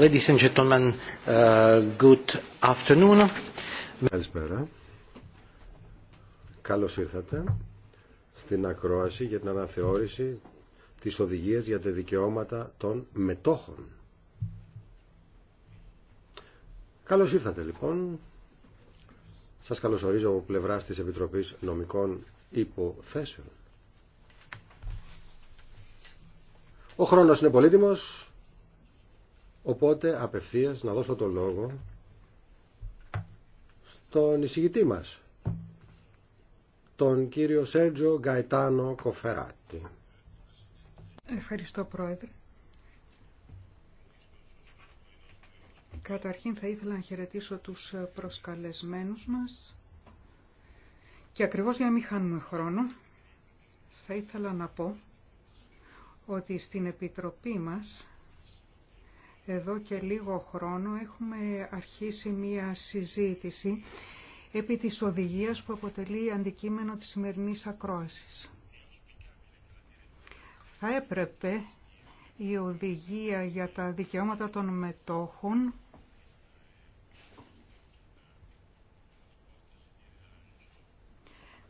Ladies and gentlemen, uh, good afternoon. Καλησπέρα. Καλώς ήρθατε στην ακρόαση για την αναθεώρηση της οδηγίας για τα δικαιώματα των μετόχων. Καλώς ήρθατε λοιπόν. Σας καλωσορίζω από πλευράς της Επιτροπής Νομικών Υποθέσεων. Ο χρόνος είναι πολύτιμος, Οπότε απευθείας να δώσω το λόγο στον εισηγητή μας, τον κύριο Σέρτζο Γκαϊτάνο Κοφεράτη. Ευχαριστώ Πρόεδρε. Καταρχήν θα ήθελα να χαιρετήσω τους προσκαλεσμένους μας και ακριβώς για να μην χάνουμε χρόνο θα ήθελα να πω ότι στην Επιτροπή μας εδώ και λίγο χρόνο έχουμε αρχίσει μία συζήτηση επί της οδηγίας που αποτελεί αντικείμενο της σημερινής ακρόασης. Θα έπρεπε η οδηγία για τα δικαιώματα των μετόχων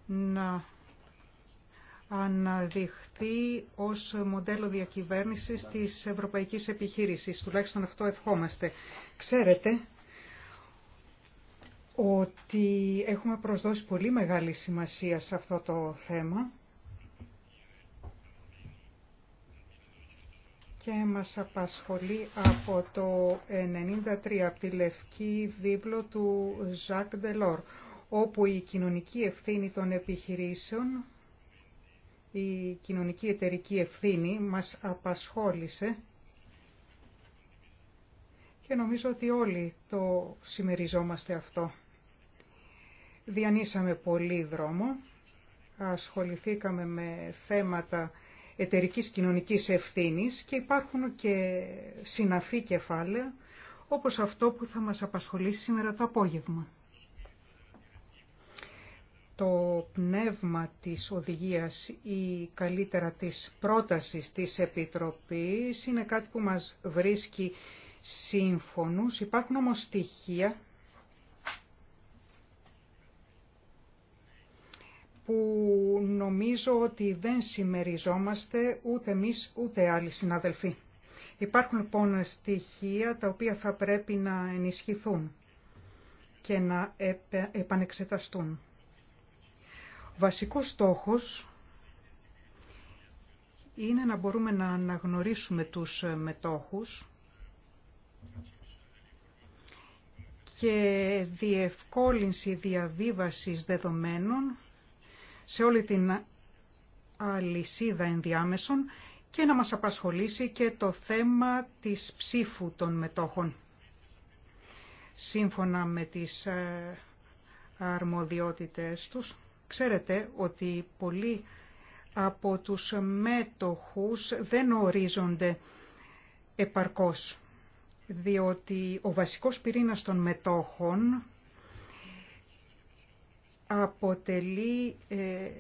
να αναδειχθεί ως μοντέλο διακυβέρνησης της ευρωπαϊκής επιχείρησης. Τουλάχιστον αυτό ευχόμαστε. Ξέρετε ότι έχουμε προσδώσει πολύ μεγάλη σημασία σε αυτό το θέμα και μας απασχολεί από το 1993 από τη Λευκή Βίβλο του Ζακ Delors όπου η κοινωνική ευθύνη των επιχειρήσεων η κοινωνική εταιρική ευθύνη μας απασχόλησε και νομίζω ότι όλοι το συμμεριζόμαστε αυτό. Διανύσαμε πολύ δρόμο, ασχοληθήκαμε με θέματα εταιρικής κοινωνικής ευθύνης και υπάρχουν και συναφή κεφάλαια όπως αυτό που θα μας απασχολήσει σήμερα το απόγευμα το πνεύμα της οδηγίας ή καλύτερα της πρότασης της Επιτροπής είναι κάτι που μας βρίσκει σύμφωνους. Υπάρχουν όμως στοιχεία που νομίζω ότι δεν συμμεριζόμαστε ούτε εμείς ούτε άλλοι συναδελφοί. Υπάρχουν λοιπόν στοιχεία τα οποία θα πρέπει να ενισχυθούν και να επανεξεταστούν βασικός στόχος είναι να μπορούμε να αναγνωρίσουμε τους μετόχους και διευκόλυνση διαβίβασης δεδομένων σε όλη την αλυσίδα ενδιάμεσων και να μας απασχολήσει και το θέμα της ψήφου των μετόχων. Σύμφωνα με τις ε, αρμοδιότητες τους, Ξέρετε ότι πολλοί από τους μέτοχους δεν ορίζονται επαρκώς, διότι ο βασικός πυρήνας των μετόχων αποτελεί ε,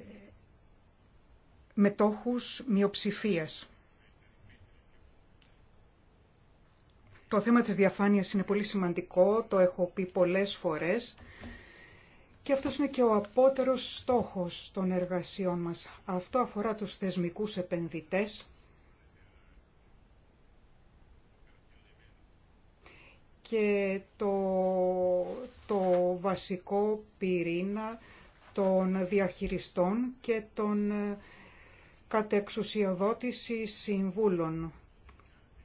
μετόχους μειοψηφίας. Το θέμα της διαφάνειας είναι πολύ σημαντικό, το έχω πει πολλές φορές και αυτός είναι και ο απότερος στόχος των εργασιών μας. Αυτό αφορά τους θεσμικούς επενδυτές και το, το βασικό πυρήνα των διαχειριστών και των ε, κατεξουσιοδότηση συμβούλων.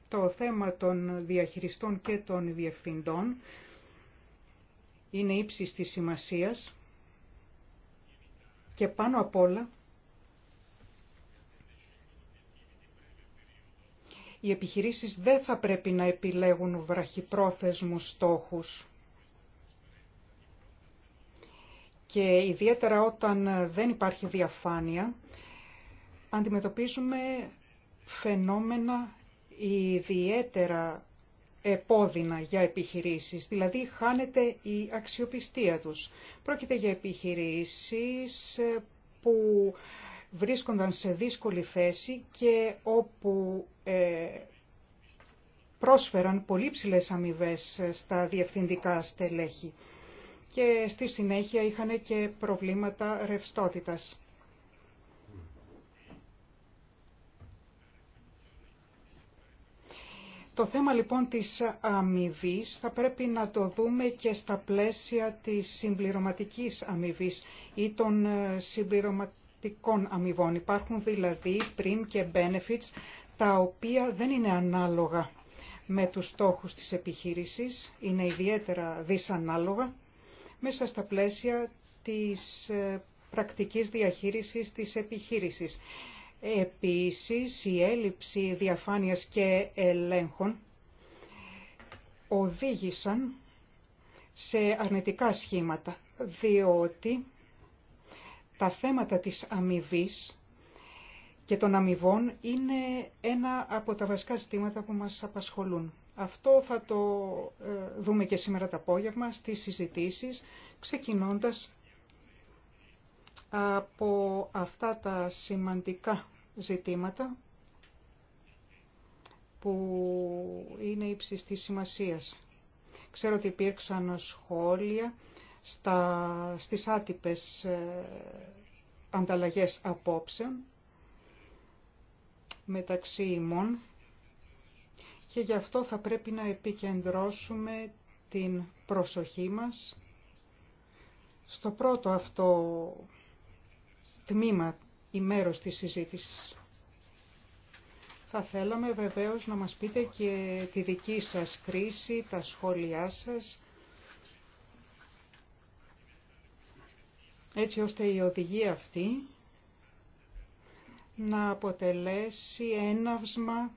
Το θέμα των διαχειριστών και των διευθυντών είναι ύψης της σημασίας και πάνω απ' όλα οι επιχειρήσεις δεν θα πρέπει να επιλέγουν βραχυπρόθεσμους στόχους. Και ιδιαίτερα όταν δεν υπάρχει διαφάνεια, αντιμετωπίζουμε φαινόμενα ιδιαίτερα επώδυνα για επιχειρήσεις, δηλαδή χάνεται η αξιοπιστία τους. Πρόκειται για επιχειρήσεις ε, που βρίσκονταν σε δύσκολη θέση και όπου ε, πρόσφεραν πολύ ψηλέ αμοιβέ ε, στα διευθυντικά στελέχη και στη συνέχεια είχαν και προβλήματα ρευστότητας. Το θέμα λοιπόν της αμοιβή θα πρέπει να το δούμε και στα πλαίσια της συμπληρωματικής αμοιβή ή των ε, συμπληρωματικών αμοιβών. Υπάρχουν δηλαδή πριν και benefits τα οποία δεν είναι ανάλογα με τους στόχους της επιχείρησης, είναι ιδιαίτερα δυσανάλογα μέσα στα πλαίσια της ε, πρακτικής διαχείρισης της επιχείρησης. Επίσης, η έλλειψη διαφάνειας και ελέγχων οδήγησαν σε αρνητικά σχήματα, διότι τα θέματα της αμοιβή και των αμοιβών είναι ένα από τα βασικά ζητήματα που μας απασχολούν. Αυτό θα το ε, δούμε και σήμερα το απόγευμα στις συζητήσεις, ξεκινώντας από αυτά τα σημαντικά ζητήματα που είναι ύψης σημασίας. Ξέρω ότι υπήρξαν σχόλια στα, στις άτυπες ε, ανταλλαγές απόψεων μεταξύ ημών και γι' αυτό θα πρέπει να επικεντρώσουμε την προσοχή μας στο πρώτο αυτό τμήμα ή μέρος της συζήτησης. Θα θέλαμε βεβαίως να μας πείτε και τη δική σας κρίση, τα σχόλιά σας, έτσι ώστε η οδηγία αυτή να αποτελέσει έναυσμα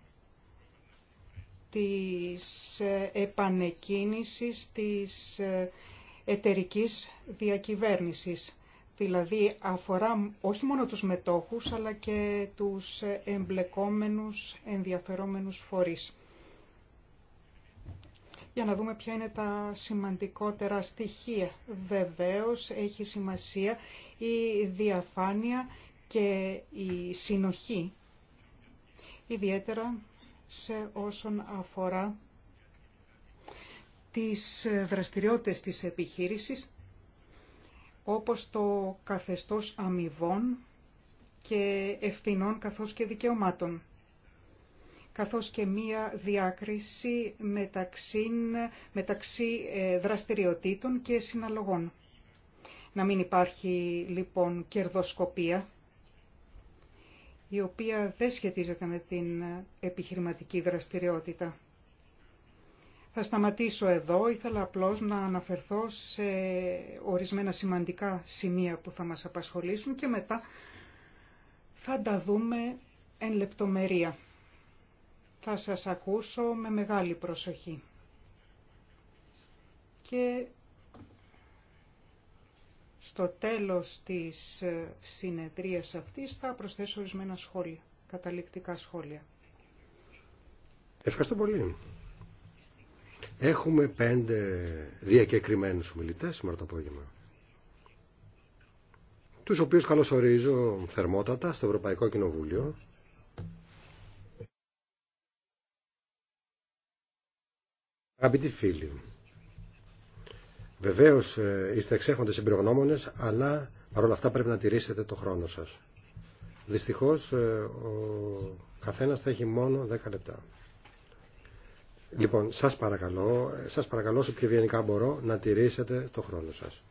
της επανεκκίνησης της εταιρικής διακυβέρνησης. Δηλαδή αφορά όχι μόνο τους μετόχους αλλά και τους εμπλεκόμενους ενδιαφερόμενους φορείς. Για να δούμε ποια είναι τα σημαντικότερα στοιχεία. Βεβαίως έχει σημασία η διαφάνεια και η συνοχή, ιδιαίτερα σε όσον αφορά τις δραστηριότητες της επιχείρησης όπως το καθεστώς αμοιβών και ευθυνών καθώς και δικαιωμάτων, καθώς και μία διάκριση μεταξύ, μεταξύ ε, δραστηριοτήτων και συναλλογών. Να μην υπάρχει λοιπόν κερδοσκοπία, η οποία δεν σχετίζεται με την επιχειρηματική δραστηριότητα. Θα σταματήσω εδώ. Ήθελα απλώς να αναφερθώ σε ορισμένα σημαντικά σημεία που θα μας απασχολήσουν και μετά θα τα δούμε εν λεπτομερία. Θα σας ακούσω με μεγάλη προσοχή. Και στο τέλος της συνεδρίας αυτής θα προσθέσω ορισμένα σχόλια, καταληκτικά σχόλια. Ευχαριστώ πολύ. Έχουμε πέντε διακεκριμένους ομιλητές σήμερα το απόγευμα τους οποίους καλωσορίζω θερμότατα στο Ευρωπαϊκό Κοινοβούλιο. Αγαπητοί φίλοι, βεβαίως ε, είστε εξέχοντες εμπειρογνώμονες, αλλά παρόλα αυτά πρέπει να τηρήσετε το χρόνο σας. Δυστυχώς ε, ο καθένας θα έχει μόνο 10 λεπτά. Λοιπόν, σας παρακαλώ, σας παρακαλώ όσο πιο βιανικά μπορώ να τηρήσετε το χρόνο σας.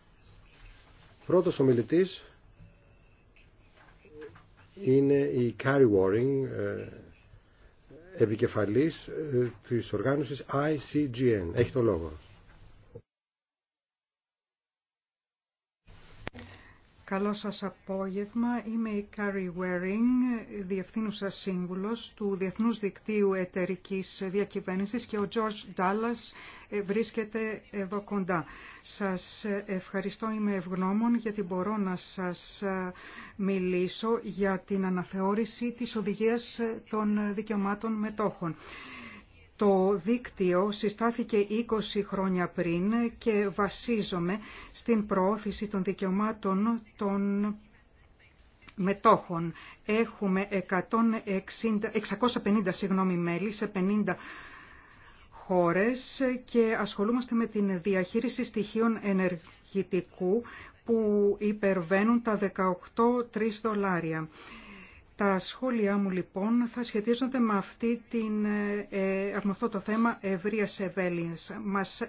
Πρώτος ομιλητής είναι η Carrie Waring, ε, επικεφαλής ε, της οργάνωσης ICGN. Έχει το λόγο. Καλό σας απόγευμα. Είμαι η Κάρι Βέρινγκ, διευθύνουσα σύμβουλος του Διεθνούς Δικτύου Εταιρικής Διακυβέρνησης και ο George Ντάλλας ε, βρίσκεται εδώ κοντά. Σας ε, ευχαριστώ, είμαι ευγνώμων γιατί μπορώ να σας ε, μιλήσω για την αναθεώρηση της οδηγίας των δικαιωμάτων μετόχων. Το δίκτυο συστάθηκε 20 χρόνια πριν και βασίζομαι στην προώθηση των δικαιωμάτων των μετόχων. Έχουμε 160, 650 συγγνώμη, μέλη σε 50 χώρες και ασχολούμαστε με την διαχείριση στοιχείων ενεργητικού που υπερβαίνουν τα 18-3 δολάρια. Τα σχόλιά μου λοιπόν θα σχετίζονται με, αυτή την, ε, ε, με αυτό το θέμα ευρεία ευέλεια. Μας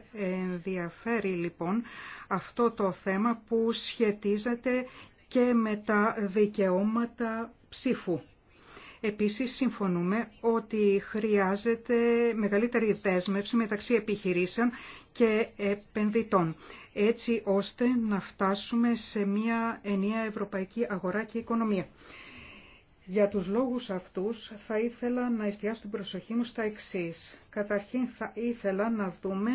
ενδιαφέρει λοιπόν αυτό το θέμα που σχετίζεται και με τα δικαιώματα ψήφου. Επίσης, συμφωνούμε ότι χρειάζεται μεγαλύτερη δέσμευση μεταξύ επιχειρήσεων και επενδυτών, έτσι ώστε να φτάσουμε σε μια ενιαία ευρωπαϊκή αγορά και οικονομία. Για τους λόγους αυτούς θα ήθελα να εστιάσω την προσοχή μου στα εξής. Καταρχήν θα ήθελα να δούμε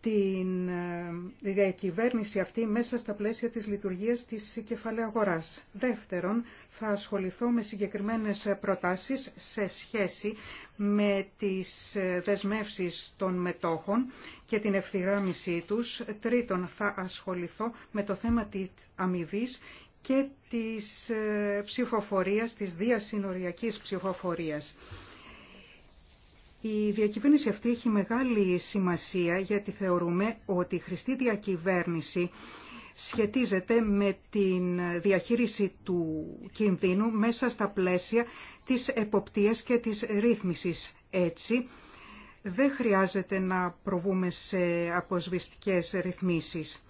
την ε, διακυβέρνηση αυτή μέσα στα πλαίσια της λειτουργίας της κεφαλαίου αγοράς. Δεύτερον, θα ασχοληθώ με συγκεκριμένες προτάσεις σε σχέση με τις ε, δεσμεύσεις των μετόχων και την ευθυγράμμισή τους. Τρίτον, θα ασχοληθώ με το θέμα της αμοιβή και της ε, ψηφοφορίας, της διασυνοριακής ψηφοφορίας. Η διακυβέρνηση αυτή έχει μεγάλη σημασία γιατί θεωρούμε ότι η χρηστή διακυβέρνηση σχετίζεται με την διαχείριση του κινδύνου μέσα στα πλαίσια της εποπτείας και της ρύθμισης. Έτσι, δεν χρειάζεται να προβούμε σε αποσβηστικές ρυθμίσεις.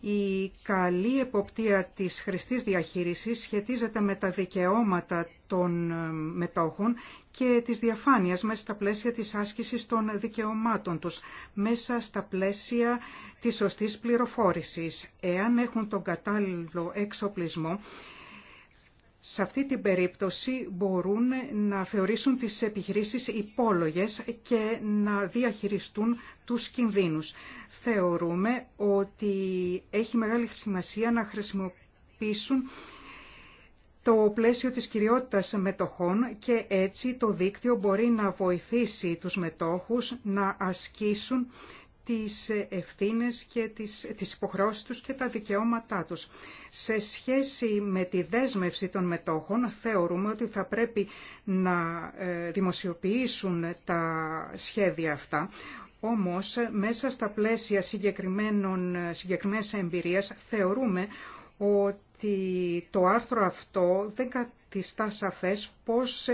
Η καλή εποπτεία της χρηστής διαχείρισης σχετίζεται με τα δικαιώματα των ε, μετόχων και της διαφάνειας μέσα στα πλαίσια της άσκησης των δικαιωμάτων τους, μέσα στα πλαίσια της σωστής πληροφόρησης. Εάν έχουν τον κατάλληλο εξοπλισμό, σε αυτή την περίπτωση μπορούν να θεωρήσουν τις επιχειρήσεις υπόλογες και να διαχειριστούν τους κινδύνους θεωρούμε ότι έχει μεγάλη σημασία να χρησιμοποιήσουν το πλαίσιο της κυριότητας μετοχών και έτσι το δίκτυο μπορεί να βοηθήσει τους μετόχους να ασκήσουν τις ευθύνες και τις, τις υποχρεώσεις τους και τα δικαιώματά τους. Σε σχέση με τη δέσμευση των μετόχων θεωρούμε ότι θα πρέπει να ε, δημοσιοποιήσουν τα σχέδια αυτά όμως, μέσα στα πλαίσια συγκεκριμένων, συγκεκριμένες εμπειρίες θεωρούμε ότι το άρθρο αυτό δεν καθιστά σαφές πώς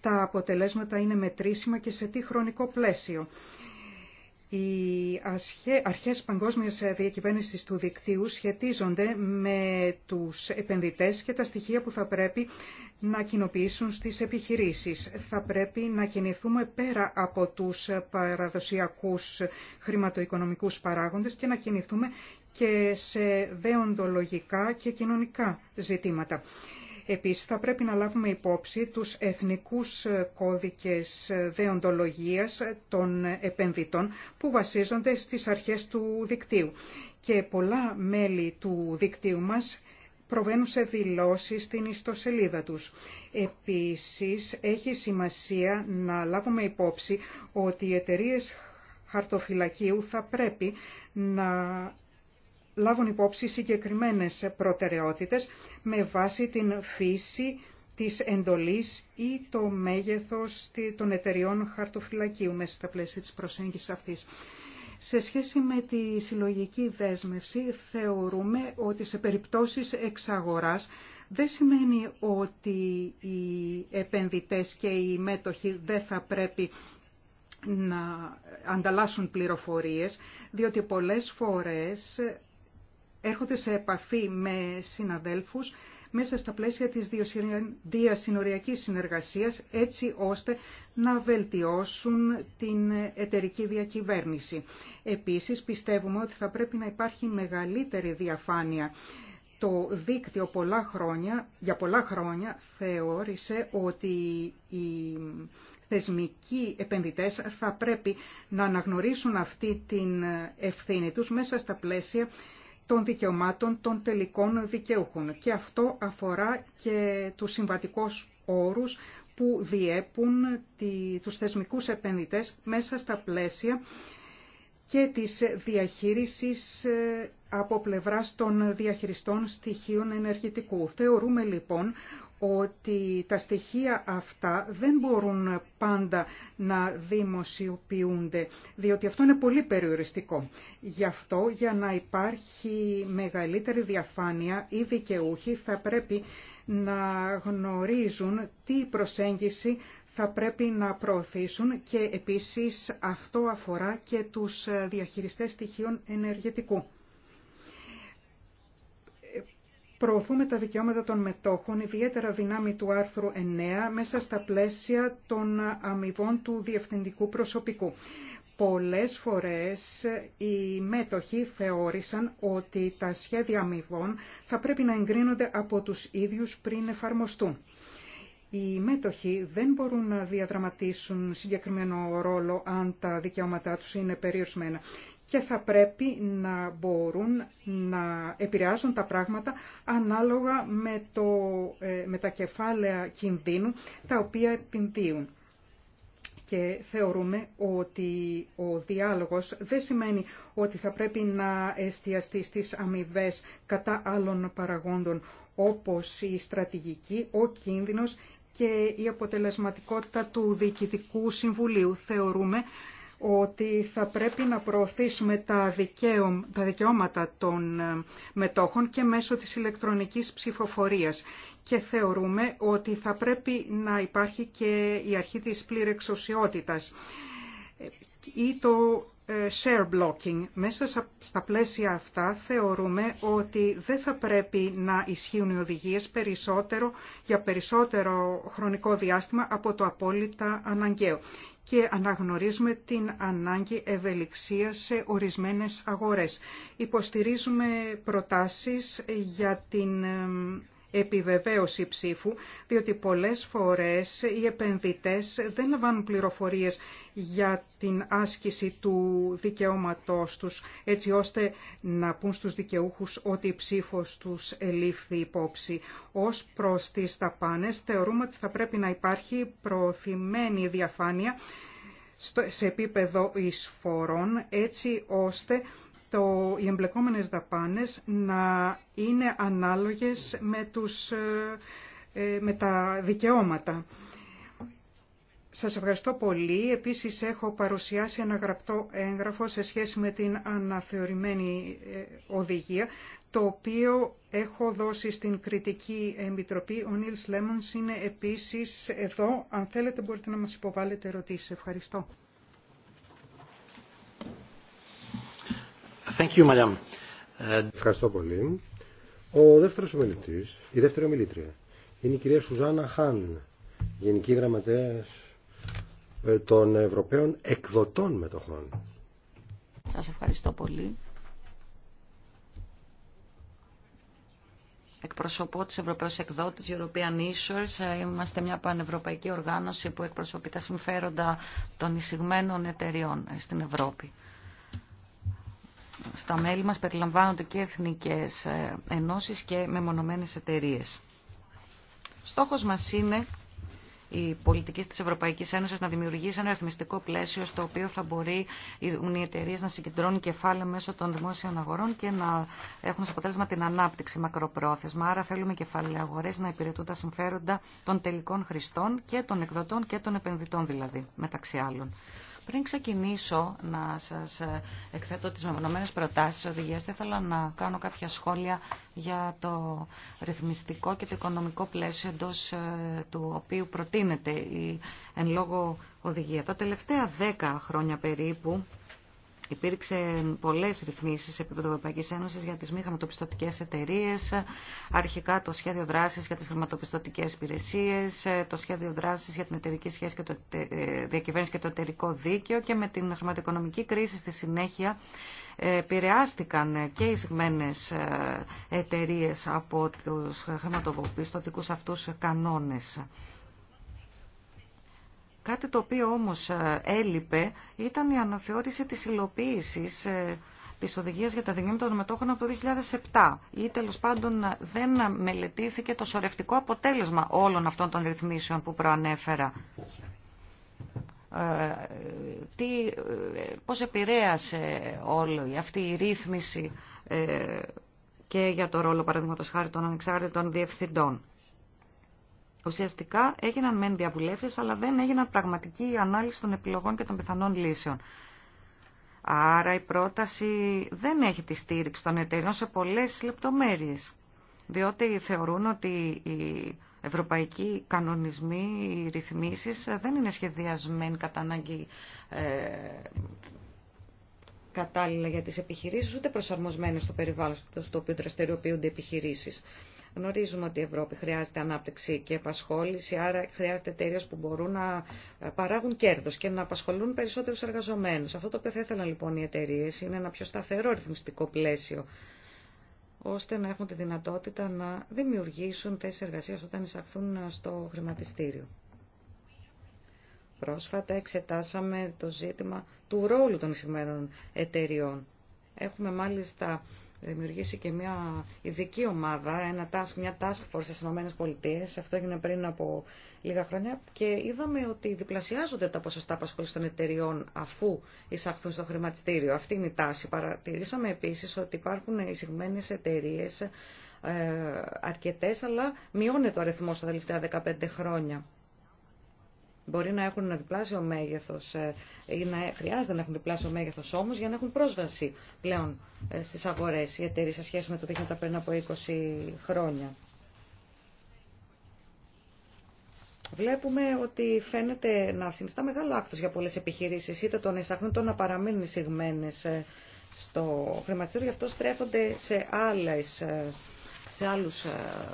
τα αποτελέσματα είναι μετρήσιμα και σε τι χρονικό πλαίσιο. Οι αρχές παγκόσμιας διακυβέρνησης του δικτύου σχετίζονται με τους επενδυτές και τα στοιχεία που θα πρέπει να κοινοποιήσουν στις επιχειρήσεις. Θα πρέπει να κινηθούμε πέρα από τους παραδοσιακούς χρηματοοικονομικούς παράγοντες και να κινηθούμε και σε δεοντολογικά και κοινωνικά ζητήματα. Επίσης θα πρέπει να λάβουμε υπόψη τους εθνικούς κώδικες δεοντολογίας των επενδυτών που βασίζονται στις αρχές του δικτύου. Και πολλά μέλη του δικτύου μας προβαίνουν σε δηλώσεις στην ιστοσελίδα τους. Επίσης, έχει σημασία να λάβουμε υπόψη ότι οι εταιρείες χαρτοφυλακίου θα πρέπει να λάβουν υπόψη συγκεκριμένες προτεραιότητες με βάση την φύση της εντολής ή το μέγεθος των εταιριών χαρτοφυλακίου μέσα στα πλαίσια της προσέγγισης αυτής. Σε σχέση με τη συλλογική δέσμευση θεωρούμε ότι σε περιπτώσεις εξαγοράς δεν σημαίνει ότι οι επενδυτές και οι μέτοχοι δεν θα πρέπει να ανταλλάσσουν πληροφορίες, διότι πολλές φορές έρχονται σε επαφή με συναδέλφους μέσα στα πλαίσια της διασυνοριακής συνεργασίας, έτσι ώστε να βελτιώσουν την εταιρική διακυβέρνηση. Επίσης, πιστεύουμε ότι θα πρέπει να υπάρχει μεγαλύτερη διαφάνεια. Το δίκτυο πολλά χρόνια, για πολλά χρόνια θεώρησε ότι οι θεσμικοί επενδυτές θα πρέπει να αναγνωρίσουν αυτή την ευθύνη τους μέσα στα πλαίσια των δικαιωμάτων των τελικών δικαιούχων. Και αυτό αφορά και τους συμβατικούς όρους που διέπουν τη, τους θεσμικούς επενδυτές μέσα στα πλαίσια και της διαχείρισης ε, από πλευράς των διαχειριστών στοιχείων ενεργητικού. Θεωρούμε λοιπόν ότι τα στοιχεία αυτά δεν μπορούν πάντα να δημοσιοποιούνται, διότι αυτό είναι πολύ περιοριστικό. Γι' αυτό, για να υπάρχει μεγαλύτερη διαφάνεια, οι δικαιούχοι θα πρέπει να γνωρίζουν τι προσέγγιση θα πρέπει να προωθήσουν και επίσης αυτό αφορά και τους διαχειριστές στοιχείων ενεργητικού. Προωθούμε τα δικαιώματα των μετόχων, ιδιαίτερα δυνάμει του άρθρου 9, μέσα στα πλαίσια των αμοιβών του διευθυντικού προσωπικού. Πολλές φορές οι μέτοχοι θεώρησαν ότι τα σχέδια αμοιβών θα πρέπει να εγκρίνονται από τους ίδιους πριν εφαρμοστούν. Οι μέτοχοι δεν μπορούν να διαδραματίσουν συγκεκριμένο ρόλο αν τα δικαιώματά τους είναι περιορισμένα και θα πρέπει να μπορούν να επηρεάζουν τα πράγματα ανάλογα με, το, ε, με τα κεφάλαια κινδύνου τα οποία επενδύουν. Και θεωρούμε ότι ο διάλογος δεν σημαίνει ότι θα πρέπει να εστιαστεί στις αμοιβέ κατά άλλων παραγόντων όπως η στρατηγική, ο κίνδυνος και η αποτελεσματικότητα του Διοικητικού Συμβουλίου. Θεωρούμε ότι θα πρέπει να προωθήσουμε τα, τα δικαιώματα των ε, μετόχων και μέσω της ηλεκτρονικής ψηφοφορίας και θεωρούμε ότι θα πρέπει να υπάρχει και η αρχή της πλήρεξουσιότητας ε, ή το ε, share blocking. Μέσα στα πλαίσια αυτά θεωρούμε ότι δεν θα πρέπει να ισχύουν οι οδηγίες περισσότερο, για περισσότερο χρονικό διάστημα από το απόλυτα αναγκαίο και αναγνωρίζουμε την ανάγκη ευελιξία σε ορισμένες αγορές. Υποστηρίζουμε προτάσεις για την επιβεβαίωση ψήφου, διότι πολλές φορές οι επενδυτές δεν λαμβάνουν πληροφορίες για την άσκηση του δικαιώματός τους, έτσι ώστε να πούν στους δικαιούχους ότι η ψήφος τους ελήφθη υπόψη. Ως προς τις ταπάνες θεωρούμε ότι θα πρέπει να υπάρχει προωθημένη διαφάνεια σε επίπεδο εισφορών, έτσι ώστε το, οι εμπλεκόμενες δαπάνες να είναι ανάλογες με, τους, ε, ε, με τα δικαιώματα. Σας ευχαριστώ πολύ. Επίσης έχω παρουσιάσει ένα γραπτό έγγραφο σε σχέση με την αναθεωρημένη ε, οδηγία, το οποίο έχω δώσει στην κριτική επιτροπή. Ο Νίλς Λέμονς είναι επίσης εδώ. Αν θέλετε μπορείτε να μας υποβάλλετε ερωτήσεις. Ευχαριστώ. Ευχαριστώ πολύ. Ο δεύτερος ομιλητής, η δεύτερη ομιλήτρια, είναι η κυρία Σουζάνα Χάν, Γενική Γραμματέας ε, των Ευρωπαίων Εκδοτών Μετοχών. Σας ευχαριστώ πολύ. Εκπροσωπώ του Ευρωπαίου Εκδότε, European Issuers. Ε, είμαστε μια πανευρωπαϊκή οργάνωση που εκπροσωπεί τα συμφέροντα των εισηγμένων εταιριών ε, στην Ευρώπη στα μέλη μας περιλαμβάνονται και εθνικές ε, ενώσεις και μεμονωμένες εταιρείες. Στόχος μας είναι η πολιτική της Ευρωπαϊκής Ένωσης να δημιουργήσει ένα ρυθμιστικό πλαίσιο στο οποίο θα μπορεί οι εταιρείε να συγκεντρώνουν κεφάλαια μέσω των δημόσιων αγορών και να έχουν σε αποτέλεσμα την ανάπτυξη μακροπρόθεσμα. Άρα θέλουμε κεφάλαια αγορέ να υπηρετούν τα συμφέροντα των τελικών χρηστών και των εκδοτών και των επενδυτών δηλαδή, μεταξύ άλλων. Πριν ξεκινήσω να σας ε, εκθέτω τις μεμονωμένες προτάσεις της θα ήθελα να κάνω κάποια σχόλια για το ρυθμιστικό και το οικονομικό πλαίσιο εντό ε, του οποίου προτείνεται η εν λόγω οδηγία. Τα τελευταία δέκα χρόνια περίπου Υπήρξε πολλέ ρυθμίσει σε επίπεδο Ευρωπαϊκή Ένωση για τι μη χρηματοπιστωτικέ εταιρείε. Αρχικά το σχέδιο δράση για τι χρηματοπιστωτικέ υπηρεσίε, το σχέδιο δράση για την εταιρική σχέση και το ε, διακυβέρνηση και το εταιρικό δίκαιο και με την χρηματοοικονομική κρίση στη συνέχεια επηρεάστηκαν και οι ε, εταιρείε από του χρηματοπιστωτικού αυτού κανόνε. Κάτι το οποίο όμως ε, έλειπε ήταν η αναθεώρηση της υλοποίησης ε, της οδηγίας για τα Δημήτρα των μετόχων από το 2007 ή τέλος πάντων δεν μελετήθηκε το σωρευτικό αποτέλεσμα όλων αυτών των ρυθμίσεων που προανέφερα. Ε, τι, πώς επηρέασε όλη αυτή η τελος παντων δεν μελετηθηκε το σορευτικο αποτελεσμα ολων αυτων των ρυθμισεων που προανεφερα τι πως επηρεασε ολη αυτη η ρυθμιση και για το ρόλο παραδείγματος χάρη των ανεξάρτητων διευθυντών. Ουσιαστικά έγιναν μεν διαβουλεύσει, αλλά δεν έγιναν πραγματική ανάλυση των επιλογών και των πιθανών λύσεων. Άρα η πρόταση δεν έχει τη στήριξη των εταιριών σε πολλές λεπτομέρειες, διότι θεωρούν ότι οι ευρωπαϊκοί κανονισμοί, οι ρυθμίσεις δεν είναι σχεδιασμένοι κατά ανάγκη ε, κατάλληλα για τις επιχειρήσεις, ούτε προσαρμοσμένοι στο περιβάλλον στο οποίο δραστηριοποιούνται οι επιχειρήσει. Γνωρίζουμε ότι η Ευρώπη χρειάζεται ανάπτυξη και επασχόληση, άρα χρειάζεται εταιρείε που μπορούν να παράγουν κέρδο και να απασχολούν περισσότερου εργαζομένου. Αυτό το οποίο θα ήθελαν λοιπόν οι εταιρείε είναι ένα πιο σταθερό ρυθμιστικό πλαίσιο ώστε να έχουν τη δυνατότητα να δημιουργήσουν θέσει εργασία όταν εισαχθούν στο χρηματιστήριο. Πρόσφατα εξετάσαμε το ζήτημα του ρόλου των εισημένων εταιριών. Έχουμε μάλιστα δημιουργήσει και μια ειδική ομάδα, ένα task, μια task force στι ΗΠΑ. Αυτό έγινε πριν από λίγα χρόνια και είδαμε ότι διπλασιάζονται τα ποσοστά απασχόληση των εταιριών αφού εισαχθούν στο χρηματιστήριο. Αυτή είναι η τάση. Παρατηρήσαμε επίσης ότι υπάρχουν εισηγμένες εταιρείε ε, αρκετές, αλλά μειώνεται ο αριθμός τα τελευταία 15 χρόνια. Μπορεί να έχουν ένα διπλάσιο μέγεθο ε, ή να χρειάζεται να έχουν διπλάσιο μέγεθο όμω για να έχουν πρόσβαση πλέον ε, στι αγορέ οι εταιρείε σε σχέση με το τι τα πριν από 20 χρόνια. Βλέπουμε ότι φαίνεται να συνιστά μεγάλο άκτος για πολλές επιχειρήσεις, είτε τον εισαχνούν, το να παραμείνουν εισηγμένες ε, στο χρηματιστήριο, γι' αυτό στρέφονται σε άλλες σε άλλους, ε,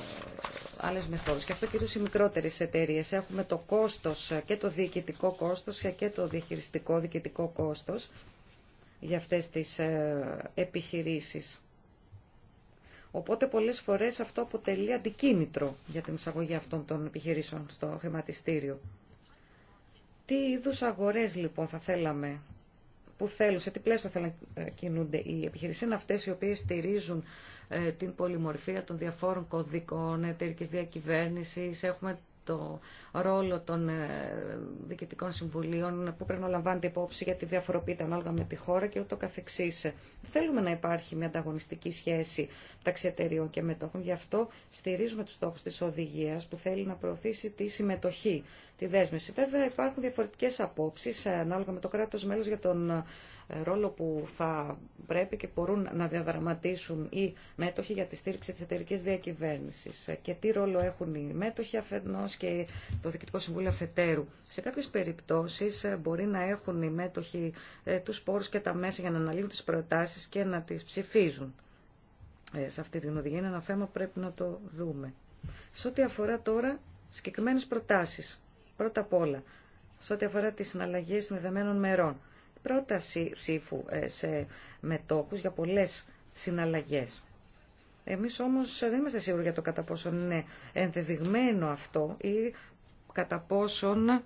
άλλες μεθόδους. Και αυτό κυρίως οι μικρότερες εταιρείε. Έχουμε το κόστος και το διοικητικό κόστος και το διαχειριστικό διοικητικό κόστος για αυτές τις ε, επιχειρήσεις. Οπότε πολλές φορές αυτό αποτελεί αντικίνητρο για την εισαγωγή αυτών των επιχειρήσεων στο χρηματιστήριο. Τι είδους αγορές λοιπόν θα θέλαμε που θέλουν, σε τι πλαίσιο θέλουν να κινούνται οι επιχειρήσει είναι αυτές οι οποίες στηρίζουν ε, την πολυμορφία των διαφόρων κωδικών εταιρική διακυβέρνησης. Έχουμε το ρόλο των ε, διοικητικών συμβουλίων που πρέπει να λαμβάνεται υπόψη τη διαφοροποίηση, ανάλογα με τη χώρα και ούτω καθεξής. θέλουμε να υπάρχει μια ανταγωνιστική σχέση μεταξύ και μετόχων. Γι' αυτό στηρίζουμε τους στόχους της οδηγίας που θέλει να προωθήσει τη συμμετοχή, τη δέσμευση. Βέβαια υπάρχουν διαφορετικές απόψεις ε, ανάλογα με το κράτος μέλος για τον ρόλο που θα πρέπει και μπορούν να διαδραματίσουν οι μέτοχοι για τη στήριξη της εταιρική διακυβέρνησης και τι ρόλο έχουν οι μέτοχοι αφενός και το Διοικητικό Συμβούλιο αφετέρου. Σε κάποιες περιπτώσεις ε, μπορεί να έχουν οι μέτοχοι ε, τους πόρους και τα μέσα για να αναλύουν τις προτάσεις και να τις ψηφίζουν. Ε, σε αυτή την οδηγία είναι ένα θέμα που πρέπει να το δούμε. Σε ό,τι αφορά τώρα συγκεκριμένες προτάσεις. Πρώτα απ' όλα, σε ό,τι αφορά τις συναλλαγές συνδεδεμένων μερών πρόταση ψήφου ε, σε μετόχους για πολλές συναλλαγές. Εμείς όμως δεν είμαστε σίγουροι για το κατά πόσον είναι ενδεδειγμένο αυτό ή κατά πόσον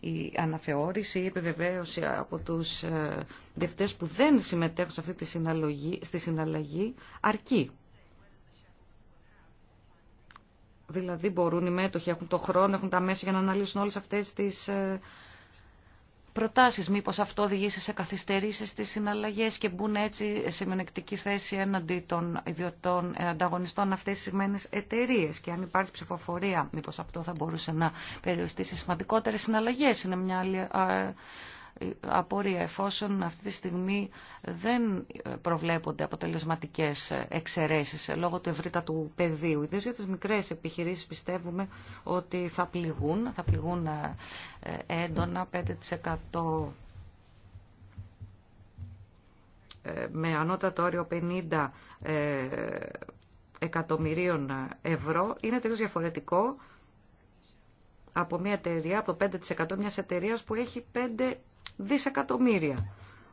η αναθεώρηση ή η επιβεβαίωση από τους ε, διευθυντές που δεν συμμετέχουν σε αυτή τη συναλλαγή, στη συναλλαγή αρκεί. Δηλαδή μπορούν οι μέτοχοι, έχουν το χρόνο, έχουν τα μέσα για να αναλύσουν όλες αυτές τις ε, προτάσεις. Μήπως αυτό οδηγήσει σε καθυστερήσεις στις συναλλαγές και μπουν έτσι σε μενεκτική θέση έναντι των ιδιωτών ανταγωνιστών αυτές τις σημαίνες εταιρείε. Και αν υπάρχει ψηφοφορία, μήπως αυτό θα μπορούσε να περιοριστεί σε σημαντικότερες συναλλαγές. Είναι μια άλλη απόρρια εφόσον αυτή τη στιγμή δεν προβλέπονται αποτελεσματικές εξαιρέσεις λόγω του ευρύτατου πεδίου. Ιδίως για τις μικρές επιχειρήσεις πιστεύουμε ότι θα πληγούν, θα πληγούν ε, έντονα 5% ε, με ανώτατο όριο 50 ε, εκατομμυρίων ευρώ είναι τελείως διαφορετικό από μια εταιρεία, από 5% μιας εταιρείας που έχει 5 δισεκατομμύρια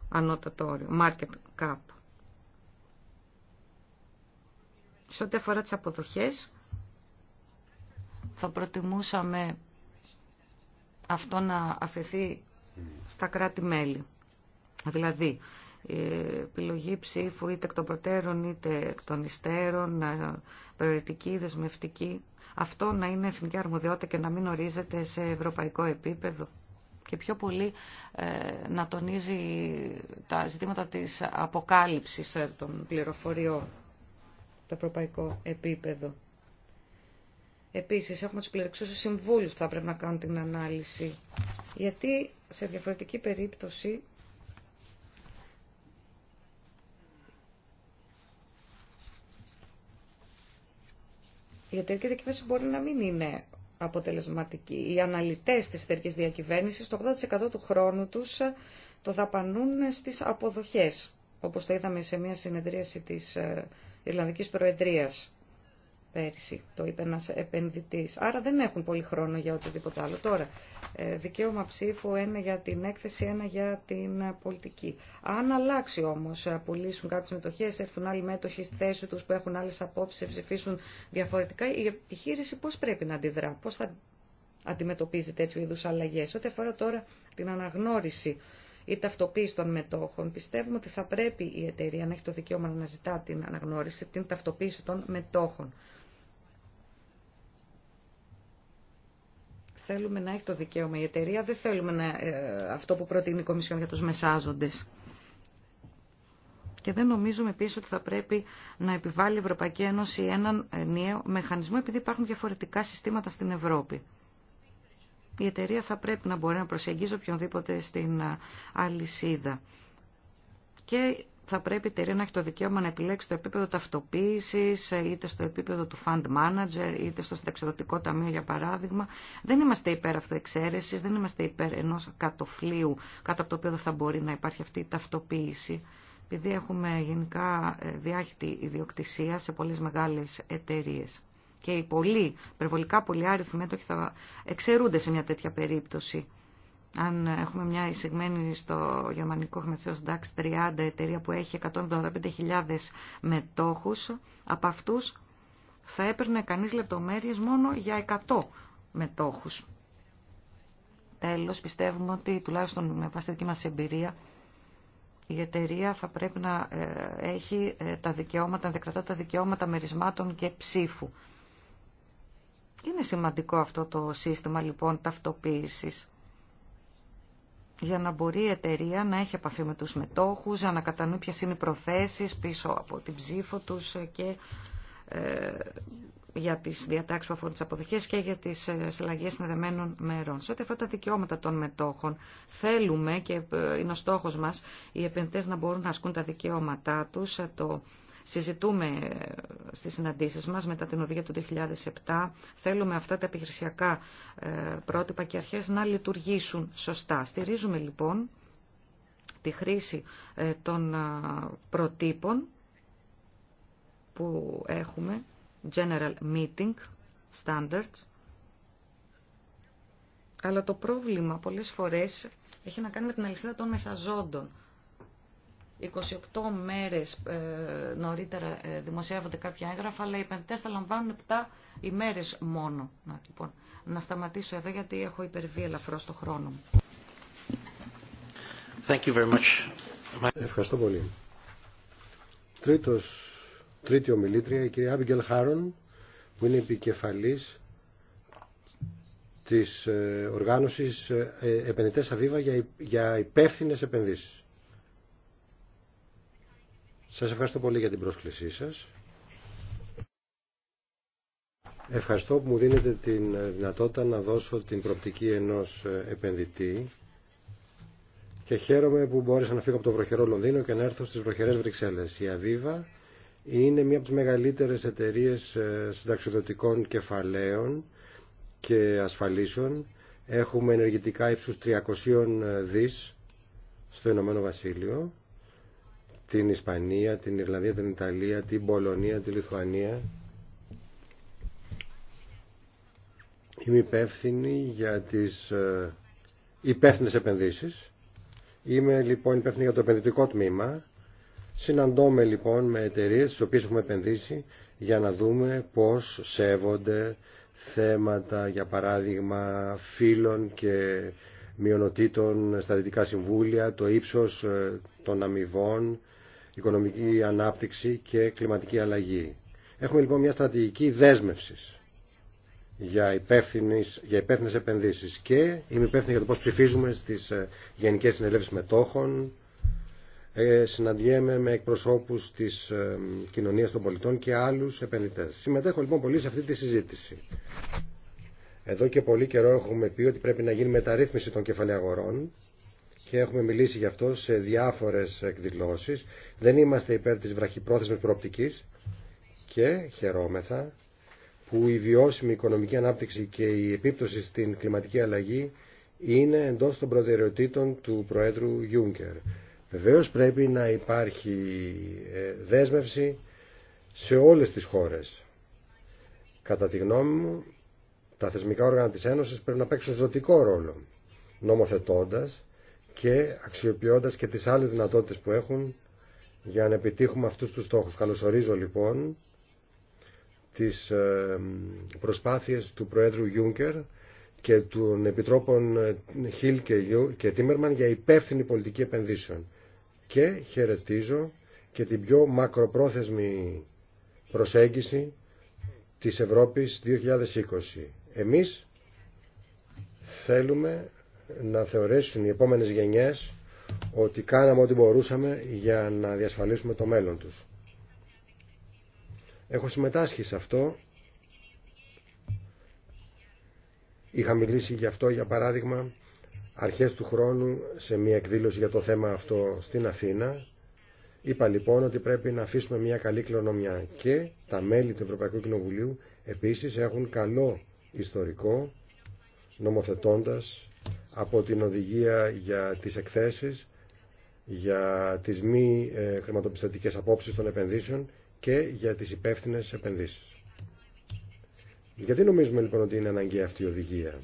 ανώτατο όριο, market cap. Σε ό,τι αφορά τις αποδοχές, θα προτιμούσαμε αυτό να αφαιθεί στα κράτη-μέλη. Δηλαδή, η ε, επιλογή ψήφου είτε εκ των προτέρων είτε εκ των υστέρων, περιοριτική, δεσμευτική, αυτό να είναι εθνική αρμοδιότητα και να μην ορίζεται σε ευρωπαϊκό επίπεδο και πιο πολύ ε, να τονίζει τα ζητήματα της αποκάλυψης ε, των πληροφοριών το ευρωπαϊκό επίπεδο. Επίσης, έχουμε τους πληροεξούς συμβούλους που θα πρέπει να κάνουν την ανάλυση. Γιατί σε διαφορετική περίπτωση γιατί η εταιρική μπορεί να μην είναι αποτελεσματικοί. Οι αναλυτές της εταιρικής διακυβέρνησης το 80% του χρόνου τους το δαπανούν στις αποδοχές, όπως το είδαμε σε μια συνεδρίαση της ε, Ιρλανδικής Προεδρίας πέρυσι, το είπε ένας επενδυτής. Άρα δεν έχουν πολύ χρόνο για οτιδήποτε άλλο. Τώρα, ε, δικαίωμα ψήφου, ένα για την έκθεση, ένα για την πολιτική. Αν αλλάξει όμως, ε, πουλήσουν κάποιες μετοχές, έρθουν άλλοι μέτοχοι στη θέση τους που έχουν άλλες απόψεις, ψηφίσουν διαφορετικά, η επιχείρηση πώς πρέπει να αντιδρά, πώς θα αντιμετωπίζει τέτοιου είδου αλλαγέ. Ό,τι αφορά τώρα την αναγνώριση ή ταυτοποίηση των μετόχων. Πιστεύουμε ότι θα πρέπει η εταιρεία να έχει το δικαίωμα να αναζητά την αναγνώριση, την ταυτοποίηση των μετοχων πιστευουμε οτι θα πρεπει η εταιρεια να εχει το δικαιωμα να ζητα την αναγνωριση την ταυτοποιηση των μετοχων Θέλουμε να έχει το δικαίωμα η εταιρεία, δεν θέλουμε να, ε, αυτό που προτείνει η Κομισιόν για τους μεσάζοντες. Και δεν νομίζουμε επίση ότι θα πρέπει να επιβάλλει η Ευρωπαϊκή Ένωση έναν νέο μηχανισμό επειδή υπάρχουν διαφορετικά συστήματα στην Ευρώπη. Η εταιρεία θα πρέπει να μπορεί να προσεγγίζει οποιονδήποτε στην ε, αλυσίδα. Και θα πρέπει η εταιρεία να έχει το δικαίωμα να επιλέξει το επίπεδο ταυτοποίηση, είτε στο επίπεδο του fund manager, είτε στο συνταξιδοτικό ταμείο, για παράδειγμα. Δεν είμαστε υπέρ αυτοεξαίρεση, δεν είμαστε υπέρ ενό κατοφλίου κάτω από το οποίο δεν θα μπορεί να υπάρχει αυτή η ταυτοποίηση. Επειδή έχουμε γενικά ε, διάχυτη ιδιοκτησία σε πολλέ μεγάλε εταιρείε. Και οι πολλοί, υπερβολικά πολλοί άριθμοι μέτοχοι θα εξαιρούνται σε μια τέτοια περίπτωση αν έχουμε μια εισηγμένη στο γερμανικό χρηματιστήριο DAX 30 εταιρεία που έχει 175.000 μετόχους, από αυτούς θα έπαιρνε κανείς λεπτομέρειες μόνο για 100 μετόχους. Τέλος, πιστεύουμε ότι τουλάχιστον με βάση τη δική μας εμπειρία η εταιρεία θα πρέπει να ε, έχει ε, τα δικαιώματα, να δεκρατά τα δικαιώματα μερισμάτων και ψήφου. Είναι σημαντικό αυτό το σύστημα λοιπόν ταυτοποίησης για να μπορεί η εταιρεία να έχει επαφή με τους μετόχους, για να κατανοεί ποιες είναι οι προθέσεις πίσω από την ψήφο τους και ε, για τις διατάξεις που αφορούν τις αποδοχές και για τις ε, συλλαγές συνδεμένων μερών. Σε ό,τι αφορά τα δικαιώματα των μετόχων, θέλουμε και ε, είναι ο στόχος μας οι επενδυτές να μπορούν να ασκούν τα δικαιώματά τους, συζητούμε ε, στις συναντήσεις μας μετά την οδηγία του 2007. Θέλουμε αυτά τα επιχειρησιακά ε, πρότυπα και αρχές να λειτουργήσουν σωστά. Στηρίζουμε λοιπόν τη χρήση ε, των προτύπων που έχουμε, General Meeting Standards, αλλά το πρόβλημα πολλές φορές έχει να κάνει με την αλυσίδα των μεσαζόντων 28 μέρες ε, νωρίτερα ε, δημοσιεύονται κάποια έγγραφα, αλλά οι επενδυτές θα λαμβάνουν 7 ημέρες μόνο. Να, λοιπόν, να σταματήσω εδώ γιατί έχω υπερβεί ελαφρώς το χρόνο μου. Thank you very much. Ευχαριστώ πολύ. Τρίτος, τρίτη ομιλήτρια, η κυρία Άμπιγκελ Χάρον, που είναι επικεφαλής της ε, οργάνωσης Επενδυτές Αβίβα για υπεύθυνες επενδύσεις. Σας ευχαριστώ πολύ για την πρόσκλησή σας. Ευχαριστώ που μου δίνετε την δυνατότητα να δώσω την προπτική ενός επενδυτή και χαίρομαι που μπόρεσα να φύγω από το βροχερό Λονδίνο και να έρθω στις βροχερές Βρυξέλλες. Η Αβίβα είναι μία από τις μεγαλύτερες εταιρείες ε, συνταξιδοτικών κεφαλαίων και ασφαλίσεων. Έχουμε ενεργητικά ύψους 300 δις στο Ηνωμένο Βασίλειο την Ισπανία, την Ιρλανδία, την Ιταλία, την Πολωνία, τη Λιθουανία. Είμαι υπεύθυνη για τις ε, υπεύθυνε επενδύσεις. Είμαι λοιπόν υπεύθυνη για το επενδυτικό τμήμα. Συναντώμε λοιπόν με εταιρείε στις οποίες έχουμε επενδύσει για να δούμε πώς σέβονται θέματα, για παράδειγμα, φύλων και μειονοτήτων στα Δυτικά Συμβούλια, το ύψος ε, των αμοιβών, οικονομική ανάπτυξη και κλιματική αλλαγή. Έχουμε λοιπόν μια στρατηγική δέσμευση για, υπεύθυνες, για υπεύθυνε επενδύσει και είμαι υπεύθυνη για το πώ ψηφίζουμε στι ε, Γενικέ Συνελεύσει Μετόχων. Ε, συναντιέμαι με εκπροσώπους τη ε, κοινωνία των πολιτών και άλλου επενδυτέ. Συμμετέχω λοιπόν πολύ σε αυτή τη συζήτηση. Εδώ και πολύ καιρό έχουμε πει ότι πρέπει να γίνει μεταρρύθμιση των κεφαλαίων αγορών και έχουμε μιλήσει γι' αυτό σε διάφορες εκδηλώσεις. Δεν είμαστε υπέρ της βραχυπρόθεσμης προοπτικής και χαιρόμεθα που η βιώσιμη οικονομική ανάπτυξη και η επίπτωση στην κλιματική αλλαγή είναι εντός των προτεραιοτήτων του Προέδρου Γιούγκερ. Βεβαίως πρέπει να υπάρχει ε, δέσμευση σε όλες τις χώρες. Κατά τη γνώμη μου, τα θεσμικά όργανα της Ένωσης πρέπει να παίξουν ζωτικό ρόλο, νομοθετώντας και αξιοποιώντας και τις άλλες δυνατότητες που έχουν για να επιτύχουμε αυτούς τους στόχους. Καλωσορίζω λοιπόν τις ε, προσπάθειες του Προέδρου Γιούγκερ και των Επιτρόπων ε, Χιλ και Τίμερμαν για υπεύθυνη πολιτική επενδύσεων. Και χαιρετίζω και την πιο μακροπρόθεσμη προσέγγιση της Ευρώπης 2020. Εμείς θέλουμε να θεωρήσουν οι επόμενες γενιές ότι κάναμε ό,τι μπορούσαμε για να διασφαλίσουμε το μέλλον τους. Έχω συμμετάσχει σε αυτό. Είχα μιλήσει γι' αυτό, για παράδειγμα, αρχές του χρόνου σε μια εκδήλωση για το θέμα αυτό στην Αθήνα. Είπα λοιπόν ότι πρέπει να αφήσουμε μια καλή κληρονομιά και τα μέλη του Ευρωπαϊκού Κοινοβουλίου επίσης έχουν καλό ιστορικό νομοθετώντας από την οδηγία για τις εκθέσεις, για τις μη ε, χρηματοπιστωτικές απόψεις των επενδύσεων και για τις υπεύθυνε επενδύσεις. Γιατί νομίζουμε λοιπόν ότι είναι αναγκαία αυτή η οδηγία.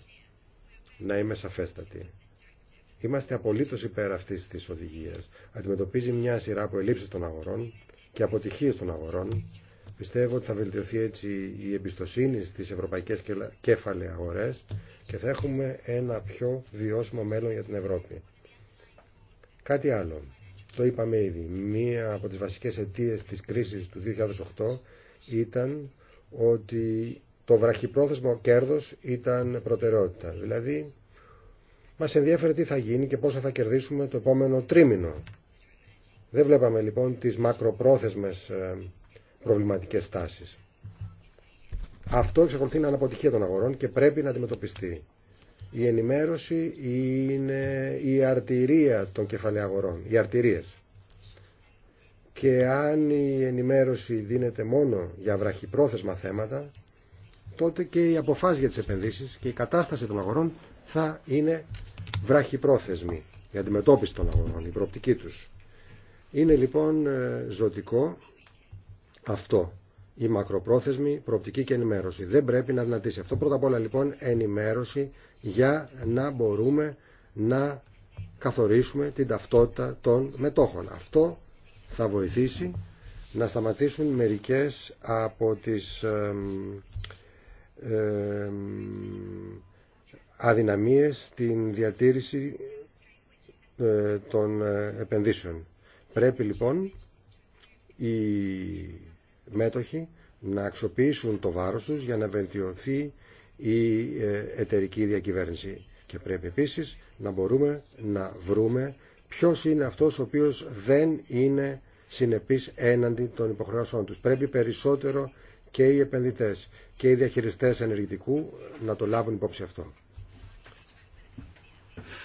Να είμαι σαφέστατη. Είμαστε απολύτως υπέρ αυτή τη οδηγία. Αντιμετωπίζει μια σειρά από ελλείψεις των αγορών και αποτυχίες των αγορών Πιστεύω ότι θα βελτιωθεί έτσι η εμπιστοσύνη στις ευρωπαϊκές Κέφαλε αγορές και θα έχουμε ένα πιο βιώσιμο μέλλον για την Ευρώπη. Κάτι άλλο. Το είπαμε ήδη. Μία από τις βασικές αιτίες της κρίσης του 2008 ήταν ότι το βραχυπρόθεσμο κέρδος ήταν προτεραιότητα. Δηλαδή, μας ενδιαφέρει τι θα γίνει και πόσα θα κερδίσουμε το επόμενο τρίμηνο. Δεν βλέπαμε λοιπόν τις μακροπρόθεσμες ε, προβληματικές τάσεις. Αυτό εξακολουθεί να είναι αποτυχία των αγορών και πρέπει να αντιμετωπιστεί. Η ενημέρωση είναι η αρτηρία των κεφαλαίων αγορών, οι αρτηρίες. Και αν η ενημέρωση δίνεται μόνο για βραχυπρόθεσμα θέματα, τότε και η αποφάση για τις επενδύσεις και η κατάσταση των αγορών θα είναι βραχυπρόθεσμη, για αντιμετώπιση των αγορών, η προοπτική τους. Είναι λοιπόν ε, ζωτικό αυτό. Η μακροπρόθεσμη προοπτική και ενημέρωση. Δεν πρέπει να δυνατήσει. Αυτό πρώτα απ' όλα λοιπόν ενημέρωση για να μπορούμε να καθορίσουμε την ταυτότητα των μετόχων. Αυτό θα βοηθήσει να σταματήσουν μερικές από τις ε, αδυναμίες στην διατήρηση ε, των ε, επενδύσεων. Πρέπει λοιπόν οι μέτοχοι να αξιοποιήσουν το βάρος τους για να βελτιωθεί η ε, εταιρική διακυβέρνηση. Και πρέπει επίσης να μπορούμε να βρούμε ποιος είναι αυτός ο οποίος δεν είναι συνεπής έναντι των υποχρεώσεων τους. Πρέπει περισσότερο και οι επενδυτές και οι διαχειριστές ενεργητικού να το λάβουν υπόψη αυτό.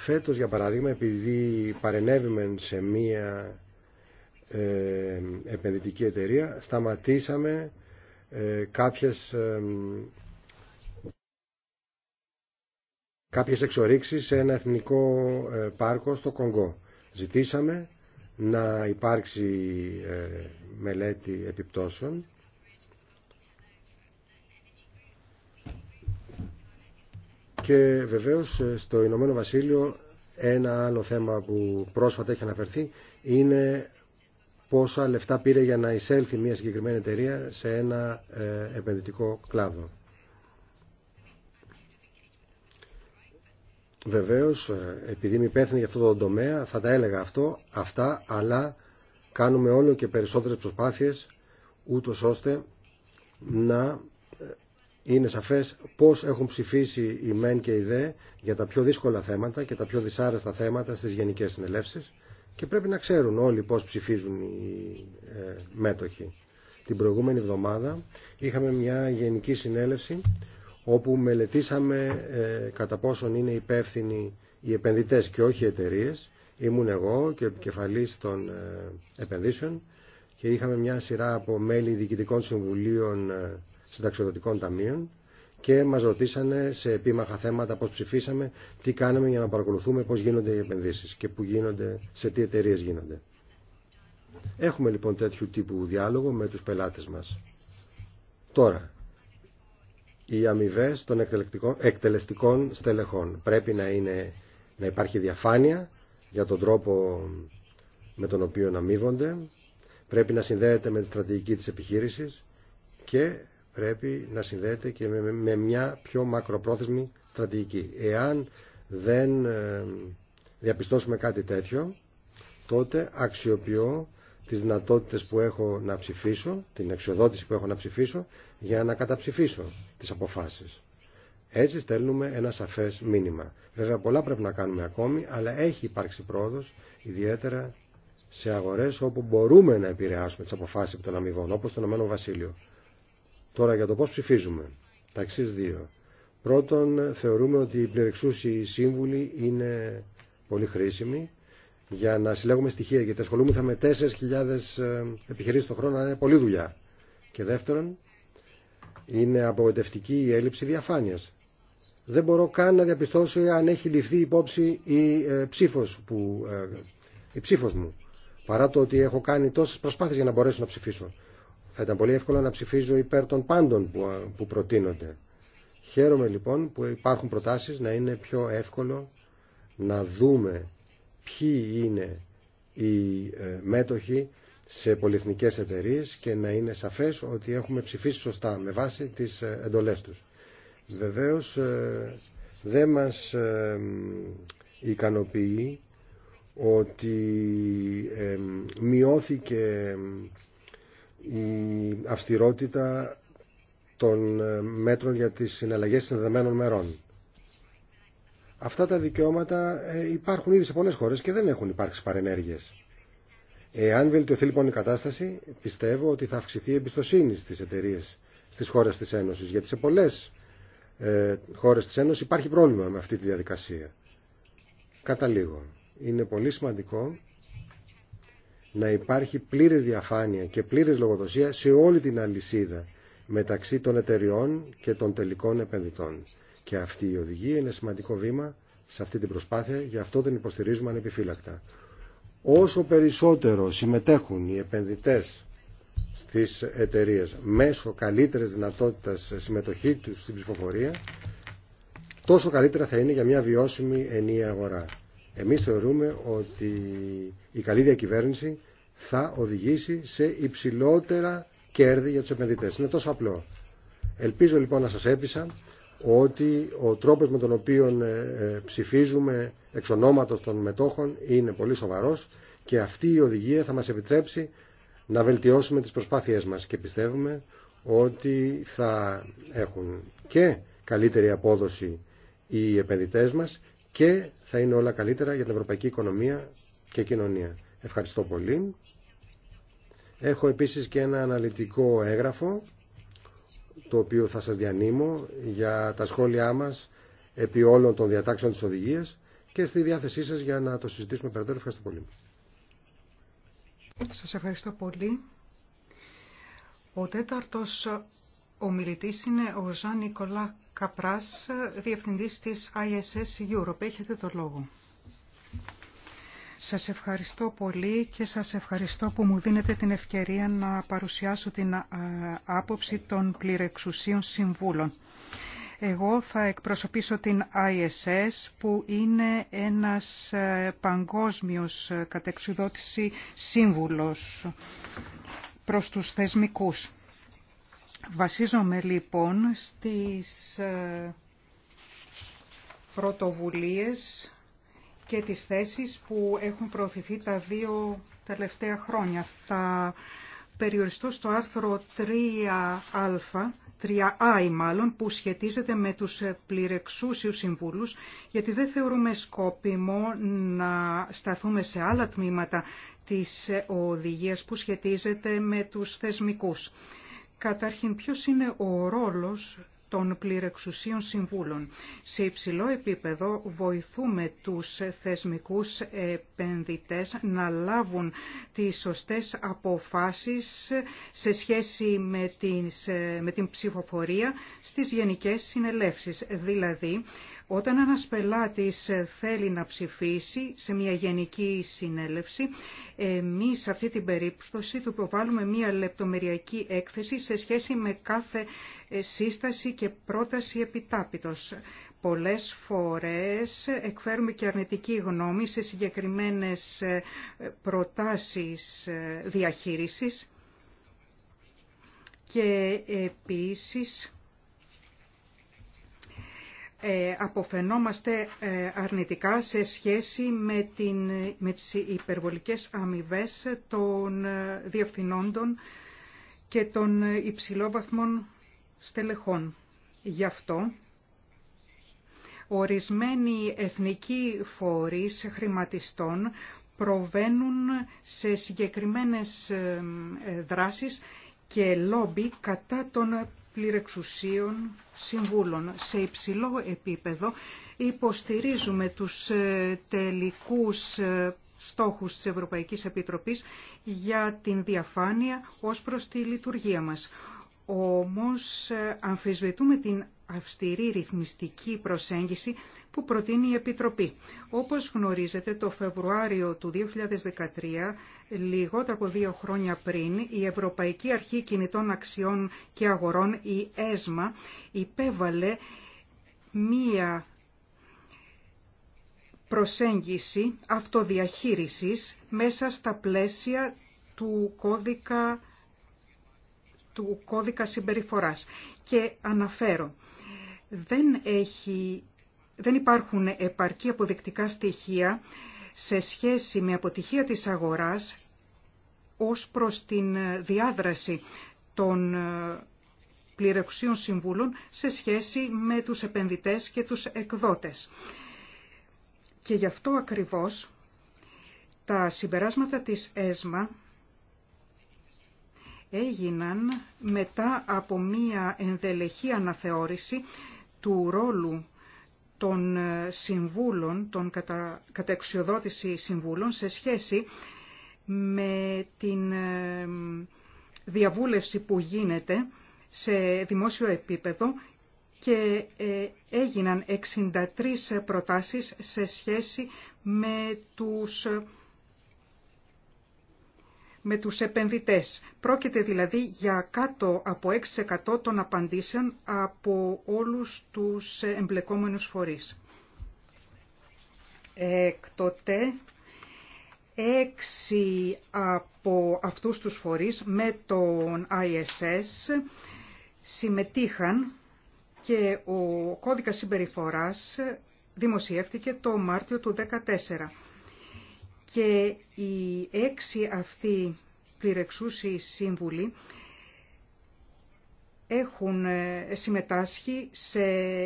Φέτος, για παράδειγμα, επειδή παρενέβημεν σε μία ε, επενδυτική εταιρεία σταματήσαμε ε, κάποιες ε, κάποιες εξορίξεις σε ένα εθνικό πάρκο στο Κονγκό. Ζητήσαμε να υπάρξει μελέτη επιπτώσεων και βεβαίως στο Ηνωμένο Βασίλειο ένα άλλο θέμα που πρόσφατα έχει αναφερθεί είναι πόσα λεφτά πήρε για να εισέλθει μια συγκεκριμένη εταιρεία σε ένα ε, επενδυτικό κλάδο. Βεβαίως, ε, επειδή είμαι υπεύθυνη για αυτό το τομέα, θα τα έλεγα αυτό, αυτά, αλλά κάνουμε όλο και περισσότερες προσπάθειες, ούτως ώστε να ε, είναι σαφές πώς έχουν ψηφίσει οι ΜΕΝ και οι ΔΕ για τα πιο δύσκολα θέματα και τα πιο δυσάρεστα θέματα στις γενικές συνελεύσεις και πρέπει να ξέρουν όλοι πώς ψηφίζουν οι ε, μέτοχοι. Την προηγούμενη εβδομάδα είχαμε μια γενική συνέλευση όπου μελετήσαμε ε, κατά πόσον είναι υπεύθυνοι οι επενδυτές και όχι οι εταιρείες. Ήμουν εγώ και επικεφαλής των ε, επενδύσεων και είχαμε μια σειρά από μέλη διοικητικών συμβουλίων ε, συνταξιοδοτικών ταμείων και μας ρωτήσανε σε επίμαχα θέματα πώς ψηφίσαμε, τι κάναμε για να παρακολουθούμε πώς γίνονται οι επενδύσεις και που γίνονται, σε τι εταιρείε γίνονται. Έχουμε λοιπόν τέτοιου τύπου διάλογο με τους πελάτες μας. Τώρα, οι αμοιβέ των εκτελεστικών στελεχών. Πρέπει να, είναι, να υπάρχει διαφάνεια για τον τρόπο με τον οποίο αμείβονται. Πρέπει να συνδέεται με τη στρατηγική της επιχείρησης και πρέπει να συνδέεται και με μια πιο μακροπρόθεσμη στρατηγική. Εάν δεν ε, διαπιστώσουμε κάτι τέτοιο, τότε αξιοποιώ τις δυνατότητες που έχω να ψηφίσω, την εξοδότηση που έχω να ψηφίσω, για να καταψηφίσω τις αποφάσεις. Έτσι στέλνουμε ένα σαφές μήνυμα. Βέβαια πολλά πρέπει να κάνουμε ακόμη, αλλά έχει υπάρξει πρόοδος, ιδιαίτερα σε αγορές όπου μπορούμε να επηρεάσουμε τις αποφάσεις των αμοιβών, όπως το Ηνωμένο Βασίλειο. Τώρα για το πώς ψηφίζουμε. Ταξί δύο. Πρώτον, θεωρούμε ότι οι πληρεξούσιοι σύμβουλοι είναι πολύ χρήσιμοι για να συλλέγουμε στοιχεία, γιατί ασχολούμεθα με 4.000 ε, επιχειρήσεις το χρόνο, είναι πολλή δουλειά. Και δεύτερον, είναι απογοητευτική η έλλειψη διαφάνειας. Δεν μπορώ καν να διαπιστώσω αν έχει ληφθεί υπόψη η ε, ψήφος, που, ε, η ψήφος μου, παρά το ότι έχω κάνει τόσες προσπάθειες για να μπορέσω να ψηφίσω. Θα ήταν πολύ εύκολο να ψηφίζω υπέρ των πάντων που προτείνονται. Χαίρομαι λοιπόν που υπάρχουν προτάσεις να είναι πιο εύκολο να δούμε ποιοι είναι οι ε, μέτοχοι σε πολυεθνικές εταιρείε και να είναι σαφές ότι έχουμε ψηφίσει σωστά με βάση τις ε, εντολές τους. Βεβαίως ε, δεν μας ικανοποιεί ότι μειώθηκε η αυστηρότητα των ε, μέτρων για τις συναλλαγές συνδεδεμένων μερών. Αυτά τα δικαιώματα ε, υπάρχουν ήδη σε πολλές χώρες και δεν έχουν υπάρξει παρενέργειες. Εάν βελτιωθεί λοιπόν η κατάσταση, πιστεύω ότι θα αυξηθεί η εμπιστοσύνη στις εταιρείε στις χώρες της Ένωσης, γιατί σε πολλές ε, χώρες της Ένωσης υπάρχει πρόβλημα με αυτή τη διαδικασία. Κατά λίγο. Είναι πολύ σημαντικό να υπάρχει πλήρης διαφάνεια και πλήρης λογοδοσία σε όλη την αλυσίδα μεταξύ των εταιριών και των τελικών επενδυτών. Και αυτή η οδηγία είναι σημαντικό βήμα σε αυτή την προσπάθεια, γι' αυτό την υποστηρίζουμε ανεπιφύλακτα. Όσο περισσότερο συμμετέχουν οι επενδυτές στις εταιρείες μέσω καλύτερης δυνατότητας συμμετοχή τους στην ψηφοφορία, τόσο καλύτερα θα είναι για μια βιώσιμη ενία αγορά. Εμείς θεωρούμε ότι η καλή διακυβέρνηση θα οδηγήσει σε υψηλότερα κέρδη για τους επενδυτές. Είναι τόσο απλό. Ελπίζω λοιπόν να σας έπεισα ότι ο τρόπος με τον οποίο ε, ε, ψηφίζουμε εξ ονόματος των μετόχων είναι πολύ σοβαρός και αυτή η οδηγία θα μας επιτρέψει να βελτιώσουμε τις προσπάθειές μας και πιστεύουμε ότι θα έχουν και καλύτερη απόδοση οι επενδυτές μας και θα είναι όλα καλύτερα για την ευρωπαϊκή οικονομία και κοινωνία. Ευχαριστώ πολύ. Έχω επίσης και ένα αναλυτικό έγγραφο το οποίο θα σας διανύμω για τα σχόλιά μας επί όλων των διατάξεων της οδηγίας και στη διάθεσή σας για να το συζητήσουμε περαιτέρω. Ευχαριστώ πολύ. Σας ευχαριστώ πολύ. Ο τέταρτος ο μιλητής είναι ο Ζαν Νικολά Καπράς, Διευθυντής της ISS Europe. Έχετε το λόγο. Σας ευχαριστώ πολύ και σας ευχαριστώ που μου δίνετε την ευκαιρία να παρουσιάσω την άποψη των πληρεξουσίων συμβούλων. Εγώ θα εκπροσωπήσω την ISS που είναι ένας ε, παγκόσμιος ε, κατεξουδότηση σύμβουλος προς τους θεσμικούς. Βασίζομαι λοιπόν στις ε, πρωτοβουλίες και τις θέσεις που έχουν προωθηθεί τα δύο τελευταία χρόνια. Θα περιοριστώ στο άρθρο 3α, 3α μάλλον, που σχετίζεται με τους πληρεξούσιους συμβούλους, γιατί δεν θεωρούμε σκόπιμο να σταθούμε σε άλλα τμήματα της οδηγίας που σχετίζεται με τους θεσμικούς. Καταρχήν, ποιος είναι ο ρόλος των πληρεξουσίων συμβούλων. Σε υψηλό επίπεδο βοηθούμε τους θεσμικούς επενδυτές να λάβουν τις σωστές αποφάσεις σε σχέση με, με την ψηφοφορία στις γενικές συνελεύσεις. Δηλαδή, όταν ένας πελάτης θέλει να ψηφίσει σε μια γενική συνέλευση, εμείς σε αυτή την περίπτωση του προβάλλουμε μια λεπτομεριακή έκθεση σε σχέση με κάθε ε, σύσταση και πρόταση επιτάπητος. Πολλές φορές εκφέρουμε και αρνητική γνώμη σε συγκεκριμένες ε, προτάσεις ε, διαχείρισης και επίσης αποφαινόμαστε αρνητικά σε σχέση με, την, με τις υπερβολικές αμοιβέ των διευθυνόντων και των υψηλόβαθμων στελεχών. Γι' αυτό ορισμένοι εθνικοί φορείς χρηματιστών προβαίνουν σε συγκεκριμένες δράσεις και λόμπι κατά των πληρεξουσίων συμβούλων. Σε υψηλό επίπεδο υποστηρίζουμε τους ε, τελικούς ε, στόχους της Ευρωπαϊκής Επιτροπής για την διαφάνεια ως προς τη λειτουργία μας. Όμως ε, αμφισβητούμε την αυστηρή ρυθμιστική προσέγγιση που προτείνει η Επιτροπή. Όπως γνωρίζετε, το Φεβρουάριο του 2013, λιγότερο από δύο χρόνια πριν, η Ευρωπαϊκή Αρχή Κινητών Αξιών και Αγορών, η ΕΣΜΑ, υπέβαλε μία προσέγγιση αυτοδιαχείρισης μέσα στα πλαίσια του κώδικα του κώδικα συμπεριφοράς. Και αναφέρω, δεν, έχει, δεν υπάρχουν επαρκή αποδεικτικά στοιχεία σε σχέση με αποτυχία της αγοράς ως προς την διάδραση των ε, πληρεξίων συμβούλων σε σχέση με τους επενδυτές και τους εκδότες. Και γι' αυτό ακριβώς τα συμπεράσματα της ΕΣΜΑ έγιναν μετά από μία ενδελεχή αναθεώρηση του ρόλου των ε, συμβούλων, των κατα... κατεξιοδότηση συμβούλων σε σχέση με την ε, διαβούλευση που γίνεται σε δημόσιο επίπεδο και ε, έγιναν 63 προτάσεις σε σχέση με τους με τους επενδυτές. Πρόκειται δηλαδή για κάτω από 6% των απαντήσεων από όλους τους εμπλεκόμενους φορείς. τότε, 6 από αυτούς τους φορείς με τον ISS συμμετείχαν και ο κώδικας συμπεριφοράς δημοσιεύτηκε το Μάρτιο του 2014 και οι έξι αυτοί πληρεξούσιοι σύμβουλοι έχουν ε, συμμετάσχει σε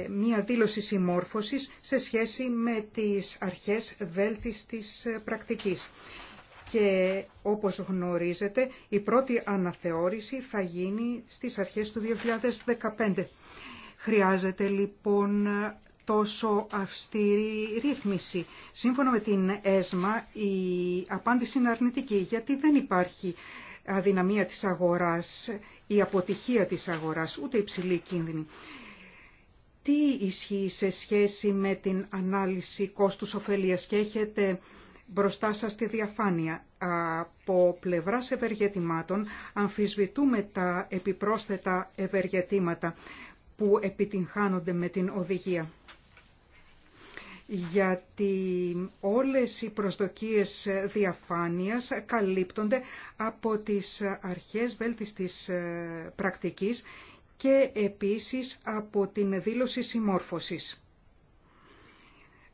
μία δήλωση συμμόρφωσης σε σχέση με τις αρχές βέλτιστης ε, πρακτικής. Και όπως γνωρίζετε, η πρώτη αναθεώρηση θα γίνει στις αρχές του 2015. Χρειάζεται λοιπόν τόσο αυστηρή ρύθμιση. Σύμφωνα με την ΕΣΜΑ η απάντηση είναι αρνητική γιατί δεν υπάρχει αδυναμία της αγοράς, η αποτυχία της αγοράς, ούτε υψηλή κίνδυνη. Τι ισχύει σε σχέση με την ανάλυση κόστους ωφελίας και έχετε μπροστά σας τη διαφάνεια. Από πλευρά ευεργετημάτων αμφισβητούμε τα επιπρόσθετα ευεργετήματα που επιτυγχάνονται με την οδηγία γιατί όλες οι προσδοκίες διαφάνειας καλύπτονται από τις αρχές βέλτιστης ε, πρακτικής και επίσης από την δήλωση συμμόρφωσης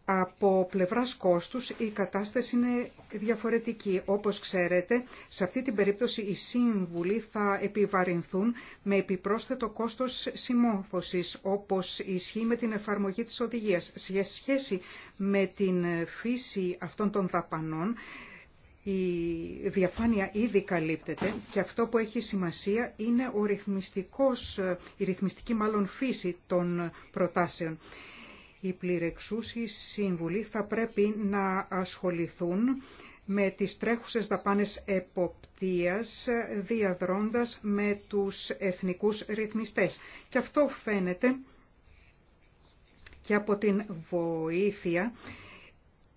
από πλευράς κόστους η κατάσταση είναι διαφορετική. Όπως ξέρετε, σε αυτή την περίπτωση οι σύμβουλοι θα επιβαρυνθούν με επιπρόσθετο κόστος συμμόρφωσης, όπως ισχύει με την εφαρμογή της οδηγίας. Σε σχέση με την φύση αυτών των δαπανών, η διαφάνεια ήδη καλύπτεται και αυτό που έχει σημασία είναι ο ρυθμιστικός, η ρυθμιστική μάλλον φύση των προτάσεων. Οι πληρεξούσιοι σύμβουλοι θα πρέπει να ασχοληθούν με τις τρέχουσες δαπάνες εποπτείας διαδρόντας με τους εθνικούς ρυθμιστές. Και αυτό φαίνεται και από την βοήθεια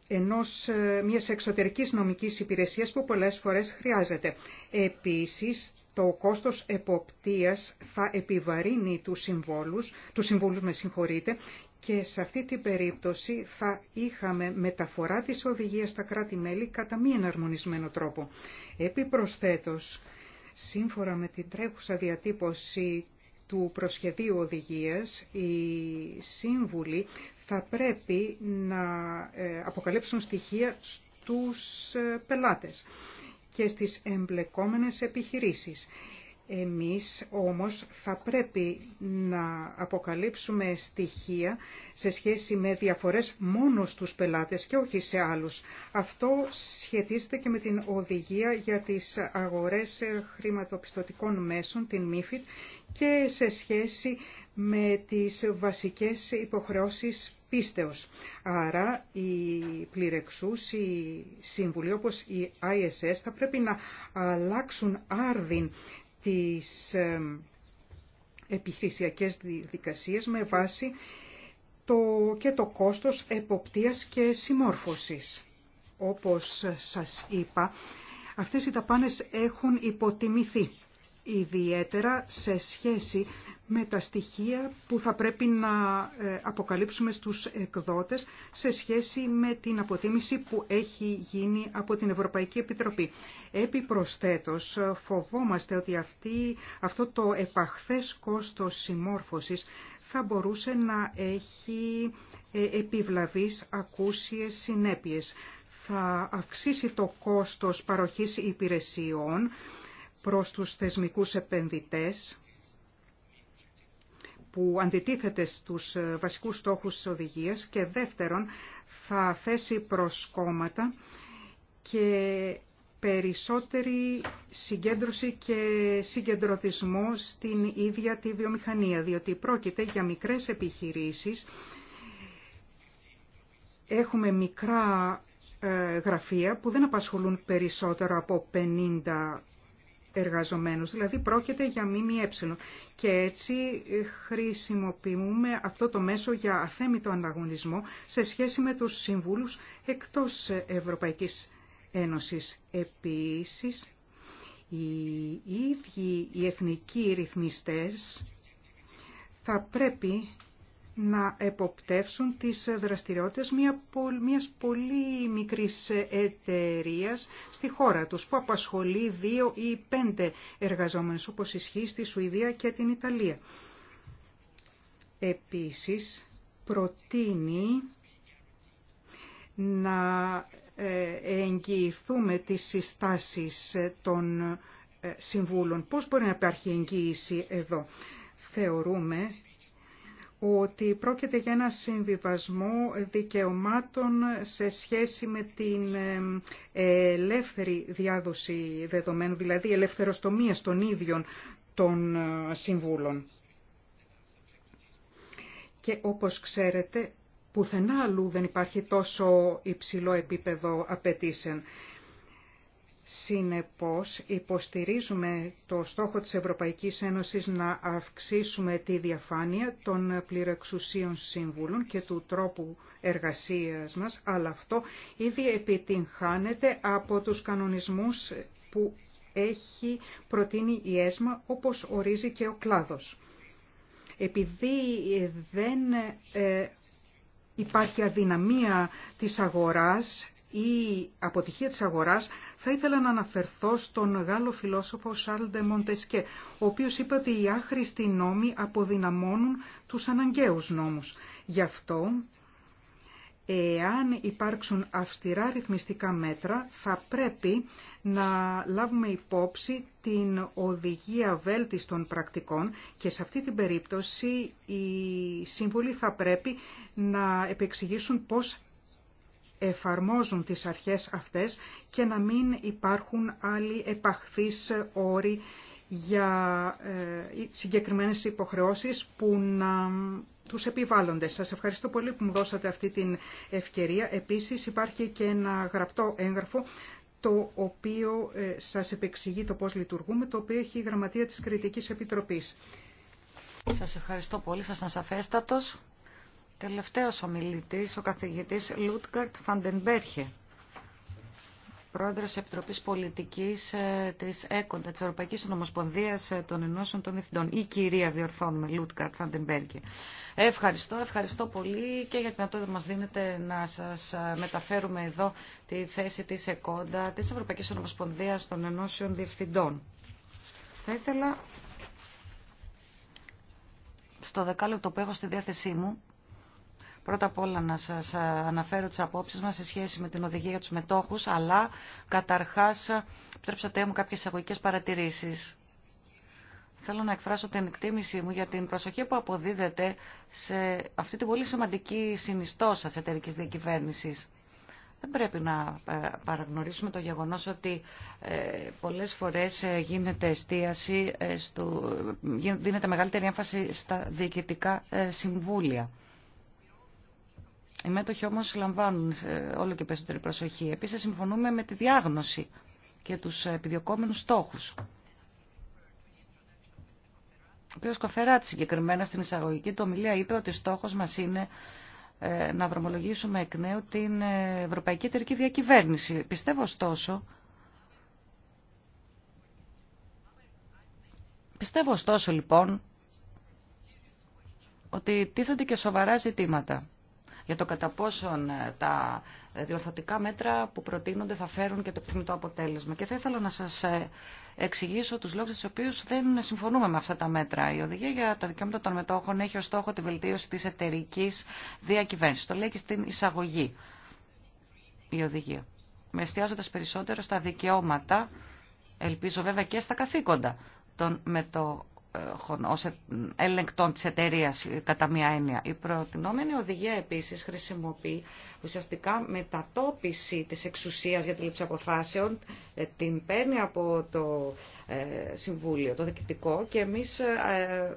ενός, μιας εξωτερικής νομικής υπηρεσίας που πολλές φορές χρειάζεται. Επίσης, το κόστος εποπτείας θα επιβαρύνει τους συμβόλους, τους συμβόλους με συγχωρείτε, και σε αυτή την περίπτωση θα είχαμε μεταφορά της οδηγίας στα κράτη-μέλη κατά μη εναρμονισμένο τρόπο. Επιπροσθέτως, σύμφωνα με την τρέχουσα διατύπωση του προσχεδίου οδηγίας, οι σύμβουλοι θα πρέπει να ε, αποκαλύψουν στοιχεία στους ε, πελάτες και στις εμπλεκόμενες επιχειρήσεις. Εμείς όμως θα πρέπει να αποκαλύψουμε στοιχεία σε σχέση με διαφορές μόνο στους πελάτες και όχι σε άλλους. Αυτό σχετίζεται και με την οδηγία για τις αγορές χρηματοπιστωτικών μέσων, την MIFID, και σε σχέση με τις βασικές υποχρεώσεις πίστεως. Άρα οι οι σύμβουλοι όπως η ISS θα πρέπει να αλλάξουν άρδιν τις επιχειρησιακές δικασίες με βάση το, και το κόστος εποπτείας και συμμόρφωσης. Όπως σας είπα, αυτές οι ταπάνες έχουν υποτιμηθεί ιδιαίτερα σε σχέση με τα στοιχεία που θα πρέπει να ε, αποκαλύψουμε στους εκδότες σε σχέση με την αποτίμηση που έχει γίνει από την Ευρωπαϊκή Επιτροπή. Επιπροσθέτως, φοβόμαστε ότι αυτή, αυτό το επαχθές κόστος συμμόρφωσης θα μπορούσε να έχει ε, επιβλαβείς ακούσιες συνέπειες. Θα αυξήσει το κόστος παροχής υπηρεσιών προς τους θεσμικούς επενδυτές που αντιτίθεται στους ε, βασικούς στόχους της οδηγίας και δεύτερον θα θέσει προσκόμματα και περισσότερη συγκέντρωση και συγκεντρωτισμό στην ίδια τη βιομηχανία, διότι πρόκειται για μικρές επιχειρήσεις. Έχουμε μικρά ε, γραφεία που δεν απασχολούν περισσότερο από 50 εργαζομένους, δηλαδή πρόκειται για ΜΜΕ. Και έτσι χρησιμοποιούμε αυτό το μέσο για αθέμητο ανταγωνισμό σε σχέση με τους συμβούλους εκτός Ευρωπαϊκής Ένωσης. Επίσης, οι ίδιοι οι εθνικοί ρυθμιστές θα πρέπει να εποπτεύσουν τις δραστηριότητες μιας πολύ μικρής εταιρεία στη χώρα τους που απασχολεί δύο ή πέντε εργαζόμενους όπως ισχύει στη Σουηδία και την Ιταλία. Επίσης προτείνει να ε, εγγυηθούμε τις συστάσεις των ε, συμβούλων. Πώς μπορεί να υπάρχει εγγύηση εδώ. Θεωρούμε ότι πρόκειται για ένα συμβιβασμό δικαιωμάτων σε σχέση με την ελεύθερη διάδοση δεδομένων, δηλαδή ελευθεροστομία των ίδιων των ε, συμβούλων. Και όπως ξέρετε, πουθενά αλλού δεν υπάρχει τόσο υψηλό επίπεδο απαιτήσεων. Συνεπώς, υποστηρίζουμε το στόχο της Ευρωπαϊκής Ένωσης να αυξήσουμε τη διαφάνεια των πληροεξουσίων σύμβουλων και του τρόπου εργασίας μας, αλλά αυτό ήδη επιτυγχάνεται από τους κανονισμούς που έχει προτείνει η ΕΣΜΑ, όπως ορίζει και ο κλάδος. Επειδή δεν ε, υπάρχει αδυναμία της αγοράς, η αποτυχία της αγοράς θα ήθελα να αναφερθώ στον Γάλλο φιλόσοφο Σάρλ Μοντεσκέ, ο οποίος είπε ότι οι άχρηστοι νόμοι αποδυναμώνουν τους αναγκαίους νόμους. Γι' αυτό εάν υπάρξουν αυστηρά ρυθμιστικά μέτρα, θα πρέπει να λάβουμε υπόψη την οδηγία βέλτιστων πρακτικών και σε αυτή την περίπτωση οι σύμβουλοι θα πρέπει να επεξηγήσουν πώς εφαρμόζουν τις αρχές αυτές και να μην υπάρχουν άλλοι επαχθείς όροι για ε, συγκεκριμένες υποχρεώσεις που να τους επιβάλλονται. Σας ευχαριστώ πολύ που μου δώσατε αυτή την ευκαιρία. Επίσης υπάρχει και ένα γραπτό έγγραφο το οποίο ε, σας επεξηγεί το πώς λειτουργούμε, το οποίο έχει η Γραμματεία της Κριτικής Επιτροπής. Σας ευχαριστώ πολύ. Σας ήταν Τελευταίος ομιλητής, ο καθηγητής Λούτκαρτ Φαντενμπέρχε, πρόεδρος Επιτροπής Πολιτικής ε, της ΕΚΟΝΤΑ, της Ευρωπαϊκής Νομοσπονδίας ε, των Ενώσεων των Διευθυντών, ή κυρία διορθώνουμε, Λούτκαρτ Φαντενμπέρχε. Ευχαριστώ, ευχαριστώ πολύ και για την ατότητα μας δίνετε να σας ε, μεταφέρουμε εδώ τη θέση της ΕΚΟΝΤΑ, της Ευρωπαϊκής Νομοσπονδίας των Ενώσεων Διευθυντών. Θα ήθελα στο δεκάλεπτο που έχω στη διάθεσή μου Πρώτα απ' όλα να σας ε, αναφέρω τις απόψεις μας σε σχέση με την οδηγία για τους μετόχους, αλλά καταρχάς ε, επιτρέψατε μου κάποιες εισαγωγικές παρατηρήσεις. Θέλω να εκφράσω την εκτίμησή μου για την προσοχή που αποδίδεται σε αυτή την πολύ σημαντική συνιστόσα της εταιρικής διακυβέρνησης. Δεν πρέπει να ε, παραγνωρίσουμε το γεγονός ότι πολλές φορές γίνεται εστίαση, δίνεται μεγαλύτερη έμφαση στα διοικητικά συμβούλια. Οι μέτοχοι όμω λαμβάνουν ε, όλο και περισσότερη προσοχή. Επίση συμφωνούμε με τη διάγνωση και τους επιδιωκόμενους στόχους. Ο κ. Κοφεράτη συγκεκριμένα στην εισαγωγική του ομιλία είπε ότι στόχος μας είναι ε, να δρομολογήσουμε εκ νέου την ε, Ευρωπαϊκή Εταιρική Διακυβέρνηση. Πιστεύω ωστόσο Πιστεύω ωστόσο λοιπόν ότι τίθονται και σοβαρά ζητήματα για το κατά πόσον ε, τα διορθωτικά μέτρα που προτείνονται θα φέρουν και το επιθυμητό αποτέλεσμα. Και θα ήθελα να σας ε, εξηγήσω τους λόγους του οποίου δεν συμφωνούμε με αυτά τα μέτρα. Η Οδηγία για τα Δικαιώματα των Μετόχων έχει ως στόχο τη βελτίωση της εταιρική διακυβέρνησης. Το λέει και στην εισαγωγή η Οδηγία. Με εστιάζοντας περισσότερο στα δικαιώματα, ελπίζω βέβαια και στα καθήκοντα των μετόχων ως ε- έλεγκτων της εταιρεία ε, κατά μία έννοια. Η προτινόμενη οδηγία επίσης χρησιμοποιεί ουσιαστικά μετατόπιση της εξουσίας για τη λήψη αποφάσεων, ε, την παίρνει από το Συμβούλιο, το Διοικητικό και εμείς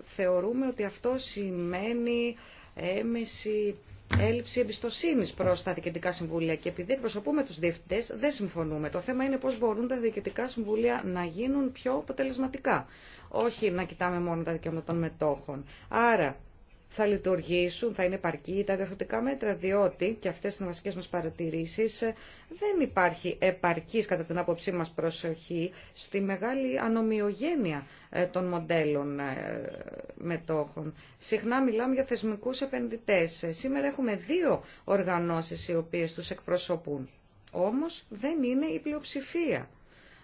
θεωρούμε ότι αυτό σημαίνει έμεση έλλειψη εμπιστοσύνη προ τα διοικητικά συμβούλια. Και επειδή εκπροσωπούμε του διευθυντέ, δεν συμφωνούμε. Το θέμα είναι πώ μπορούν τα διοικητικά συμβούλια να γίνουν πιο αποτελεσματικά όχι να κοιτάμε μόνο τα δικαιώματα των μετόχων. Άρα θα λειτουργήσουν, θα είναι επαρκή τα διαθωτικά μέτρα, διότι, και αυτές είναι βασικές μας παρατηρήσεις, δεν υπάρχει επαρκής κατά την άποψή μας προσοχή στη μεγάλη ανομοιογένεια ε, των μοντέλων ε, μετόχων. Συχνά μιλάμε για θεσμικούς επενδυτές. Σήμερα έχουμε δύο οργανώσεις οι οποίες τους εκπροσωπούν. Όμως δεν είναι η πλειοψηφία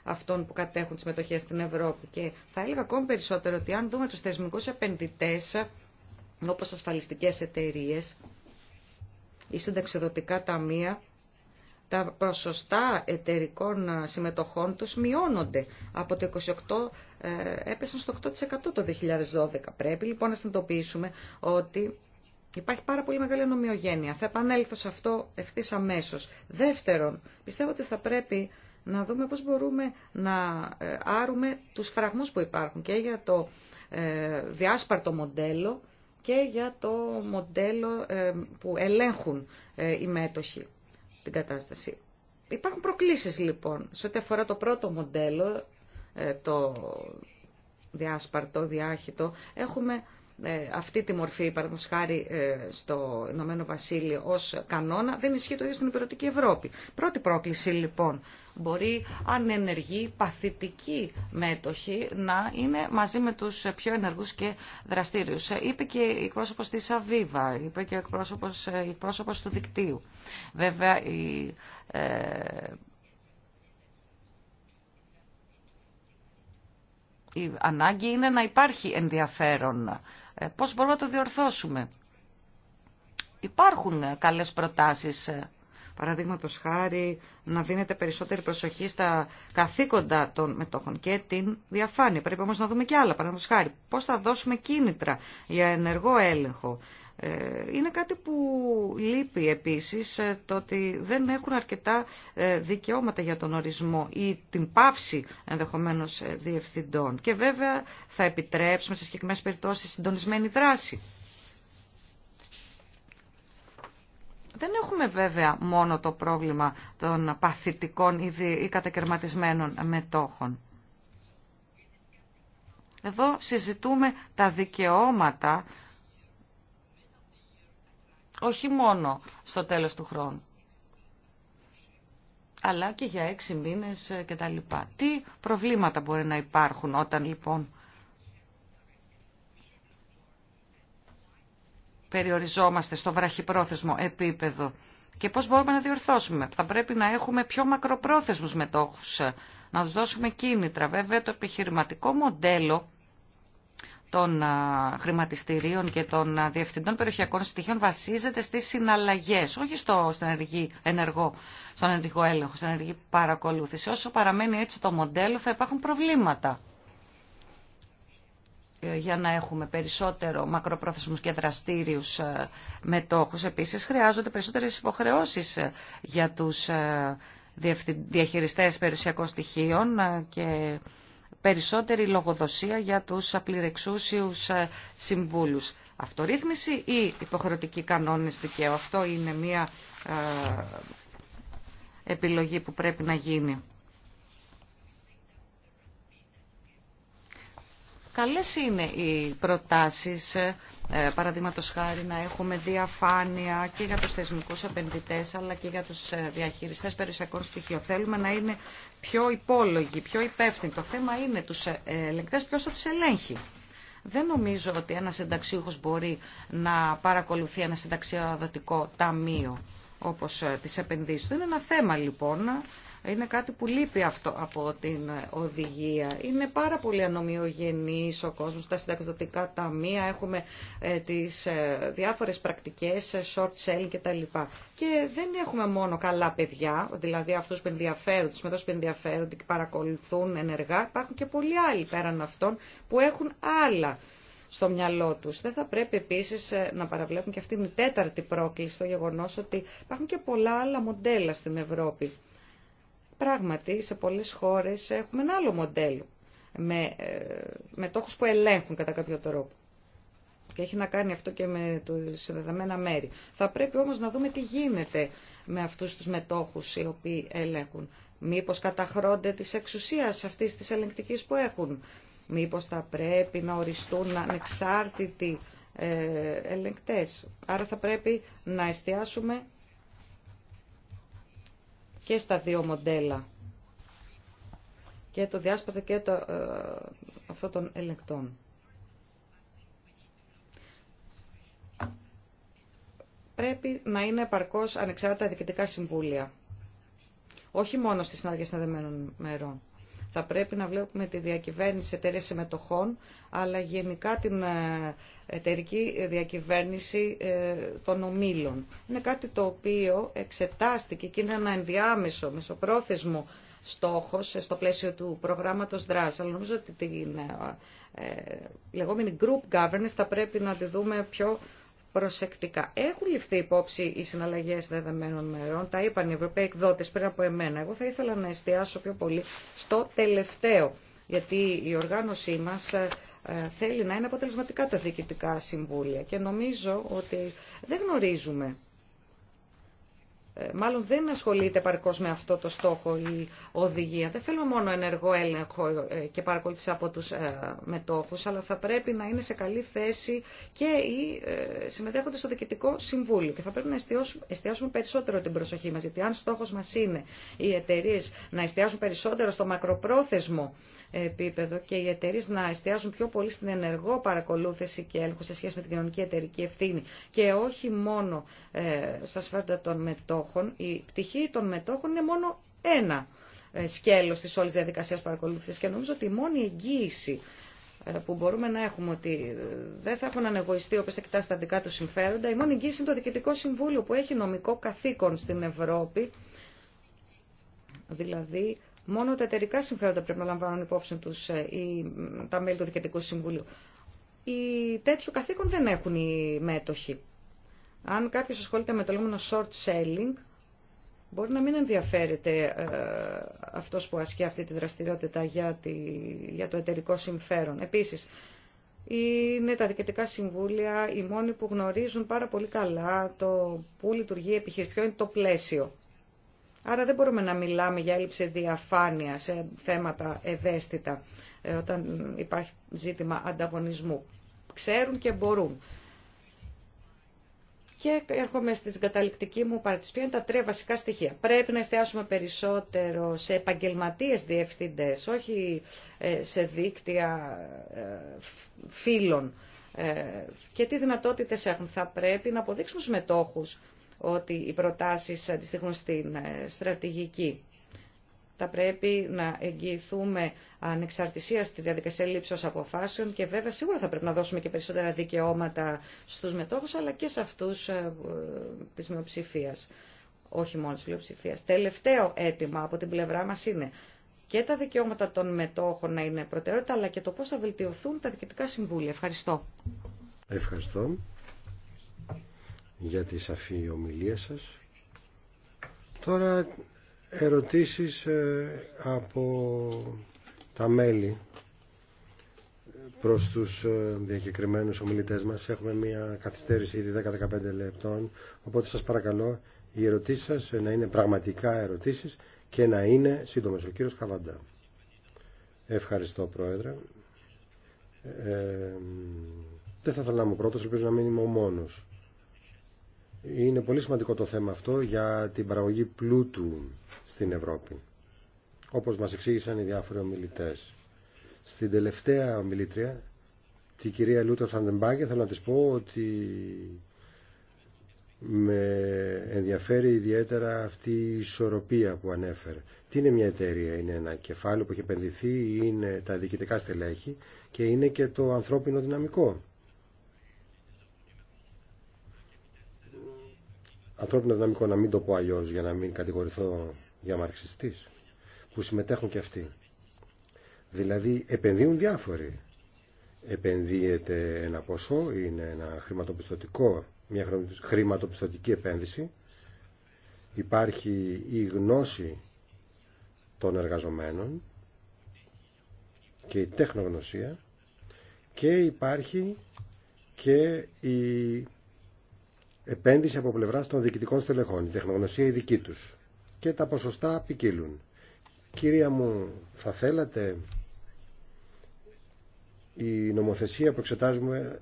αυτών που κατέχουν τι μετοχέ στην Ευρώπη. Και θα έλεγα ακόμη περισσότερο ότι αν δούμε του θεσμικούς επενδυτέ, όπως ασφαλιστικές εταιρείε ή συνταξιδοτικά ταμεία, τα ποσοστά εταιρικών ε, συμμετοχών τους μειώνονται. Από το 28 ε, έπεσαν στο 8% το 2012. Πρέπει λοιπόν να συνειδητοποιήσουμε ότι υπάρχει πάρα πολύ μεγάλη νομιογένεια. Θα επανέλθω σε αυτό ευθύ αμέσω. Δεύτερον, πιστεύω ότι θα πρέπει να δούμε πώς μπορούμε να ε, άρουμε τους φραγμούς που υπάρχουν και για το ε, διάσπαρτο μοντέλο και για το μοντέλο ε, που ελέγχουν οι μέτοχοι την κατάσταση. Υπάρχουν προκλήσεις λοιπόν σε ό,τι αφορά το πρώτο μοντέλο, το διάσπαρτο, διάχυτο. Έχουμε ε, αυτή τη μορφή, παραδείγματο χάρη ε, στο Ηνωμένο Βασίλειο, ω κανόνα, δεν ισχύει το ίδιο στην υπηρετική Ευρώπη. Πρώτη πρόκληση λοιπόν. Μπορεί αν ενεργεί παθητική μέτοχη να είναι μαζί με του πιο ενεργού και δραστήριου. Ε, είπε και η εκπρόσωπο τη Αβίβα, είπε και η εκπρόσωπο του δικτύου. Βέβαια, η, η ανάγκη είναι να υπάρχει ενδιαφέρον ε, πώς μπορούμε να το διορθώσουμε. Υπάρχουν ε, καλές προτάσεις ε, παραδείγματο χάρη να δίνεται περισσότερη προσοχή στα καθήκοντα των μετόχων και την διαφάνεια. Πρέπει όμως να δούμε και άλλα. παραδείγματος χάρη, πώς θα δώσουμε κίνητρα για ενεργό έλεγχο, ε, είναι κάτι που λείπει επίσης ε, το ότι δεν έχουν αρκετά ε, δικαιώματα για τον ορισμό ή την πάυση ενδεχομένως διευθυντών. Και βέβαια θα επιτρέψουμε σε συγκεκριμένες περιπτώσεις συντονισμένη δράση. Δεν έχουμε βέβαια μόνο το πρόβλημα των παθητικών ή κατακαιρματισμένων μετόχων. Εδώ συζητούμε τα δικαιώματα όχι μόνο στο τέλος του χρόνου, αλλά και για έξι μήνες ε, και τα λοιπά. Τι προβλήματα μπορεί να υπάρχουν όταν λοιπόν περιοριζόμαστε στο βραχυπρόθεσμο επίπεδο και πώς μπορούμε να διορθώσουμε. Θα πρέπει να έχουμε πιο μακροπρόθεσμους μετόχους, ε, να τους δώσουμε κίνητρα. Βέβαια το επιχειρηματικό μοντέλο των χρηματιστηρίων και των διευθυντών περιοχιακών στοιχείων βασίζεται στις συναλλαγές, όχι στο, στον, ενεργό, στον έλεγχο, στην ενεργή παρακολούθηση. Όσο παραμένει έτσι το μοντέλο θα υπάρχουν προβλήματα ε, για να έχουμε περισσότερο μακροπρόθεσμους και δραστήριους ε, μετόχους. Επίσης χρειάζονται περισσότερες υποχρεώσεις ε, για τους διαχειριστές περιουσιακών στοιχείων και περισσότερη λογοδοσία για τους απληρεξούσιους ε, συμβούλους. Αυτορύθμιση ή υποχρεωτική κανόνες δικαίου. Αυτό είναι μια ε, επιλογή που πρέπει να γίνει. Καλές είναι οι προτάσεις, ε, παραδείγματο χάρη να έχουμε διαφάνεια και για τους θεσμικούς επενδυτές αλλά και για τους ε, διαχειριστές περιουσιακών στοιχείων. Θέλουμε να είναι πιο υπόλογοι, πιο υπεύθυνοι. Το θέμα είναι τους ε, ελεγκτές ποιος θα τους ελέγχει. Δεν νομίζω ότι ένας συνταξίουχος μπορεί να παρακολουθεί ένα συνταξιοδοτικό ταμείο όπως ε, τις επενδύσεις του. Είναι ένα θέμα λοιπόν είναι κάτι που λείπει αυτό από την οδηγία. Είναι πάρα πολύ ανομοιογενής ο κόσμος, τα συνταξιδοτικά ταμεία, έχουμε ε, τις ε, διάφορες πρακτικές, ε, short selling κτλ. Και δεν έχουμε μόνο καλά παιδιά, δηλαδή αυτούς που ενδιαφέρονται, τους μετός που ενδιαφέρονται και παρακολουθούν ενεργά, υπάρχουν και πολλοί άλλοι πέραν αυτών που έχουν άλλα στο μυαλό του. Δεν θα πρέπει επίση να παραβλέπουν και αυτήν την τέταρτη πρόκληση, το γεγονό ότι υπάρχουν και πολλά άλλα μοντέλα στην Ευρώπη. Πράγματι, σε πολλές χώρες έχουμε ένα άλλο μοντέλο με ε, μετόχους που ελέγχουν κατά κάποιο τρόπο. Και έχει να κάνει αυτό και με σε συνδεδεμένα μέρη. Θα πρέπει όμως να δούμε τι γίνεται με αυτούς τους μετόχους οι οποίοι ελέγχουν. Μήπως καταχρώνται της εξουσίας αυτής της ελεγκτικής που έχουν. Μήπως θα πρέπει να οριστούν ανεξάρτητοι ε, ελεγκτές. Άρα θα πρέπει να εστιάσουμε και στα δύο μοντέλα και το διάσπατο και το, ε, αυτό των ελεκτών. Πρέπει να είναι επαρκώς ανεξάρτητα διοικητικά συμβούλια. Όχι μόνο στις συνάδειες συνδεδεμένων μέρων. Θα πρέπει να βλέπουμε τη διακυβέρνηση εταιρεία συμμετοχών, αλλά γενικά την ε, εταιρική διακυβέρνηση ε, των ομίλων. Είναι κάτι το οποίο εξετάστηκε και είναι ένα ενδιάμεσο, μεσοπρόθεσμο στόχος ε, στο πλαίσιο του προγράμματος δράση. Αλλά νομίζω ότι την λεγόμενη group governance θα πρέπει να τη δούμε πιο προσεκτικά. Έχουν ληφθεί υπόψη οι συναλλαγέ δεδομένων μερών, τα είπαν οι Ευρωπαίοι εκδότε πριν από εμένα. Εγώ θα ήθελα να εστιάσω πιο πολύ στο τελευταίο, γιατί η οργάνωσή μα ε, θέλει να είναι αποτελεσματικά τα διοικητικά συμβούλια και νομίζω ότι δεν γνωρίζουμε ε, μάλλον δεν ασχολείται παρκώ με αυτό το στόχο η οδηγία. Δεν θέλουμε μόνο ενεργό έλεγχο ε, και παρακολούθηση από τους ε, μετόχους, αλλά θα πρέπει να είναι σε καλή θέση και οι συμμετέχοντε στο Διοικητικό Συμβούλιο. Και θα πρέπει να εστιάσουμε, περισσότερο την προσοχή μας, γιατί αν στόχος μας είναι οι εταιρείε να εστιάσουν περισσότερο στο μακροπρόθεσμο επίπεδο και οι εταιρείε να εστιάζουν πιο πολύ στην ενεργό παρακολούθηση και έλεγχο σε σχέση με την κοινωνική εταιρική ευθύνη και όχι μόνο ε, στα σφαίρα των μετόχων. Η πτυχή των μετόχων είναι μόνο ένα ε, σκέλο τη όλη διαδικασία παρακολούθηση. και νομίζω ότι η μόνη εγγύηση ε, που μπορούμε να έχουμε ότι δεν θα έχουν ανεγωιστεί όπως θα κοιτάσει τα δικά του συμφέροντα. Η μόνη εγγύηση είναι το Διοικητικό Συμβούλιο που έχει νομικό καθήκον στην Ευρώπη, δηλαδή Μόνο τα εταιρικά συμφέροντα πρέπει να λαμβάνουν υπόψη τους ε, τα μέλη του Διοικητικού Συμβουλίου. Οι, τέτοιο καθήκον δεν έχουν οι μέτοχοι. Αν κάποιο ασχολείται με το λεγόμενο short selling, μπορεί να μην ενδιαφέρεται ε, αυτός που ασκεί αυτή τη δραστηριότητα για, τη, για το εταιρικό συμφέρον. Επίση, είναι τα διοικητικά συμβούλια οι μόνοι που γνωρίζουν πάρα πολύ καλά το πού λειτουργεί η επιχείρηση, ποιο είναι το πλαίσιο. Άρα δεν μπορούμε να μιλάμε για έλλειψη διαφάνεια σε θέματα ευαίσθητα ε, όταν υπάρχει ζήτημα ανταγωνισμού. Ξέρουν και μπορούν. Και έρχομαι στην καταληκτική μου παρατηρήση. Ποια είναι τα τρία βασικά στοιχεία. Πρέπει να εστιάσουμε περισσότερο σε επαγγελματίες διευθυντέ, όχι ε, σε δίκτυα ε, φίλων. Και τι δυνατότητες έχουν. Θα πρέπει να αποδείξουν στου μετόχους ότι οι προτάσεις αντιστοιχούν στην ε, στρατηγική. Θα πρέπει να εγγυηθούμε ανεξαρτησία στη διαδικασία λήψεως αποφάσεων και βέβαια σίγουρα θα πρέπει να δώσουμε και περισσότερα δικαιώματα στους μετόχους αλλά και σε αυτούς ε, ε, της μειοψηφίας, όχι μόνο της πλειοψηφίας. Τελευταίο αίτημα από την πλευρά μας είναι και τα δικαιώματα των μετόχων να είναι προτεραιότητα αλλά και το πώς θα βελτιωθούν τα διοικητικά συμβούλια. Ευχαριστώ. Ευχαριστώ για τη σαφή ομιλία σας. Τώρα ερωτήσεις ε, από τα μέλη προς τους ε, διακεκριμένους ομιλητές μας. Έχουμε μια καθυστέρηση ήδη 10-15 λεπτών, οπότε σας παρακαλώ οι ερωτήσεις σας να είναι πραγματικά ερωτήσεις και να είναι σύντομες. Ο κύριος Καβαντά. Ευχαριστώ Πρόεδρε. Ε, δεν θα ήθελα να είμαι πρώτος, ελπίζω να μην είμαι ο μόνος. Είναι πολύ σημαντικό το θέμα αυτό για την παραγωγή πλούτου στην Ευρώπη. Όπως μας εξήγησαν οι διάφοροι ομιλητές. Στην τελευταία ομιλήτρια, την κυρία Λούτερ Φαντεμπάγκε, θέλω να της πω ότι με ενδιαφέρει ιδιαίτερα αυτή η ισορροπία που ανέφερε. Τι είναι μια εταιρεία, είναι ένα κεφάλαιο που έχει επενδυθεί, είναι τα διοικητικά στελέχη και είναι και το ανθρώπινο δυναμικό ανθρώπινο δυναμικό, να μην το πω αλλιώ για να μην κατηγορηθώ για μαρξιστής, που συμμετέχουν και αυτοί. Δηλαδή επενδύουν διάφοροι. Επενδύεται ένα ποσό, είναι ένα χρηματοπιστωτικό, μια χρηματοπιστωτική επένδυση. Υπάρχει η γνώση των εργαζομένων και η τέχνογνωσία και υπάρχει και η επένδυση από πλευρά των διοικητικών στελεχών, η τεχνογνωσία η δική του. Και τα ποσοστά ποικίλουν. Κυρία μου, θα θέλατε η νομοθεσία που εξετάζουμε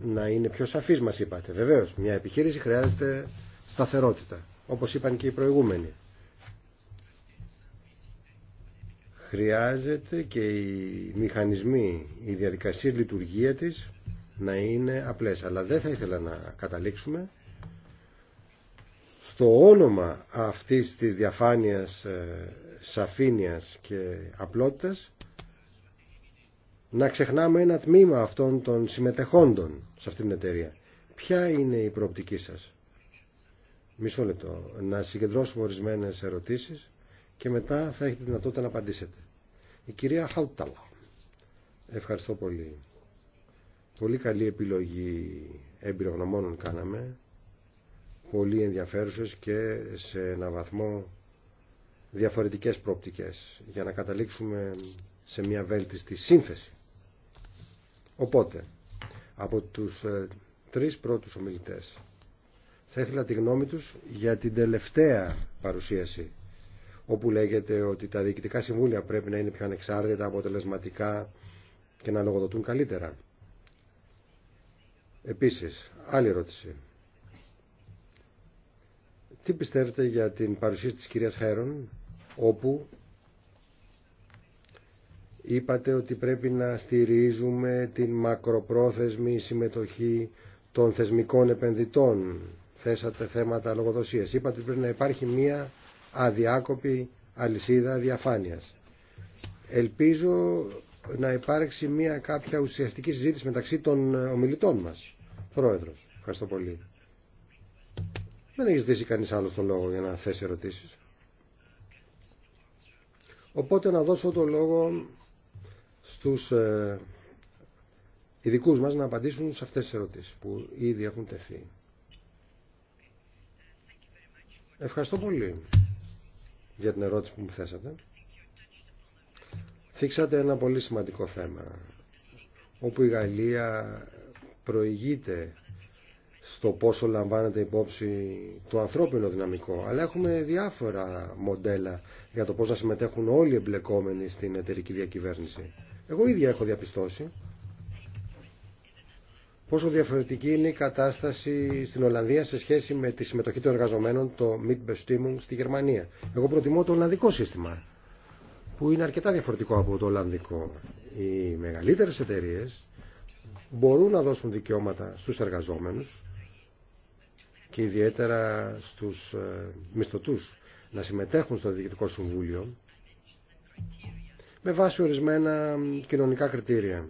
να είναι πιο σαφής μας είπατε. Βεβαίως, μια επιχείρηση χρειάζεται σταθερότητα, όπως είπαν και οι προηγούμενοι. Χρειάζεται και οι μηχανισμοί, η διαδικασία λειτουργία της να είναι απλές. Αλλά δεν θα ήθελα να καταλήξουμε στο όνομα αυτής της διαφάνειας, ε, σαφήνειας και απλότητας να ξεχνάμε ένα τμήμα αυτών των συμμετεχόντων σε αυτήν την εταιρεία. Ποια είναι η προοπτική σας. Μισό λεπτό. Να συγκεντρώσουμε ορισμένες ερωτήσεις και μετά θα έχετε δυνατότητα να απαντήσετε. Η κυρία Χαουτάλα. Ευχαριστώ πολύ. Πολύ καλή επιλογή εμπειρογνωμόνων κάναμε πολύ ενδιαφέρουσες και σε ένα βαθμό διαφορετικές πρόπτικες για να καταλήξουμε σε μια βέλτιστη σύνθεση. Οπότε, από τους ε, τρεις πρώτους ομιλητές θα ήθελα τη γνώμη τους για την τελευταία παρουσίαση όπου λέγεται ότι τα διοικητικά συμβούλια πρέπει να είναι πιο ανεξάρτητα, αποτελεσματικά και να λογοδοτούν καλύτερα. Επίσης, άλλη ερώτηση. Τι πιστεύετε για την παρουσία της κυρίας Χέρον, όπου είπατε ότι πρέπει να στηρίζουμε την μακροπρόθεσμη συμμετοχή των θεσμικών επενδυτών. Θέσατε θέματα λογοδοσίας. Είπατε ότι πρέπει να υπάρχει μία αδιάκοπη αλυσίδα διαφάνειας. Ελπίζω να υπάρξει μία κάποια ουσιαστική συζήτηση μεταξύ των ομιλητών μας. Πρόεδρος, ευχαριστώ πολύ. Δεν έχει ζητήσει κανείς άλλο τον λόγο για να θέσει ερωτήσει. Οπότε να δώσω το λόγο στους ε, ειδικού μας να απαντήσουν σε αυτές τις ερωτήσεις που ήδη έχουν τεθεί. Ευχαριστώ πολύ για την ερώτηση που μου θέσατε. Θίξατε ένα πολύ σημαντικό θέμα, όπου η Γαλλία προηγείται στο πόσο λαμβάνεται υπόψη το ανθρώπινο δυναμικό. Αλλά έχουμε διάφορα μοντέλα για το πώς να συμμετέχουν όλοι οι εμπλεκόμενοι στην εταιρική διακυβέρνηση. Εγώ ίδια έχω διαπιστώσει πόσο διαφορετική είναι η κατάσταση στην Ολλανδία σε σχέση με τη συμμετοχή των εργαζομένων, το Mitbestimmung, στη Γερμανία. Εγώ προτιμώ το Ολλανδικό σύστημα, που είναι αρκετά διαφορετικό από το Ολλανδικό. Οι μεγαλύτερες εταιρείε μπορούν να δώσουν δικαιώματα στους εργαζόμενους, και ιδιαίτερα στους ε, μισθωτούς να συμμετέχουν στο Διοικητικό Συμβούλιο με βάση ορισμένα κοινωνικά κριτήρια.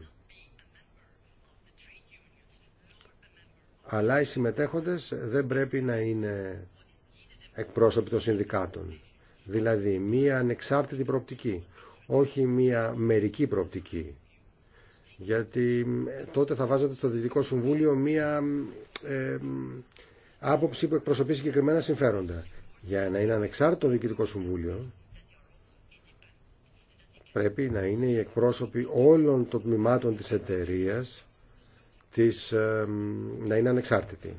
Αλλά οι συμμετέχοντες δεν πρέπει να είναι εκπρόσωποι των συνδικάτων. Δηλαδή, μία ανεξάρτητη προοπτική, όχι μία μερική προοπτική. Γιατί τότε θα βάζατε στο Διοικητικό Συμβούλιο μία ε, άποψη που εκπροσωπεί συγκεκριμένα συμφέροντα. Για να είναι ανεξάρτητο διοικητικό συμβούλιο πρέπει να είναι οι εκπρόσωποι όλων των τμήματων της εταιρεία της, να είναι ανεξάρτητοι.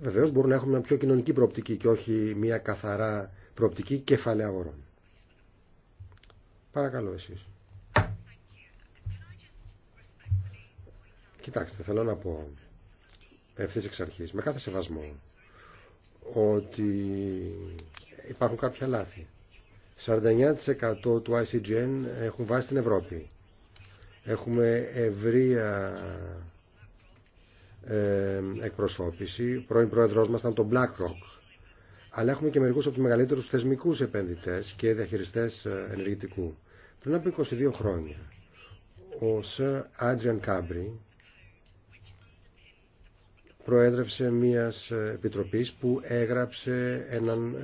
Βεβαίως μπορούμε να έχουμε μια πιο κοινωνική προοπτική και όχι μια καθαρά προοπτική κεφαλαία αγορών. Παρακαλώ εσείς. Κοιτάξτε, θέλω να πω με κάθε σεβασμό, ότι υπάρχουν κάποια λάθη. 49% του ICGN έχουν βάσει στην Ευρώπη. Έχουμε ευρεία ε, εκπροσώπηση. Πρώην πρόεδρός μας ήταν το BlackRock. Αλλά έχουμε και μερικού από του μεγαλύτερους θεσμικούς επενδυτές και διαχειριστέ ε, ενεργητικού. Πριν από 22 χρόνια, ο Sir Adrian Cabri, προέδρευσε μιας ε, επιτροπής που έγραψε έναν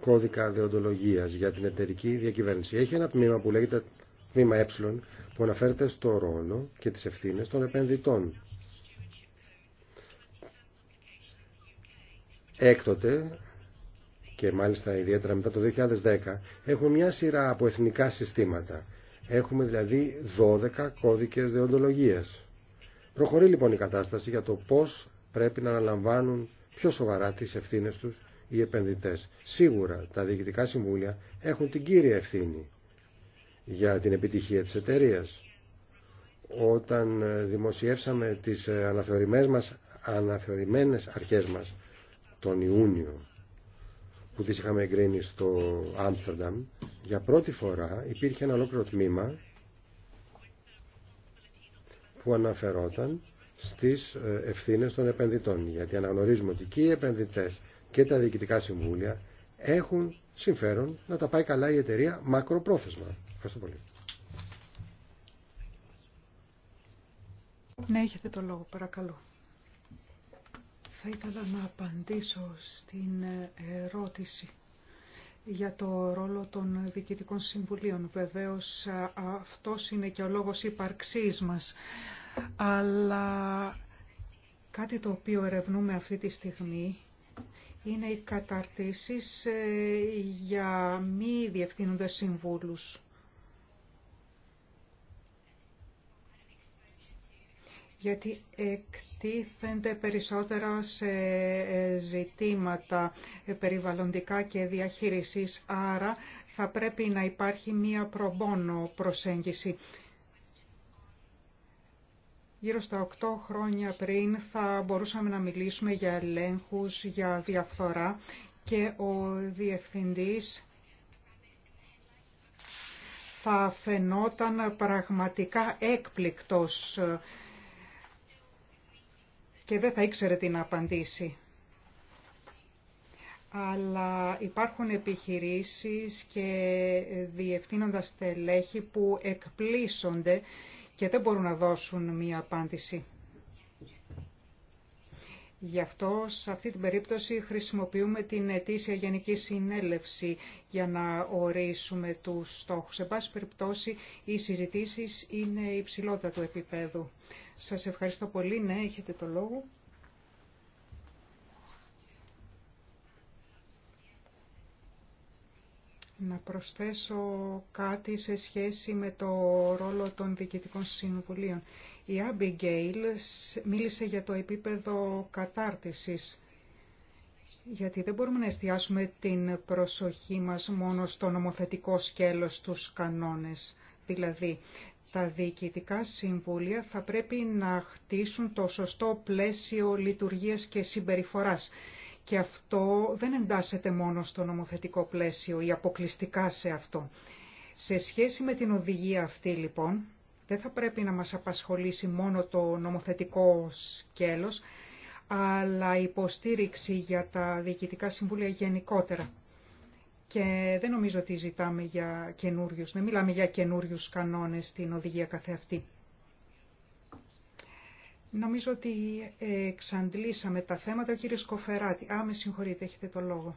κώδικα δεοντολογίας για την εταιρική διακυβέρνηση. Έχει ένα τμήμα που λέγεται τμήμα ε που αναφέρεται στο ρόλο και τις ευθύνες των επενδυτών. Έκτοτε, και μάλιστα ιδιαίτερα μετά το 2010, έχουμε μια σειρά από εθνικά συστήματα. Έχουμε δηλαδή 12 κώδικες δεοντολογίας. Προχωρεί λοιπόν η κατάσταση για το πώς πρέπει να αναλαμβάνουν πιο σοβαρά τις ευθύνες τους οι επενδυτές. Σίγουρα τα διοικητικά συμβούλια έχουν την κύρια ευθύνη για την επιτυχία της εταιρεία. Όταν ε, δημοσιεύσαμε τις ε, αναθεωρημένες, μας, αναθεωρημένες αρχές μας τον Ιούνιο που τις είχαμε εγκρίνει στο Άμστερνταμ, για πρώτη φορά υπήρχε ένα ολόκληρο τμήμα που αναφερόταν στις ε, ευθύνες των επενδυτών. Γιατί αναγνωρίζουμε ότι και οι επενδυτές και τα διοικητικά συμβούλια έχουν συμφέρον να τα πάει καλά η εταιρεία μακροπρόθεσμα. Ευχαριστώ πολύ. Ναι, έχετε το λόγο, παρακαλώ. Θα ήθελα να απαντήσω στην ε, ερώτηση για το ρόλο των διοικητικών συμβουλίων. Βεβαίως αυτός είναι και ο λόγος ύπαρξής μας αλλά κάτι το οποίο ερευνούμε αυτή τη στιγμή είναι οι καταρτήσεις ε, για μη διευθύνοντες συμβούλους. γιατί εκτίθενται περισσότερα σε ε, ζητήματα ε, περιβαλλοντικά και διαχείρισης, άρα θα πρέπει να υπάρχει μία προμπόνο προσέγγιση Γύρω στα 8 χρόνια πριν θα μπορούσαμε να μιλήσουμε για ελέγχους, για διαφθορά και ο διευθυντής θα φαινόταν πραγματικά έκπληκτος και δεν θα ήξερε την απαντήσει. Αλλά υπάρχουν επιχειρήσεις και διευθύνοντας τελέχη που εκπλήσονται και δεν μπορούν να δώσουν μία απάντηση. Γι' αυτό σε αυτή την περίπτωση χρησιμοποιούμε την ετήσια γενική συνέλευση για να ορίσουμε τους στόχους. Σε πάση περιπτώσει οι συζητήσεις είναι υψηλότητα του επίπεδου. Σας ευχαριστώ πολύ. Ναι, έχετε το λόγο. να προσθέσω κάτι σε σχέση με το ρόλο των διοικητικών συμβουλίων. Η Abigail μίλησε για το επίπεδο κατάρτισης, γιατί δεν μπορούμε να εστιάσουμε την προσοχή μας μόνο στο νομοθετικό σκέλος τους κανόνες. Δηλαδή, τα διοικητικά συμβούλια θα πρέπει να χτίσουν το σωστό πλαίσιο λειτουργίας και συμπεριφοράς και αυτό δεν εντάσσεται μόνο στο νομοθετικό πλαίσιο ή αποκλειστικά σε αυτό. Σε σχέση με την οδηγία αυτή λοιπόν, δεν θα πρέπει να μας απασχολήσει μόνο το νομοθετικό σκέλος, αλλά υποστήριξη για τα διοικητικά συμβούλια γενικότερα. Και δεν νομίζω ότι ζητάμε για καινούριου, δεν μιλάμε για καινούριου κανόνες στην οδηγία καθεαυτή. Νομίζω ότι εξαντλήσαμε τα θέματα. Ο κύριος Κοφεράτη. Α, με συγχωρείτε, έχετε το λόγο.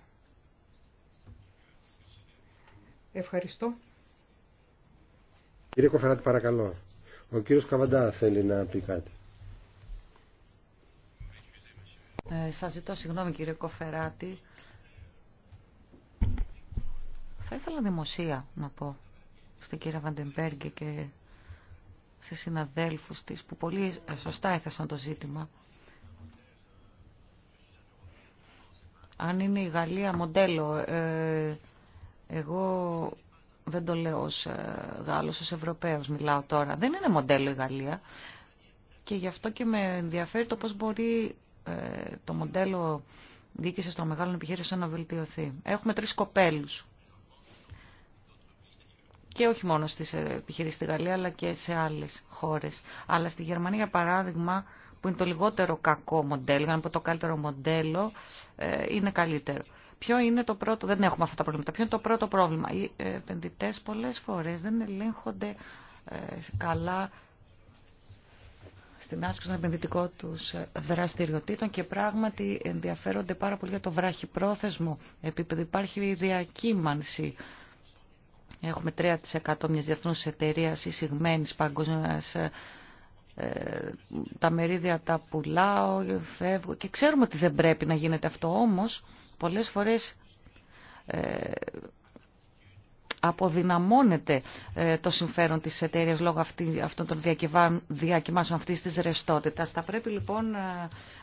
Ευχαριστώ. Κύριε Κοφεράτη, παρακαλώ. Ο κύριος Καβαντά θέλει να πει κάτι. Ε, σας ζητώ συγγνώμη κύριε Κοφεράτη. Θα ήθελα δημοσία να πω στον κύριο Βαντεμπέργκε και σε συναδέλφους της που πολύ σωστά έθεσαν το ζήτημα. Αν είναι η Γαλλία μοντέλο, ε, εγώ δεν το λέω ως ε, Γάλλος, ως Ευρωπαίος μιλάω τώρα. Δεν είναι μοντέλο η Γαλλία και γι' αυτό και με ενδιαφέρει το πώς μπορεί ε, το μοντέλο διοίκησης των μεγάλων επιχείρησεων να βελτιωθεί. Έχουμε τρεις κοπέλους και όχι μόνο στις επιχειρήσεις στη Γαλλία αλλά και σε άλλες χώρες. Αλλά στη Γερμανία για παράδειγμα που είναι το λιγότερο κακό μοντέλο, για να πω το καλύτερο μοντέλο, ε, είναι καλύτερο. Ποιο είναι το πρώτο, δεν έχουμε αυτά τα προβλήματα, ποιο είναι το πρώτο πρόβλημα. Οι επενδυτέ πολλές φορές δεν ελέγχονται ε, καλά στην άσκηση των επενδυτικών του ε, δραστηριοτήτων και πράγματι ενδιαφέρονται πάρα πολύ για το βράχυπρόθεσμο επίπεδο. Υπάρχει διακύμανση Έχουμε 3% μιας διεθνούς εταιρείας εισηγμένης παγκόσμιας ε, ε, τα μερίδια τα πουλάω, φεύγω και ξέρουμε ότι δεν πρέπει να γίνεται αυτό όμως πολλές φορές ε, αποδυναμώνεται ε, το συμφέρον της εταιρείας λόγω αυτή, αυτών των διακοιμάσεων αυτής της ρεστότητας. Θα πρέπει λοιπόν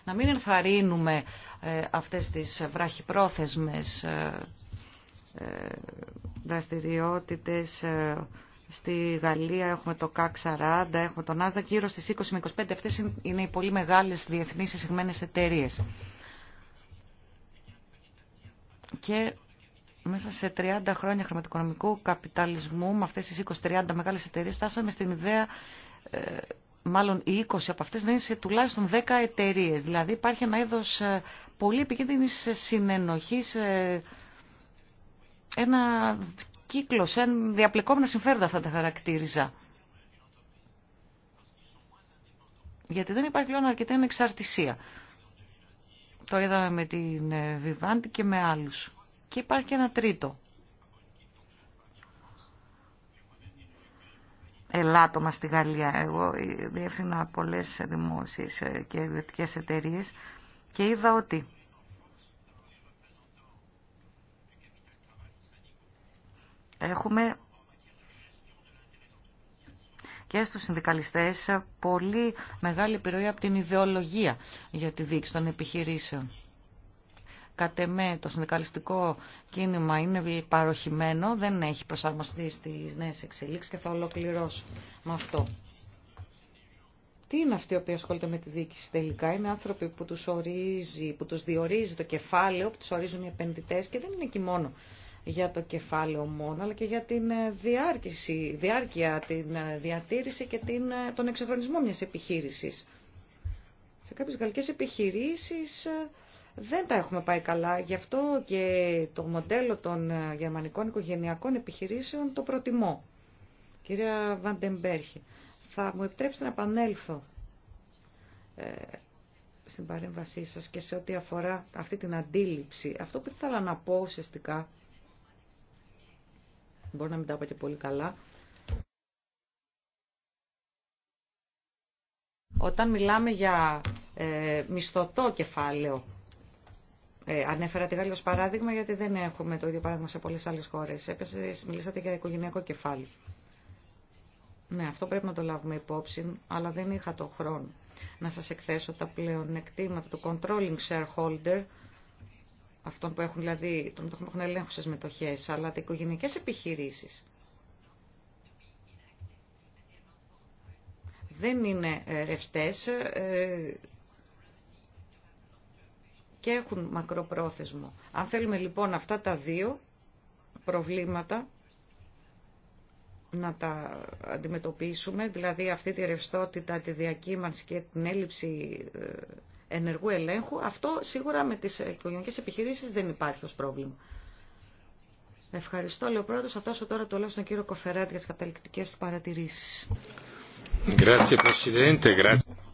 να μην ενθαρρύνουμε ε, αυτές τις βραχυπρόθεσμες δραστηριότητες ε, στη Γαλλία, έχουμε το ΚΑΚ 40, έχουμε τον Nasdaq, γύρω στις 20 με 25. Αυτές είναι οι πολύ μεγάλες διεθνείς εισηγμένες εταιρείε. Και μέσα σε 30 χρόνια χρηματοοικονομικού καπιταλισμού, με αυτές τις 20-30 μεγάλες εταιρείες, φτάσαμε στην ιδέα, ε, μάλλον οι 20 από αυτές, να είναι σε τουλάχιστον 10 εταιρείε. Δηλαδή υπάρχει ένα είδος ε, πολύ επικίνδυνης συνενοχής ένα κύκλο, σαν διαπλεκόμενα συμφέροντα θα τα χαρακτήριζα. Γιατί δεν υπάρχει πλέον αρκετή ανεξαρτησία. Το είδαμε με την Βιβάντη ε, και με άλλους. Και υπάρχει και ένα τρίτο. ελάττωμα στη Γαλλία. Εγώ ε, διεύθυνα πολλές δημόσιες ε, και ιδιωτικές εταιρείες και είδα ότι Έχουμε και στους συνδικαλιστές πολύ μεγάλη επιρροή από την ιδεολογία για τη δίκηση των επιχειρήσεων. Κατ' εμέ το συνδικαλιστικό κίνημα είναι παροχημένο, δεν έχει προσαρμοστεί στις νέες εξελίξεις και θα ολοκληρώσω με αυτό. Τι είναι αυτοί οι οποίοι ασχολούνται με τη διοίκηση τελικά. Είναι άνθρωποι που τους, ορίζει, που τους διορίζει το κεφάλαιο, που τους ορίζουν οι επενδυτές και δεν είναι εκεί μόνο για το κεφάλαιο μόνο, αλλά και για την ε, διάρκεια, την ε, διατήρηση και την, ε, τον εξεφρονισμό μιας επιχείρησης. Σε κάποιες γαλλικές επιχειρήσεις δεν τα έχουμε πάει καλά, γι' αυτό και το μοντέλο των γερμανικών οικογενειακών επιχειρήσεων το προτιμώ. Κυρία Βαντεμπέρχη, θα μου επιτρέψετε να επανέλθω στην παρέμβασή σας και σε ό,τι αφορά αυτή την αντίληψη. Αυτό που ήθελα να πω ουσιαστικά Μπορεί να μην τα είπα και πολύ καλά. Όταν μιλάμε για ε, μισθωτό κεφάλαιο, ε, ανέφερα τη Γαλλία ως παράδειγμα γιατί δεν έχουμε το ίδιο παράδειγμα σε πολλές άλλες χώρες. Έπεσε, μιλήσατε για οικογενειακό κεφάλαιο. Ναι, αυτό πρέπει να το λάβουμε υπόψη, αλλά δεν είχα το χρόνο να σας εκθέσω τα πλεονεκτήματα του controlling shareholder αυτών που έχουν δηλαδή τον έχουν ελέγχου μετοχές, αλλά τα οικογενειακές επιχειρήσεις. Δεν είναι ε, ρευστέ ε, και έχουν πρόθεσμο. Αν θέλουμε λοιπόν αυτά τα δύο προβλήματα να τα αντιμετωπίσουμε, δηλαδή αυτή τη ρευστότητα, τη διακύμανση και την έλλειψη ε, ενεργού ελέγχου. Αυτό σίγουρα με τις οικογενειακές επιχειρήσεις δεν υπάρχει ως πρόβλημα. Ευχαριστώ, λέω πρώτος. Θα δώσω τώρα το λόγο στον κύριο Κοφεράτη για τις καταληκτικές του παρατηρήσεις.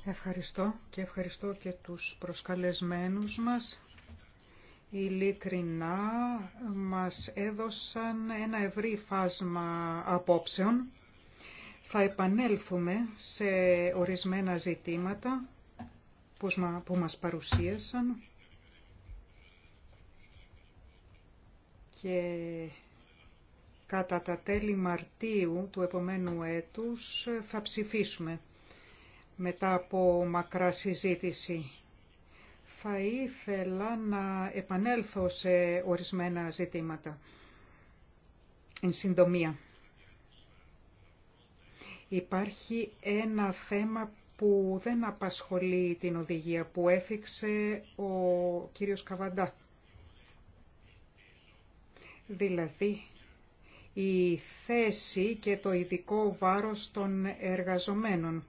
Ευχαριστώ και ευχαριστώ και τους προσκαλεσμένους μας. Ειλικρινά μας έδωσαν ένα ευρύ φάσμα απόψεων. Θα επανέλθουμε σε ορισμένα ζητήματα που μας παρουσίασαν και κατά τα τέλη Μαρτίου του επομένου έτους θα ψηφίσουμε μετά από μακρά συζήτηση. Θα ήθελα να επανέλθω σε ορισμένα ζητήματα. Εν συντομία. Υπάρχει ένα θέμα που δεν απασχολεί την οδηγία που έφυξε ο κύριος Καβαντά. Δηλαδή, η θέση και το ειδικό βάρος των εργαζομένων.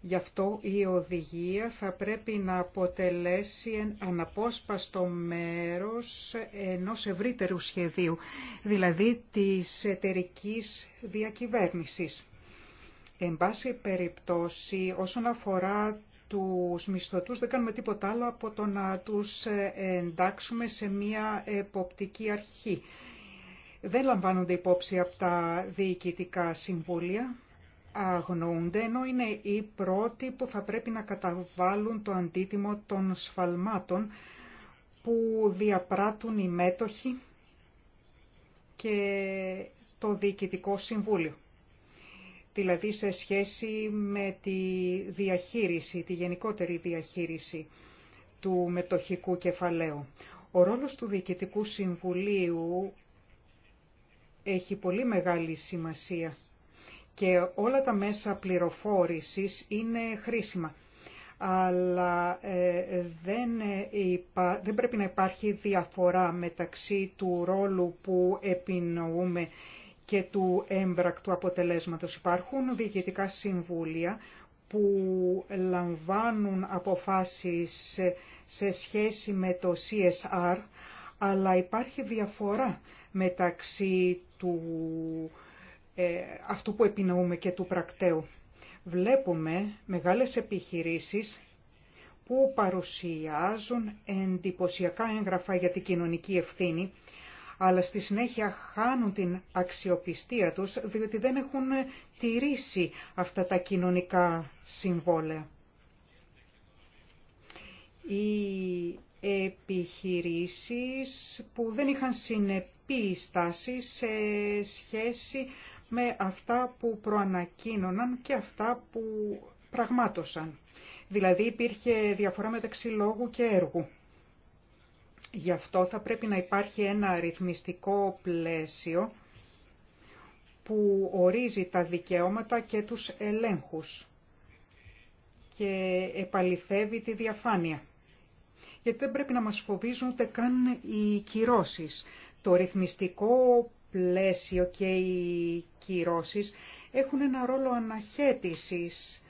Γι' αυτό η οδηγία θα πρέπει να αποτελέσει αναπόσπαστο μέρος ενός ευρύτερου σχεδίου, δηλαδή της εταιρικής διακυβέρνησης. Εν πάση περιπτώσει, όσον αφορά τους μισθωτούς, δεν κάνουμε τίποτα άλλο από το να τους ε, εντάξουμε σε μια εποπτική αρχή. Δεν λαμβάνονται υπόψη από τα διοικητικά συμβούλια, αγνοούνται, ενώ είναι οι πρώτοι που θα πρέπει να καταβάλουν το αντίτιμο των σφαλμάτων που διαπράττουν οι μέτοχοι και το Διοικητικό Συμβούλιο δηλαδή σε σχέση με τη διαχείριση, τη γενικότερη διαχείριση του μετοχικού κεφαλαίου. Ο ρόλος του Διοικητικού Συμβουλίου έχει πολύ μεγάλη σημασία και όλα τα μέσα πληροφόρησης είναι χρήσιμα. Αλλά ε, δεν, ε, δεν πρέπει να υπάρχει διαφορά μεταξύ του ρόλου που επινοούμε και του έμπρακτου αποτελέσματος. Υπάρχουν διοικητικά συμβούλια που λαμβάνουν αποφάσεις σε σχέση με το CSR, αλλά υπάρχει διαφορά μεταξύ του, ε, αυτού που επινοούμε και του πρακτέου. Βλέπουμε μεγάλες επιχειρήσεις που παρουσιάζουν εντυπωσιακά έγγραφα για την κοινωνική ευθύνη, αλλά στη συνέχεια χάνουν την αξιοπιστία τους διότι δεν έχουν τηρήσει αυτά τα κοινωνικά συμβόλαια. Οι επιχειρήσεις που δεν είχαν συνεπή στάση σε σχέση με αυτά που προανακοίνωναν και αυτά που πραγμάτωσαν. Δηλαδή υπήρχε διαφορά μεταξύ λόγου και έργου. Γι' αυτό θα πρέπει να υπάρχει ένα αριθμιστικό πλαίσιο που ορίζει τα δικαιώματα και τους ελέγχους και επαληθεύει τη διαφάνεια. Γιατί δεν πρέπει να μας φοβίζουν ούτε καν οι κυρώσεις. Το ρυθμιστικό πλαίσιο και οι κυρώσεις έχουν ένα ρόλο αναχέτησης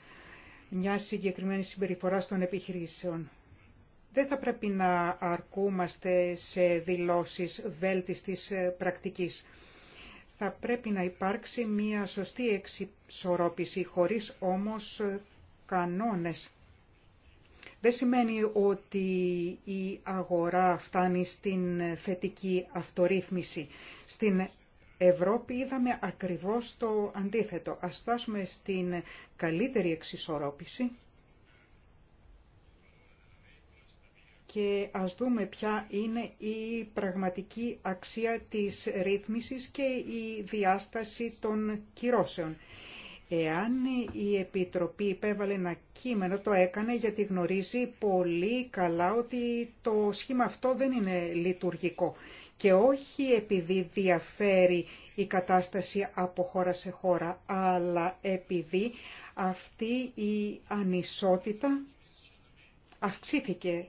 μια συγκεκριμένη συμπεριφορά των επιχειρήσεων. Δεν θα πρέπει να αρκούμαστε σε δηλώσεις βέλτιστης ε, πρακτικής. Θα πρέπει να υπάρξει μία σωστή εξισορρόπηση, χωρίς όμως ε, κανόνες. Δεν σημαίνει ότι η αγορά φτάνει στην ε, θετική αυτορύθμιση. Στην Ευρώπη είδαμε ακριβώς το αντίθετο. Ας φτάσουμε στην καλύτερη εξισορρόπηση και ας δούμε ποια είναι η πραγματική αξία της ρύθμισης και η διάσταση των κυρώσεων. Εάν η Επιτροπή υπέβαλε ένα κείμενο, το έκανε γιατί γνωρίζει πολύ καλά ότι το σχήμα αυτό δεν είναι λειτουργικό και όχι επειδή διαφέρει η κατάσταση από χώρα σε χώρα, αλλά επειδή αυτή η ανισότητα αυξήθηκε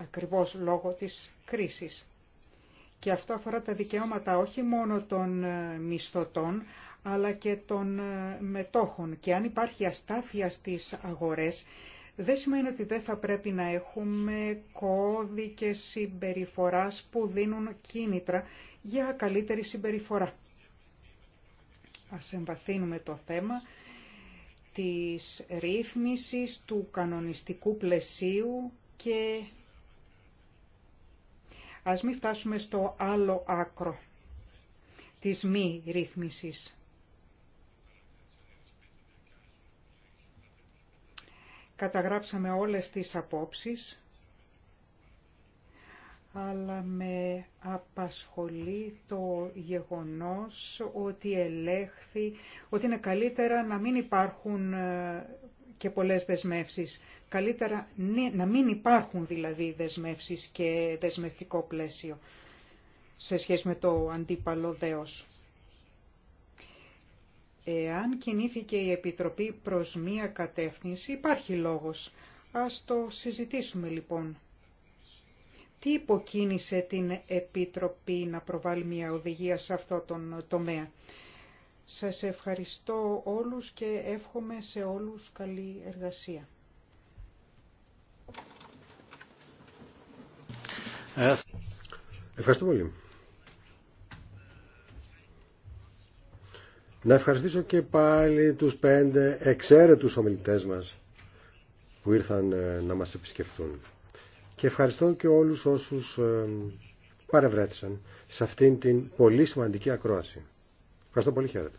ακριβώς λόγω της κρίσης. Και αυτό αφορά τα δικαιώματα όχι μόνο των ε, μισθωτών, αλλά και των ε, μετόχων. Και αν υπάρχει αστάθεια στις αγορές, δεν σημαίνει ότι δεν θα πρέπει να έχουμε κώδικες συμπεριφοράς που δίνουν κίνητρα για καλύτερη συμπεριφορά. Ας εμβαθύνουμε το θέμα της ρύθμισης του κανονιστικού πλαισίου και Ας μην φτάσουμε στο άλλο άκρο της μη ρύθμισης. Καταγράψαμε όλες τις απόψεις, αλλά με απασχολεί το γεγονός ότι ελέγχθη, ότι είναι καλύτερα να μην υπάρχουν ε, και πολλές δεσμεύσεις. Καλύτερα ναι, να μην υπάρχουν δηλαδή δεσμεύσεις και δεσμευτικό πλαίσιο σε σχέση με το αντίπαλο δέος. Εάν κινήθηκε η Επιτροπή προς μία κατεύθυνση, υπάρχει λόγος. Ας το συζητήσουμε λοιπόν. Τι υποκίνησε την Επιτροπή να προβάλλει μια οδηγία σε αυτό το τομέα. Σας ευχαριστώ όλους και εύχομαι σε όλους καλή εργασία. Ευχαριστώ πολύ. Να ευχαριστήσω και πάλι τους πέντε εξαίρετους ομιλητές μας που ήρθαν ε, να μας επισκεφθούν. Και ευχαριστώ και όλους όσους ε, παρευρέθησαν σε αυτήν την πολύ σημαντική ακρόαση. Ευχαριστώ πολύ, χαίρετε.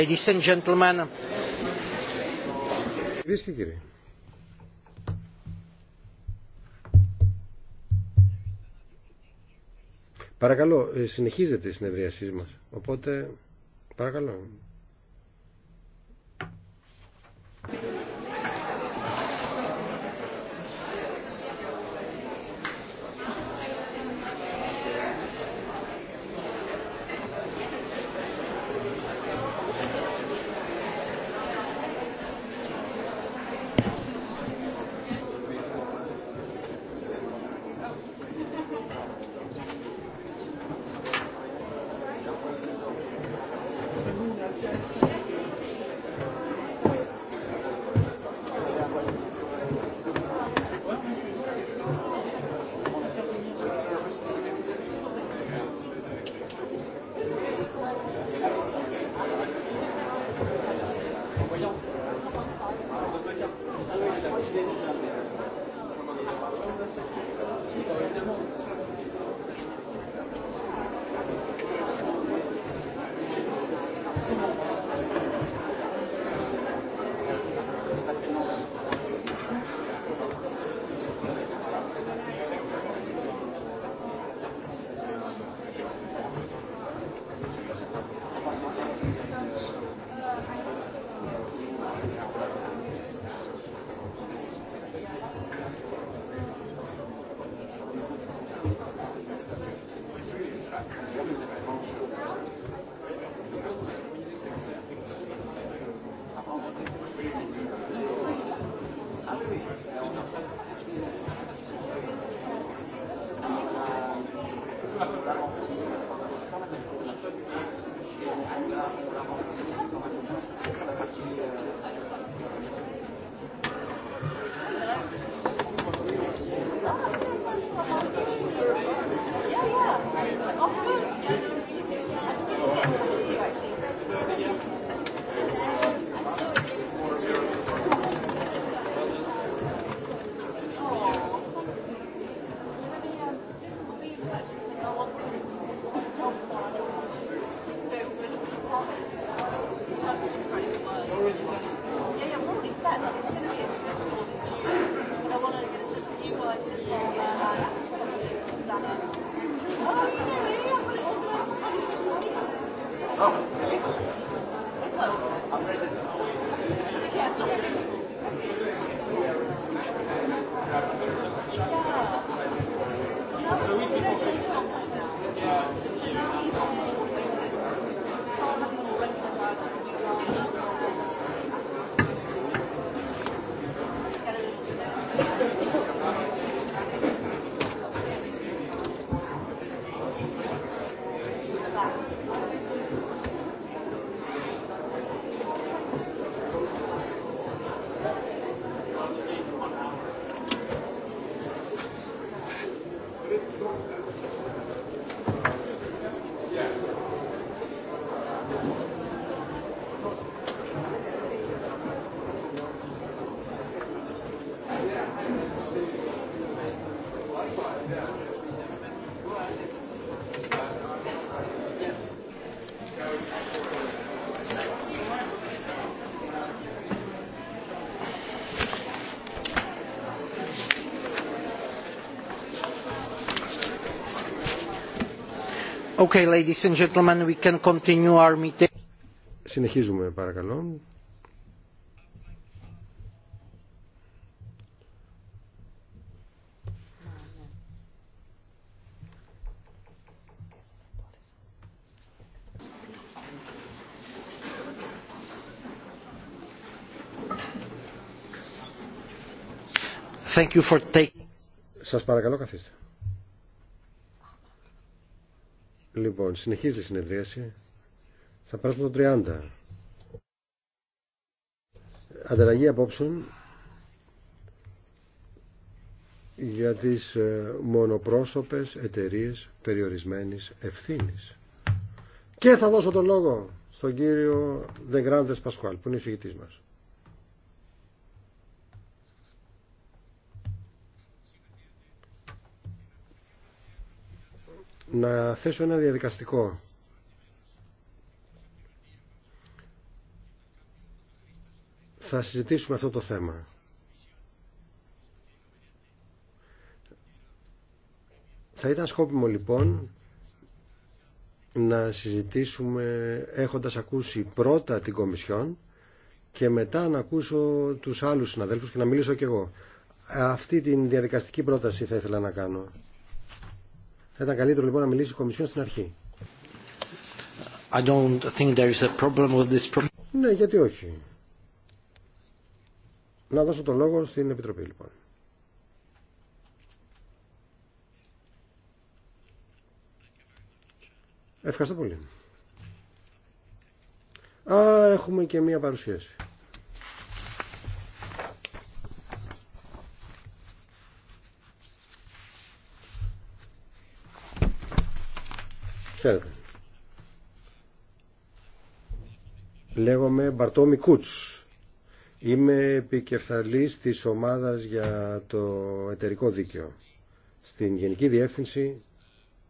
Ladies and gentlemen. Κυρίες και κύριοι. Παρακαλώ, ε, συνεχίζεται η συνεδρίασή μας. Οπότε, παρακαλώ. Okay, ladies and gentlemen, we can continue our meeting. Συνεχίζουμε παρακαλώ. Thank you for taking... Σας παρακαλώ καθίστε. Λοιπόν, συνεχίζει η συνεδρίαση. Θα περάσουμε το 30. Ανταλλαγή απόψεων για τις ε, μονοπρόσωπες εταιρείες περιορισμένης ευθύνης. Και θα δώσω τον λόγο στον κύριο Δεγκράνδες Πασχουάλ που είναι ο συγητής μας. να θέσω ένα διαδικαστικό. Θα συζητήσουμε αυτό το θέμα. Θα ήταν σκόπιμο λοιπόν να συζητήσουμε έχοντας ακούσει πρώτα την Κομισιόν και μετά να ακούσω τους άλλους συναδέλφους και να μιλήσω κι εγώ. Αυτή την διαδικαστική πρόταση θα ήθελα να κάνω. Θα ήταν καλύτερο λοιπόν να μιλήσει η Κομισιόν στην αρχή. ναι, γιατί όχι. Να δώσω το λόγο στην Επιτροπή λοιπόν. Ευχαριστώ πολύ. Α, έχουμε και μία παρουσίαση. Λέγομαι Μπαρτόμι Κούτς. Είμαι επικεφαλής της ομάδας για το εταιρικό δίκαιο στην Γενική Διεύθυνση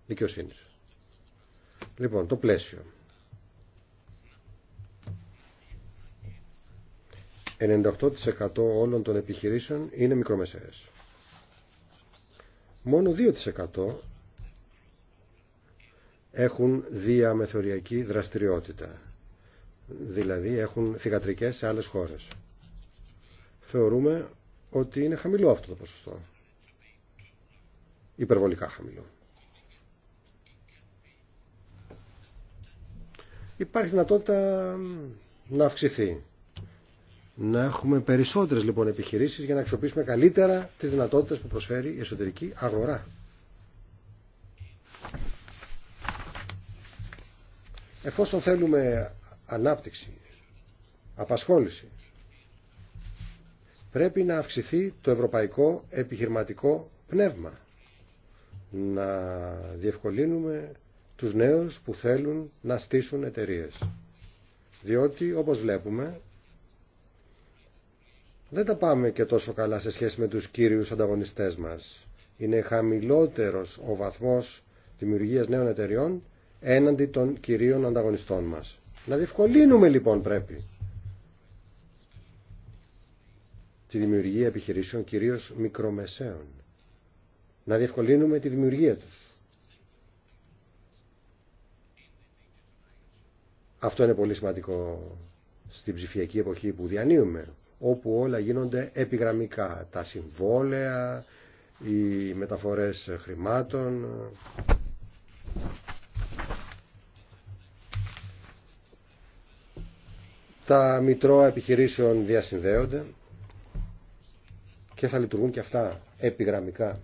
Δικαιοσύνης. Λοιπόν, το πλαίσιο. 98% όλων των επιχειρήσεων είναι μικρομεσαίες. Μόνο 2% έχουν διαμεθοριακή δραστηριότητα. Δηλαδή έχουν θηγατρικές σε άλλες χώρες. Θεωρούμε ότι είναι χαμηλό αυτό το ποσοστό. Υπερβολικά χαμηλό. Υπάρχει δυνατότητα να αυξηθεί. Να έχουμε περισσότερες λοιπόν επιχειρήσεις για να αξιοποιήσουμε καλύτερα τις δυνατότητες που προσφέρει η εσωτερική αγορά. Εφόσον θέλουμε ανάπτυξη, απασχόληση, πρέπει να αυξηθεί το ευρωπαϊκό επιχειρηματικό πνεύμα. Να διευκολύνουμε τους νέους που θέλουν να στήσουν εταιρείες. Διότι, όπως βλέπουμε, δεν τα πάμε και τόσο καλά σε σχέση με τους κύριους ανταγωνιστές μας. Είναι χαμηλότερος ο βαθμός δημιουργίας νέων εταιριών έναντι των κυρίων ανταγωνιστών μας. Να διευκολύνουμε λοιπόν πρέπει τη δημιουργία επιχειρήσεων, κυρίως μικρομεσαίων. Να διευκολύνουμε τη δημιουργία τους. Αυτό είναι πολύ σημαντικό στην ψηφιακή εποχή που διανύουμε, όπου όλα γίνονται επιγραμμικά. Τα συμβόλαια, οι μεταφορές χρημάτων, Τα μητρώα επιχειρήσεων διασυνδέονται και θα λειτουργούν και αυτά επιγραμμικά.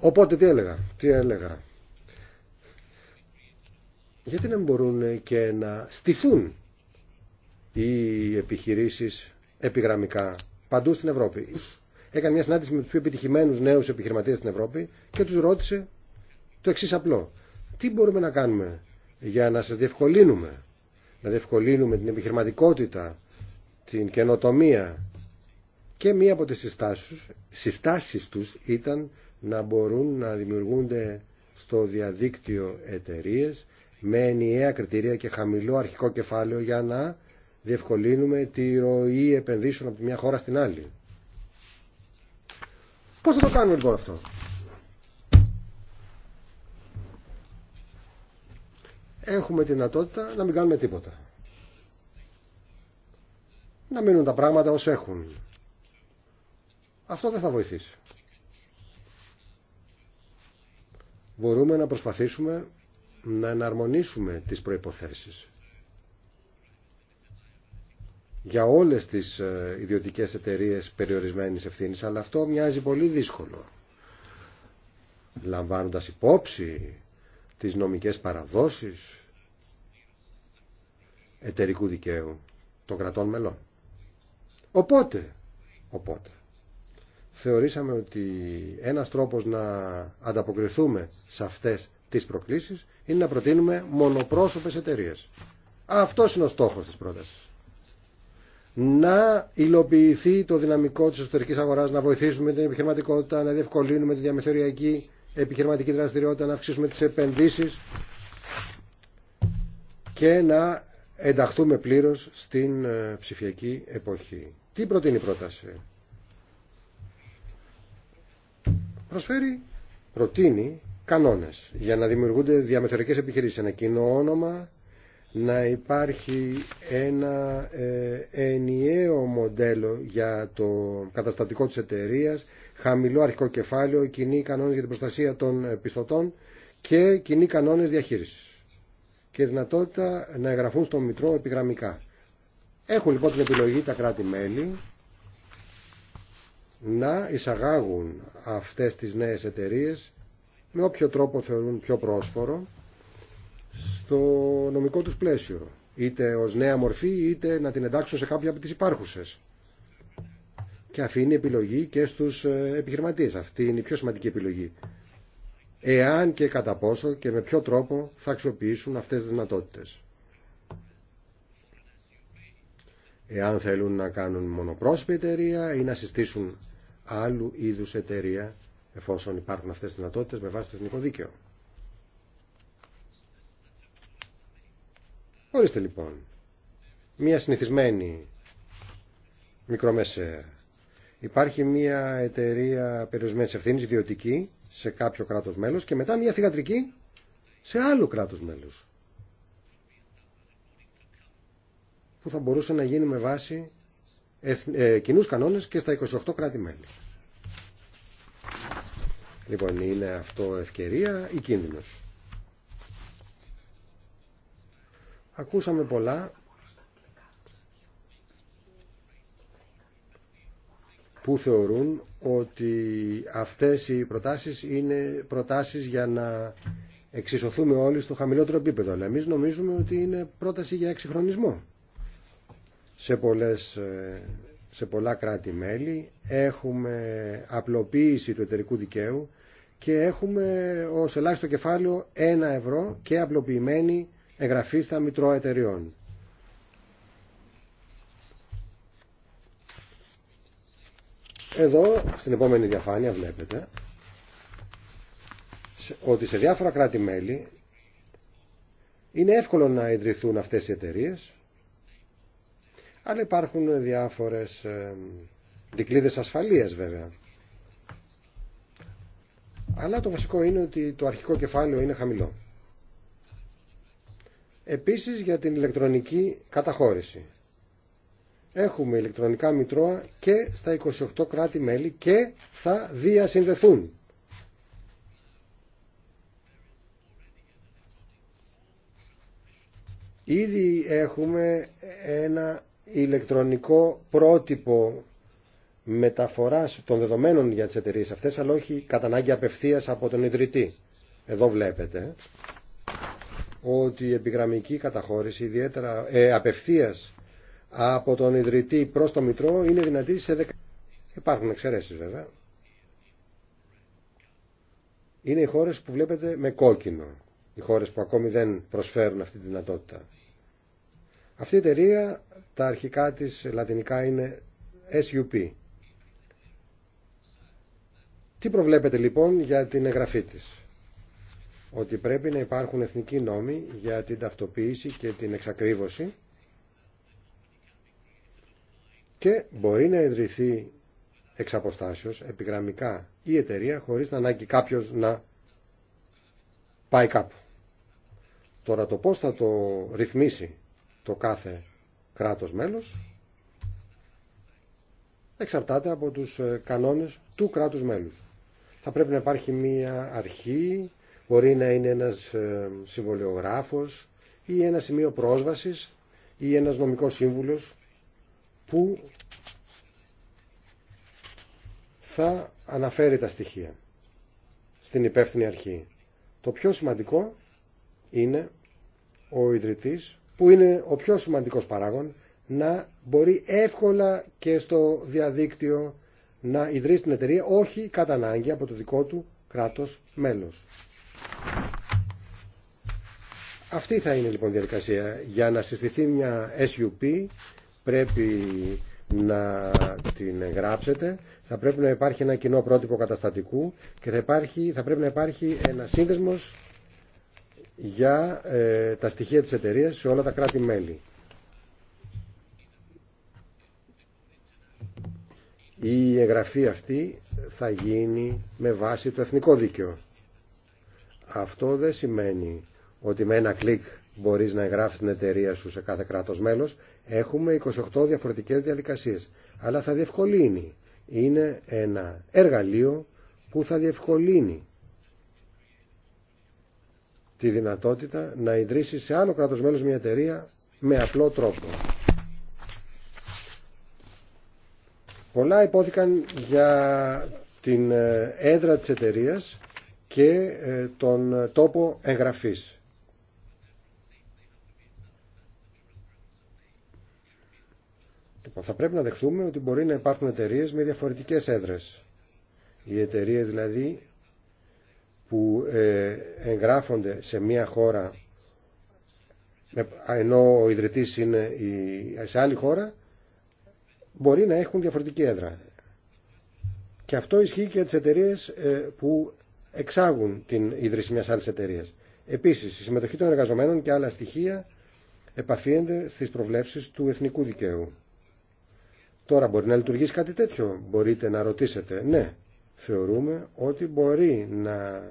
Οπότε τι έλεγα, τι έλεγα. Γιατί να μπορούν και να στηθούν οι επιχειρήσεις επιγραμμικά παντού στην Ευρώπη. Έκανε μια συνάντηση με τους πιο επιτυχημένους νέους επιχειρηματίες στην Ευρώπη και τους ρώτησε το εξή απλό τι μπορούμε να κάνουμε για να σας διευκολύνουμε, να διευκολύνουμε την επιχειρηματικότητα, την καινοτομία. Και μία από τις συστάσεις, συστάσεις τους ήταν να μπορούν να δημιουργούνται στο διαδίκτυο εταιρείε με ενιαία κριτήρια και χαμηλό αρχικό κεφάλαιο για να διευκολύνουμε τη ροή επενδύσεων από τη μια χώρα στην άλλη. Πώς θα το κάνουμε λοιπόν αυτό. έχουμε τη δυνατότητα να μην κάνουμε τίποτα. Να μείνουν τα πράγματα ως έχουν. Αυτό δεν θα βοηθήσει. Μπορούμε να προσπαθήσουμε να εναρμονίσουμε τις προϋποθέσεις για όλες τις ε, ιδιωτικές εταιρείες περιορισμένης ευθύνης, αλλά αυτό μοιάζει πολύ δύσκολο. Λαμβάνοντας υπόψη τις νομικές παραδόσεις εταιρικού δικαίου των κρατών μελών. Οπότε, οπότε, θεωρήσαμε ότι ένας τρόπος να ανταποκριθούμε σε αυτές τις προκλήσεις είναι να προτείνουμε μονοπρόσωπες εταιρείε. Αυτό είναι ο στόχος της πρότασης. Να υλοποιηθεί το δυναμικό της εσωτερικής αγοράς, να βοηθήσουμε την επιχειρηματικότητα, να διευκολύνουμε τη διαμεθοριακή επιχειρηματική δραστηριότητα, να αυξήσουμε τις επενδύσεις και να ενταχθούμε πλήρως στην ε, ψηφιακή εποχή. Τι προτείνει η πρόταση. Προσφέρει, προτείνει κανόνες για να δημιουργούνται διαμεθορικές επιχειρήσεις. Ένα κοινό όνομα, να υπάρχει ένα ε, ενιαίο μοντέλο για το καταστατικό της εταιρεία, χαμηλό αρχικό κεφάλαιο, κοινοί κανόνες για την προστασία των ε, πιστωτών και κοινή κανόνες διαχείρισης και δυνατότητα να εγγραφούν στο Μητρό επιγραμμικά. Έχουν λοιπόν την επιλογή τα κράτη-μέλη να εισαγάγουν αυτές τις νέες εταιρείες με όποιο τρόπο θεωρούν πιο πρόσφορο στο νομικό τους πλαίσιο, είτε ως νέα μορφή είτε να την εντάξουν σε κάποια από τις υπάρχουσες. Και αφήνει επιλογή και στους ε, επιχειρηματίες. Αυτή είναι η πιο σημαντική επιλογή. Εάν και κατά πόσο και με ποιο τρόπο θα αξιοποιήσουν αυτές τις δυνατότητες. Εάν θέλουν να κάνουν μονοπρόσωπη εταιρεία ή να συστήσουν άλλου είδους εταιρεία εφόσον υπάρχουν αυτές τις δυνατότητες με βάση το εθνικό δίκαιο. Ορίστε λοιπόν, μία συνηθισμένη μικρομεσαία. Υπάρχει μία εταιρεία περιορισμένη ευθύνη, ιδιωτική, σε κάποιο κράτο μέλο και μετά μία θηγατρική σε άλλο κράτο μέλο. Που θα μπορούσε να γίνει με βάση ε, κοινού κανόνε και στα 28 κράτη-μέλη. Λοιπόν, είναι αυτό ευκαιρία ή κίνδυνος. Ακούσαμε πολλά που θεωρούν ότι αυτές οι προτάσεις είναι προτάσεις για να εξισωθούμε όλοι στο χαμηλότερο επίπεδο. Αλλά εμείς νομίζουμε ότι είναι πρόταση για εξυγχρονισμό. Σε, πολλές, ε, σε πολλά κράτη-μέλη έχουμε απλοποίηση του εταιρικού δικαίου και έχουμε ως ελάχιστο κεφάλαιο ένα ευρώ και απλοποιημένη εγγραφή στα μητρώα εταιριών. Εδώ, στην επόμενη διαφάνεια, βλέπετε ότι σε διάφορα κράτη-μέλη είναι εύκολο να ιδρυθούν αυτές οι εταιρείες αλλά υπάρχουν διάφορες δικλείδες ασφαλείας βέβαια. Αλλά το βασικό είναι ότι το αρχικό κεφάλαιο είναι χαμηλό. Επίσης για την ηλεκτρονική καταχώρηση. Έχουμε ηλεκτρονικά μητρώα και στα 28 κράτη-μέλη και θα διασυνδεθούν. Ήδη έχουμε ένα ηλεκτρονικό πρότυπο μεταφοράς των δεδομένων για τις εταιρείες αυτές, αλλά όχι κατά ανάγκη απευθείας από τον ιδρυτή. Εδώ βλέπετε ότι η επιγραμμική καταχώρηση ιδιαίτερα ε, απευθείας από τον ιδρυτή προς το μητρό είναι δυνατή σε 10. Δεκα... Υπάρχουν εξαιρέσεις βέβαια. Είναι οι χώρες που βλέπετε με κόκκινο. Οι χώρες που ακόμη δεν προσφέρουν αυτή τη δυνατότητα. Αυτή η εταιρεία τα αρχικά της λατινικά είναι SUP. Τι προβλέπετε λοιπόν για την εγγραφή της ότι πρέπει να υπάρχουν εθνικοί νόμοι για την ταυτοποίηση και την εξακρίβωση και μπορεί να ιδρυθεί εξ αποστάσεως, επιγραμμικά η εταιρεία χωρίς να ανάγκη κάποιος να πάει κάπου. Τώρα το πώς θα το ρυθμίσει το κάθε κράτος μέλος εξαρτάται από τους ε, κανόνες του κράτους μέλους. Θα πρέπει να υπάρχει μία αρχή Μπορεί να είναι ένας ε, συμβολιογράφος ή ένα σημείο πρόσβασης ή ένας νομικός σύμβουλος που θα αναφέρει τα στοιχεία στην υπεύθυνη αρχή. Το πιο σημαντικό είναι ο ιδρυτής, που είναι ο πιο σημαντικός παράγων, να μπορεί εύκολα και στο διαδίκτυο να ιδρύσει την εταιρεία, όχι κατά ανάγκη από το δικό του κράτος μέλος. Αυτή θα είναι λοιπόν η διαδικασία. Για να συστηθεί μια SUP πρέπει να την γράψετε, θα πρέπει να υπάρχει ένα κοινό πρότυπο καταστατικού και θα, υπάρχει, θα πρέπει να υπάρχει ένα σύνδεσμος για ε, τα στοιχεία της εταιρείας σε όλα τα κράτη-μέλη. Η εγγραφή αυτή θα γίνει με βάση το εθνικό δίκαιο. Αυτό δεν σημαίνει ότι με ένα κλικ μπορείς να εγγράφεις την εταιρεία σου σε κάθε κράτος μέλος. Έχουμε 28 διαφορετικές διαδικασίες. Αλλά θα διευκολύνει. Είναι ένα εργαλείο που θα διευκολύνει τη δυνατότητα να ιδρύσει σε άλλο κράτος μέλος μια εταιρεία με απλό τρόπο. Πολλά υπόθηκαν για την ε, έδρα της εταιρείας και ε, τον τόπο εγγραφής. Λοιπόν, θα πρέπει να δεχθούμε ότι μπορεί να υπάρχουν εταιρείε με διαφορετικές έδρες. Οι εταιρείε δηλαδή που ε, εγγράφονται σε μία χώρα ενώ ο ιδρυτής είναι σε άλλη χώρα μπορεί να έχουν διαφορετική έδρα. Και αυτό ισχύει και τις εταιρείε ε, που εξάγουν την ίδρυση μιας άλλης εταιρείας. Επίσης, η συμμετοχή των εργαζομένων και άλλα στοιχεία επαφίενται στις προβλέψεις του εθνικού δικαίου. Τώρα μπορεί να λειτουργήσει κάτι τέτοιο, μπορείτε να ρωτήσετε. Ναι, θεωρούμε ότι μπορεί να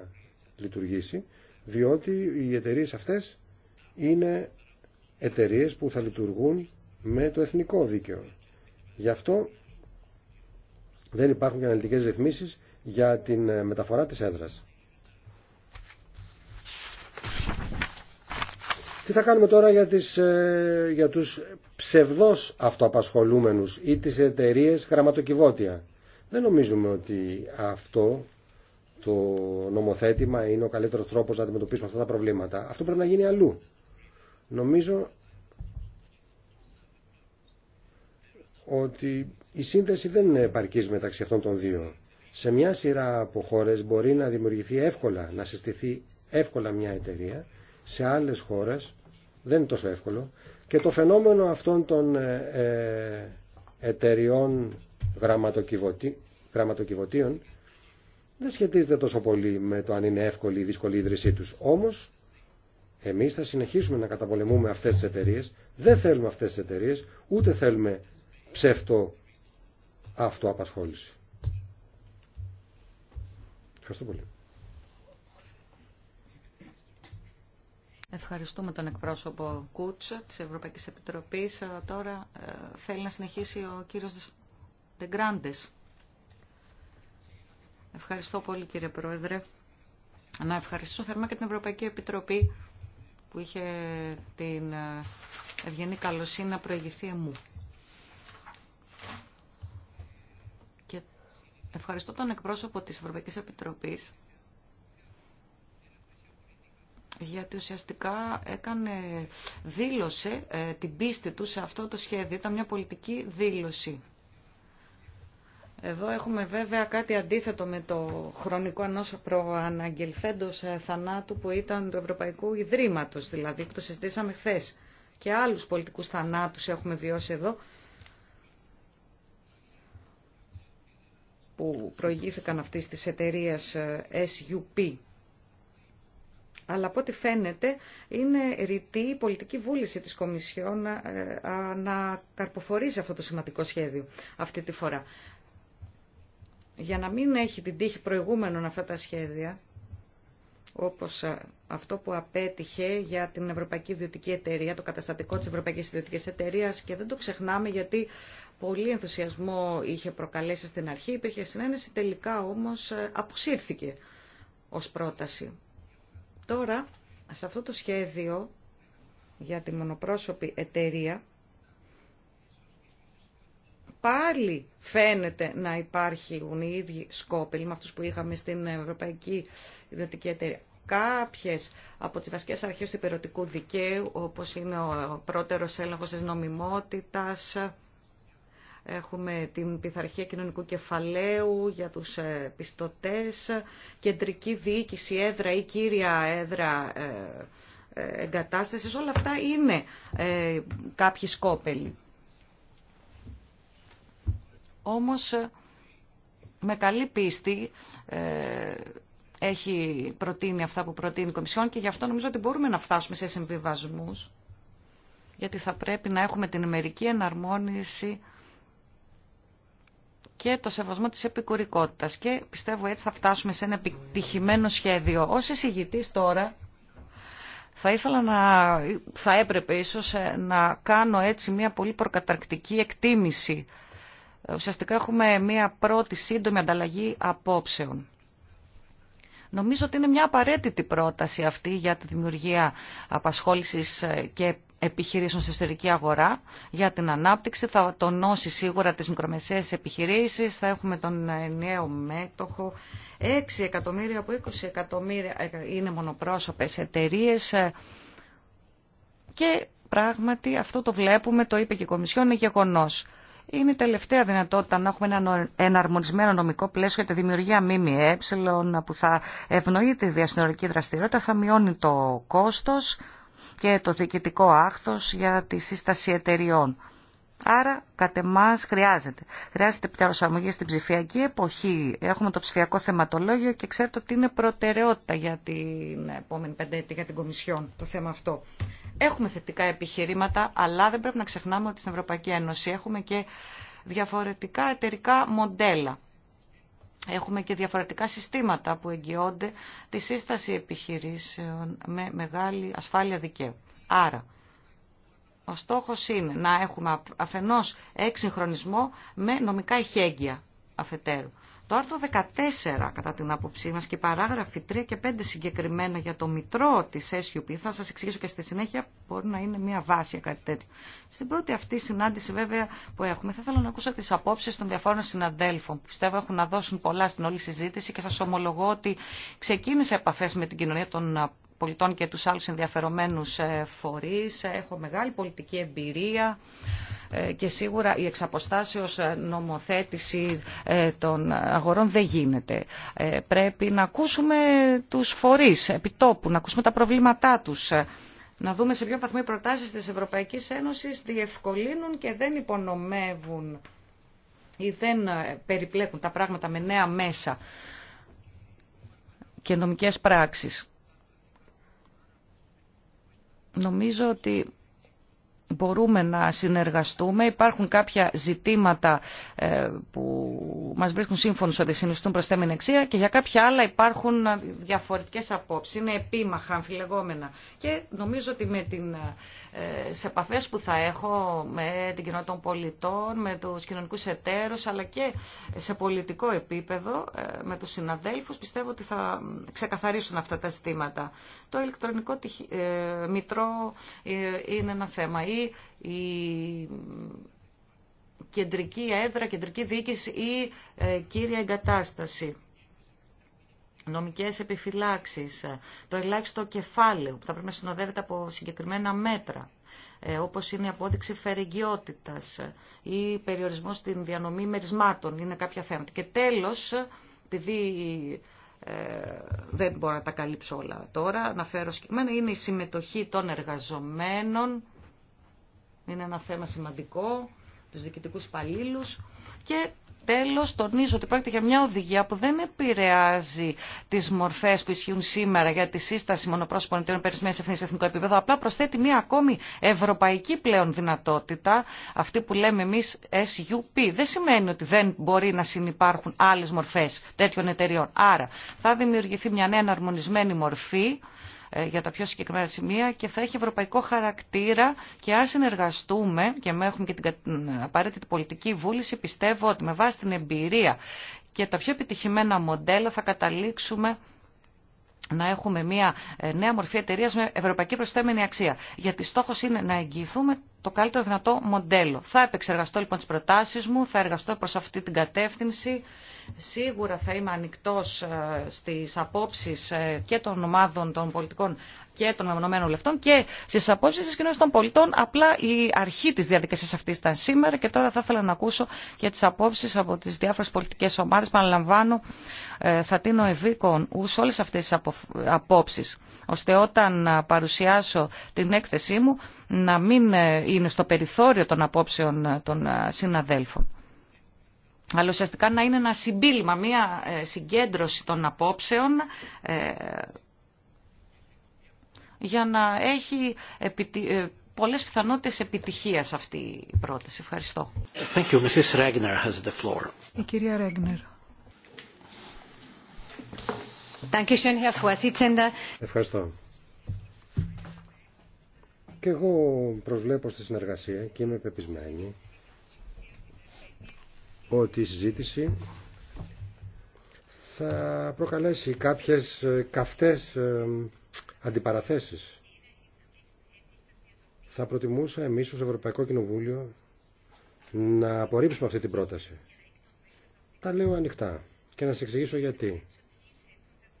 λειτουργήσει, διότι οι εταιρείε αυτές είναι εταιρείε που θα λειτουργούν με το εθνικό δίκαιο. Γι' αυτό δεν υπάρχουν και αναλυτικές ρυθμίσεις για την ε, μεταφορά της έδρας. Τι θα κάνουμε τώρα για, τις, ε, για τους ψευδώς αυτοαπασχολούμενους ή τις εταιρείε γραμματοκιβώτια. Δεν νομίζουμε ότι αυτό το νομοθέτημα είναι ο καλύτερος τρόπος να αντιμετωπίσουμε αυτά τα προβλήματα. Αυτό πρέπει να γίνει αλλού. Νομίζω ότι η σύνδεση δεν είναι επαρκής μεταξύ η συνδεση δεν ειναι μεταξυ αυτων των δύο σε μια σειρά από χώρες μπορεί να δημιουργηθεί εύκολα, να συστηθεί εύκολα μια εταιρεία, σε άλλες χώρες δεν είναι τόσο εύκολο και το φαινόμενο αυτών των ε, ε, εταιριών γραμματοκιβωτίων δεν σχετίζεται τόσο πολύ με το αν είναι εύκολη ή δύσκολη η ίδρυσή τους. Όμως, εμείς θα συνεχίσουμε να καταπολεμούμε αυτές τις εταιρείες. Δεν θέλουμε αυτές τις εταιρείες, ούτε θέλουμε ψεύτο αυτοαπασχόληση πολύ. Ευχαριστούμε τον εκπρόσωπο Κούτσα της Ευρωπαϊκής Επιτροπής. Ε, τώρα ε, θέλει να συνεχίσει ο κύριος Δεγκράντες. Ευχαριστώ πολύ κύριε Πρόεδρε. Να ευχαριστήσω θερμά και την Ευρωπαϊκή Επιτροπή που είχε την ε, ευγενή καλοσύνη να προηγηθεί εμού. Ευχαριστώ τον εκπρόσωπο της Ευρωπαϊκής Επιτροπής γιατί ουσιαστικά έκανε, δήλωσε ε, την πίστη του σε αυτό το σχέδιο. Ήταν μια πολιτική δήλωση. Εδώ έχουμε βέβαια κάτι αντίθετο με το χρονικό ενό προαναγγελφέντος ε, θανάτου που ήταν του Ευρωπαϊκού Ιδρύματος, δηλαδή που το συζητήσαμε χθε. Και άλλους πολιτικούς θανάτους έχουμε βιώσει εδώ που προηγήθηκαν αυτής της εταιρείας ε, SUP. Αλλά από ό,τι φαίνεται είναι ρητή η πολιτική βούληση της Κομισιόν ε, να, να καρποφορήσει αυτό το σημαντικό σχέδιο αυτή τη φορά. Για να μην έχει την τύχη προηγούμενων αυτά τα σχέδια, όπως ε, αυτό που απέτυχε για την Ευρωπαϊκή Ιδιωτική Εταιρεία, το καταστατικό της Ευρωπαϊκής Ιδιωτικής Εταιρείας και δεν το ξεχνάμε γιατί πολύ ενθουσιασμό είχε προκαλέσει στην αρχή, υπήρχε συνένεση, τελικά όμως ε, αποσύρθηκε ως πρόταση. Τώρα, σε αυτό το σχέδιο για τη μονοπρόσωπη εταιρεία, πάλι φαίνεται να υπάρχουν οι ίδιοι σκόπελοι με αυτούς που είχαμε στην Ευρωπαϊκή Ιδιωτική Εταιρεία. Κάποιες από τις βασικές αρχές του υπερωτικού δικαίου, όπως είναι ο πρώτερος έλεγχος της νομιμότητας, Έχουμε την πειθαρχία κοινωνικού κεφαλαίου για τους ε, πιστωτές, κεντρική διοίκηση, έδρα ή κύρια έδρα ε, ε, εγκατάστασης. Όλα αυτά είναι κάποιοι σκόπελοι. Όμως με καλή πίστη έχει προτείνει αυτά που προτείνει η Κομισιόν και γι' αυτό νομίζω ότι μπορούμε να φτάσουμε σε συμβιβασμούς γιατί θα πρέπει να έχουμε την ημερική εναρμόνιση και το σεβασμό της επικουρικότητας και πιστεύω έτσι θα φτάσουμε σε ένα επιτυχημένο σχέδιο. Ως εισηγητής τώρα θα ήθελα να, θα έπρεπε ίσως ε, να κάνω έτσι μια πολύ προκαταρκτική εκτίμηση. Ουσιαστικά έχουμε μια πρώτη σύντομη ανταλλαγή απόψεων. Νομίζω ότι είναι μια απαραίτητη πρόταση αυτή για τη δημιουργία απασχόλησης ε, και επιχειρήσεων στη εσωτερική αγορά για την ανάπτυξη. Θα τονώσει σίγουρα τις μικρομεσαίες επιχειρήσεις. Θα έχουμε τον ε, νέο μέτοχο. 6 εκατομμύρια από 20 εκατομμύρια ε, είναι μονοπρόσωπες εταιρείε. Ε, και πράγματι αυτό το βλέπουμε, το είπε και η Κομισιόν, είναι γεγονός. Είναι η τελευταία δυνατότητα να έχουμε ένα εναρμονισμένο νομικό πλαίσιο για τη δημιουργία ΜΜΕ που θα ευνοεί τη διασυνορική δραστηριότητα, θα μειώνει το κόστος και το διοικητικό άχθος για τη σύσταση εταιριών. Άρα, κατ' εμά χρειάζεται. Χρειάζεται πια προσαρμογή στην ψηφιακή εποχή. Έχουμε το ψηφιακό θεματολόγιο και ξέρετε ότι είναι προτεραιότητα για την επόμενη πεντέτη, για την Κομισιόν το θέμα αυτό. Έχουμε θετικά επιχειρήματα, αλλά δεν πρέπει να ξεχνάμε ότι στην Ευρωπαϊκή Ένωση έχουμε και διαφορετικά εταιρικά μοντέλα Έχουμε και διαφορετικά συστήματα που εγγυώνται τη σύσταση επιχειρήσεων με μεγάλη ασφάλεια δικαίου. Άρα, ο στόχος είναι να έχουμε αφενός εξυγχρονισμό με νομικά ηχέγγυα αφετέρου. Το άρθρο 14 κατά την άποψή μας και η παράγραφοι 3 και 5 συγκεκριμένα για το μητρό της SUP, θα σας εξηγήσω και στη συνέχεια, μπορεί να είναι μια βάση κάτι τέτοιο. Στην πρώτη αυτή συνάντηση βέβαια που έχουμε, θα ήθελα να ακούσω τις απόψεις των διαφόρων συναδέλφων που πιστεύω έχουν να δώσουν πολλά στην όλη συζήτηση και σας ομολογώ ότι ξεκίνησε επαφές με την κοινωνία των πολιτών και τους άλλους ενδιαφερομένους ε, φορείς. Έχω μεγάλη πολιτική εμπειρία ε, και σίγουρα η εξαποστάσεως ε, νομοθέτηση ε, των αγορών δεν γίνεται. Πρέπει να ακούσουμε τους φορείς επιτόπου, να ακούσουμε τα προβλήματά τους. Να δούμε σε ποιο βαθμό οι προτάσεις της Ευρωπαϊκής Ένωσης διευκολύνουν και δεν υπονομεύουν ή δεν περιπλέκουν τα πράγματα με νέα μέσα και νομικές πράξεις. Νομίζω ότι μπορούμε να συνεργαστούμε. Υπάρχουν κάποια ζητήματα ε, που μας βρίσκουν σύμφωνος ότι συνιστούν τα εξία και για κάποια άλλα υπάρχουν διαφορετικές απόψεις. Είναι επίμαχα, αμφιλεγόμενα. Και νομίζω ότι με την, ε, σε επαφές που θα έχω με την κοινότητα των πολιτών, με τους κοινωνικούς εταίρους, αλλά και σε πολιτικό επίπεδο ε, με τους συναδέλφους, πιστεύω ότι θα ξεκαθαρίσουν αυτά τα ζητήματα. Το ηλεκτρονικό μητρό είναι ένα θέμα η κεντρική έδρα, κεντρική διοίκηση ή ε, κύρια εγκατάσταση. Νομικές επιφυλάξεις, το ελάχιστο κεφάλαιο που θα πρέπει να συνοδεύεται από συγκεκριμένα μέτρα, ε, όπως είναι η απόδειξη φερεγγιότητας ή περιορισμός στην διανομή μερισμάτων, είναι κάποια θέματα. Και τέλος, επειδή ε, δεν μπορώ να τα καλύψω όλα τώρα, είναι η συμμετοχή των εργαζομένων είναι ένα θέμα σημαντικό, τους διοικητικούς υπαλλήλου. και Τέλος, τονίζω ότι πρόκειται για μια οδηγία που δεν επηρεάζει τις μορφές που ισχύουν σήμερα για τη σύσταση μονοπρόσωπων εταιριών περισσότερες σε εθνικό επίπεδο, απλά προσθέτει μια ακόμη ευρωπαϊκή πλέον δυνατότητα, αυτή που λέμε εμείς SUP. Δεν σημαίνει ότι δεν μπορεί να συνεπάρχουν άλλες μορφές τέτοιων εταιριών. Άρα θα δημιουργηθεί μια νέα εναρμονισμένη μορφή ε, για τα πιο συγκεκριμένα σημεία και θα έχει ευρωπαϊκό χαρακτήρα και αν συνεργαστούμε και έχουμε και την απαραίτητη πολιτική βούληση πιστεύω ότι με βάση την εμπειρία και τα πιο επιτυχημένα μοντέλα θα καταλήξουμε να έχουμε μια ε, νέα μορφή εταιρεία με ευρωπαϊκή προσθέμενη αξία. Γιατί στόχος είναι να εγγυηθούμε το καλύτερο δυνατό μοντέλο. Θα επεξεργαστώ λοιπόν τις προτάσεις μου, θα εργαστώ προς αυτή την κατεύθυνση. Σίγουρα θα είμαι ανοιχτό ε, στις απόψεις ε, και των ομάδων των πολιτικών και των μεμονωμένων λεφτών και στις απόψεις της κοινωνίας των πολιτών. Απλά η αρχή της διαδικασίας αυτής ήταν σήμερα και τώρα θα ήθελα να ακούσω και τις απόψεις από τις διάφορες πολιτικές ομάδες. Παναλαμβάνω, ε, θα τίνω ευήκον σε όλες αυτές τις απόψεις, ώστε όταν παρουσιάσω την έκθεσή μου να μην ε, είναι στο περιθώριο των απόψεων ε, των ε, συναδέλφων. Αλλά ουσιαστικά να είναι ένα συμπίλημα, μια συγκέντρωση των απόψεων για να έχει πολλές πιθανότητες επιτυχίας αυτή η πρόταση. Ευχαριστώ. Thank you. Mrs. Regner has the floor. Η κυρία Ρέγνερ. Ευχαριστώ. Και εγώ προσβλέπω στη συνεργασία και είμαι πεπισμένη ότι η συζήτηση θα προκαλέσει κάποιες ε, καυτές ε, αντιπαραθέσεις. Θα προτιμούσα εμείς ως Ευρωπαϊκό Κοινοβούλιο να απορρίψουμε αυτή την πρόταση. Τα λέω ανοιχτά και να σε εξηγήσω γιατί.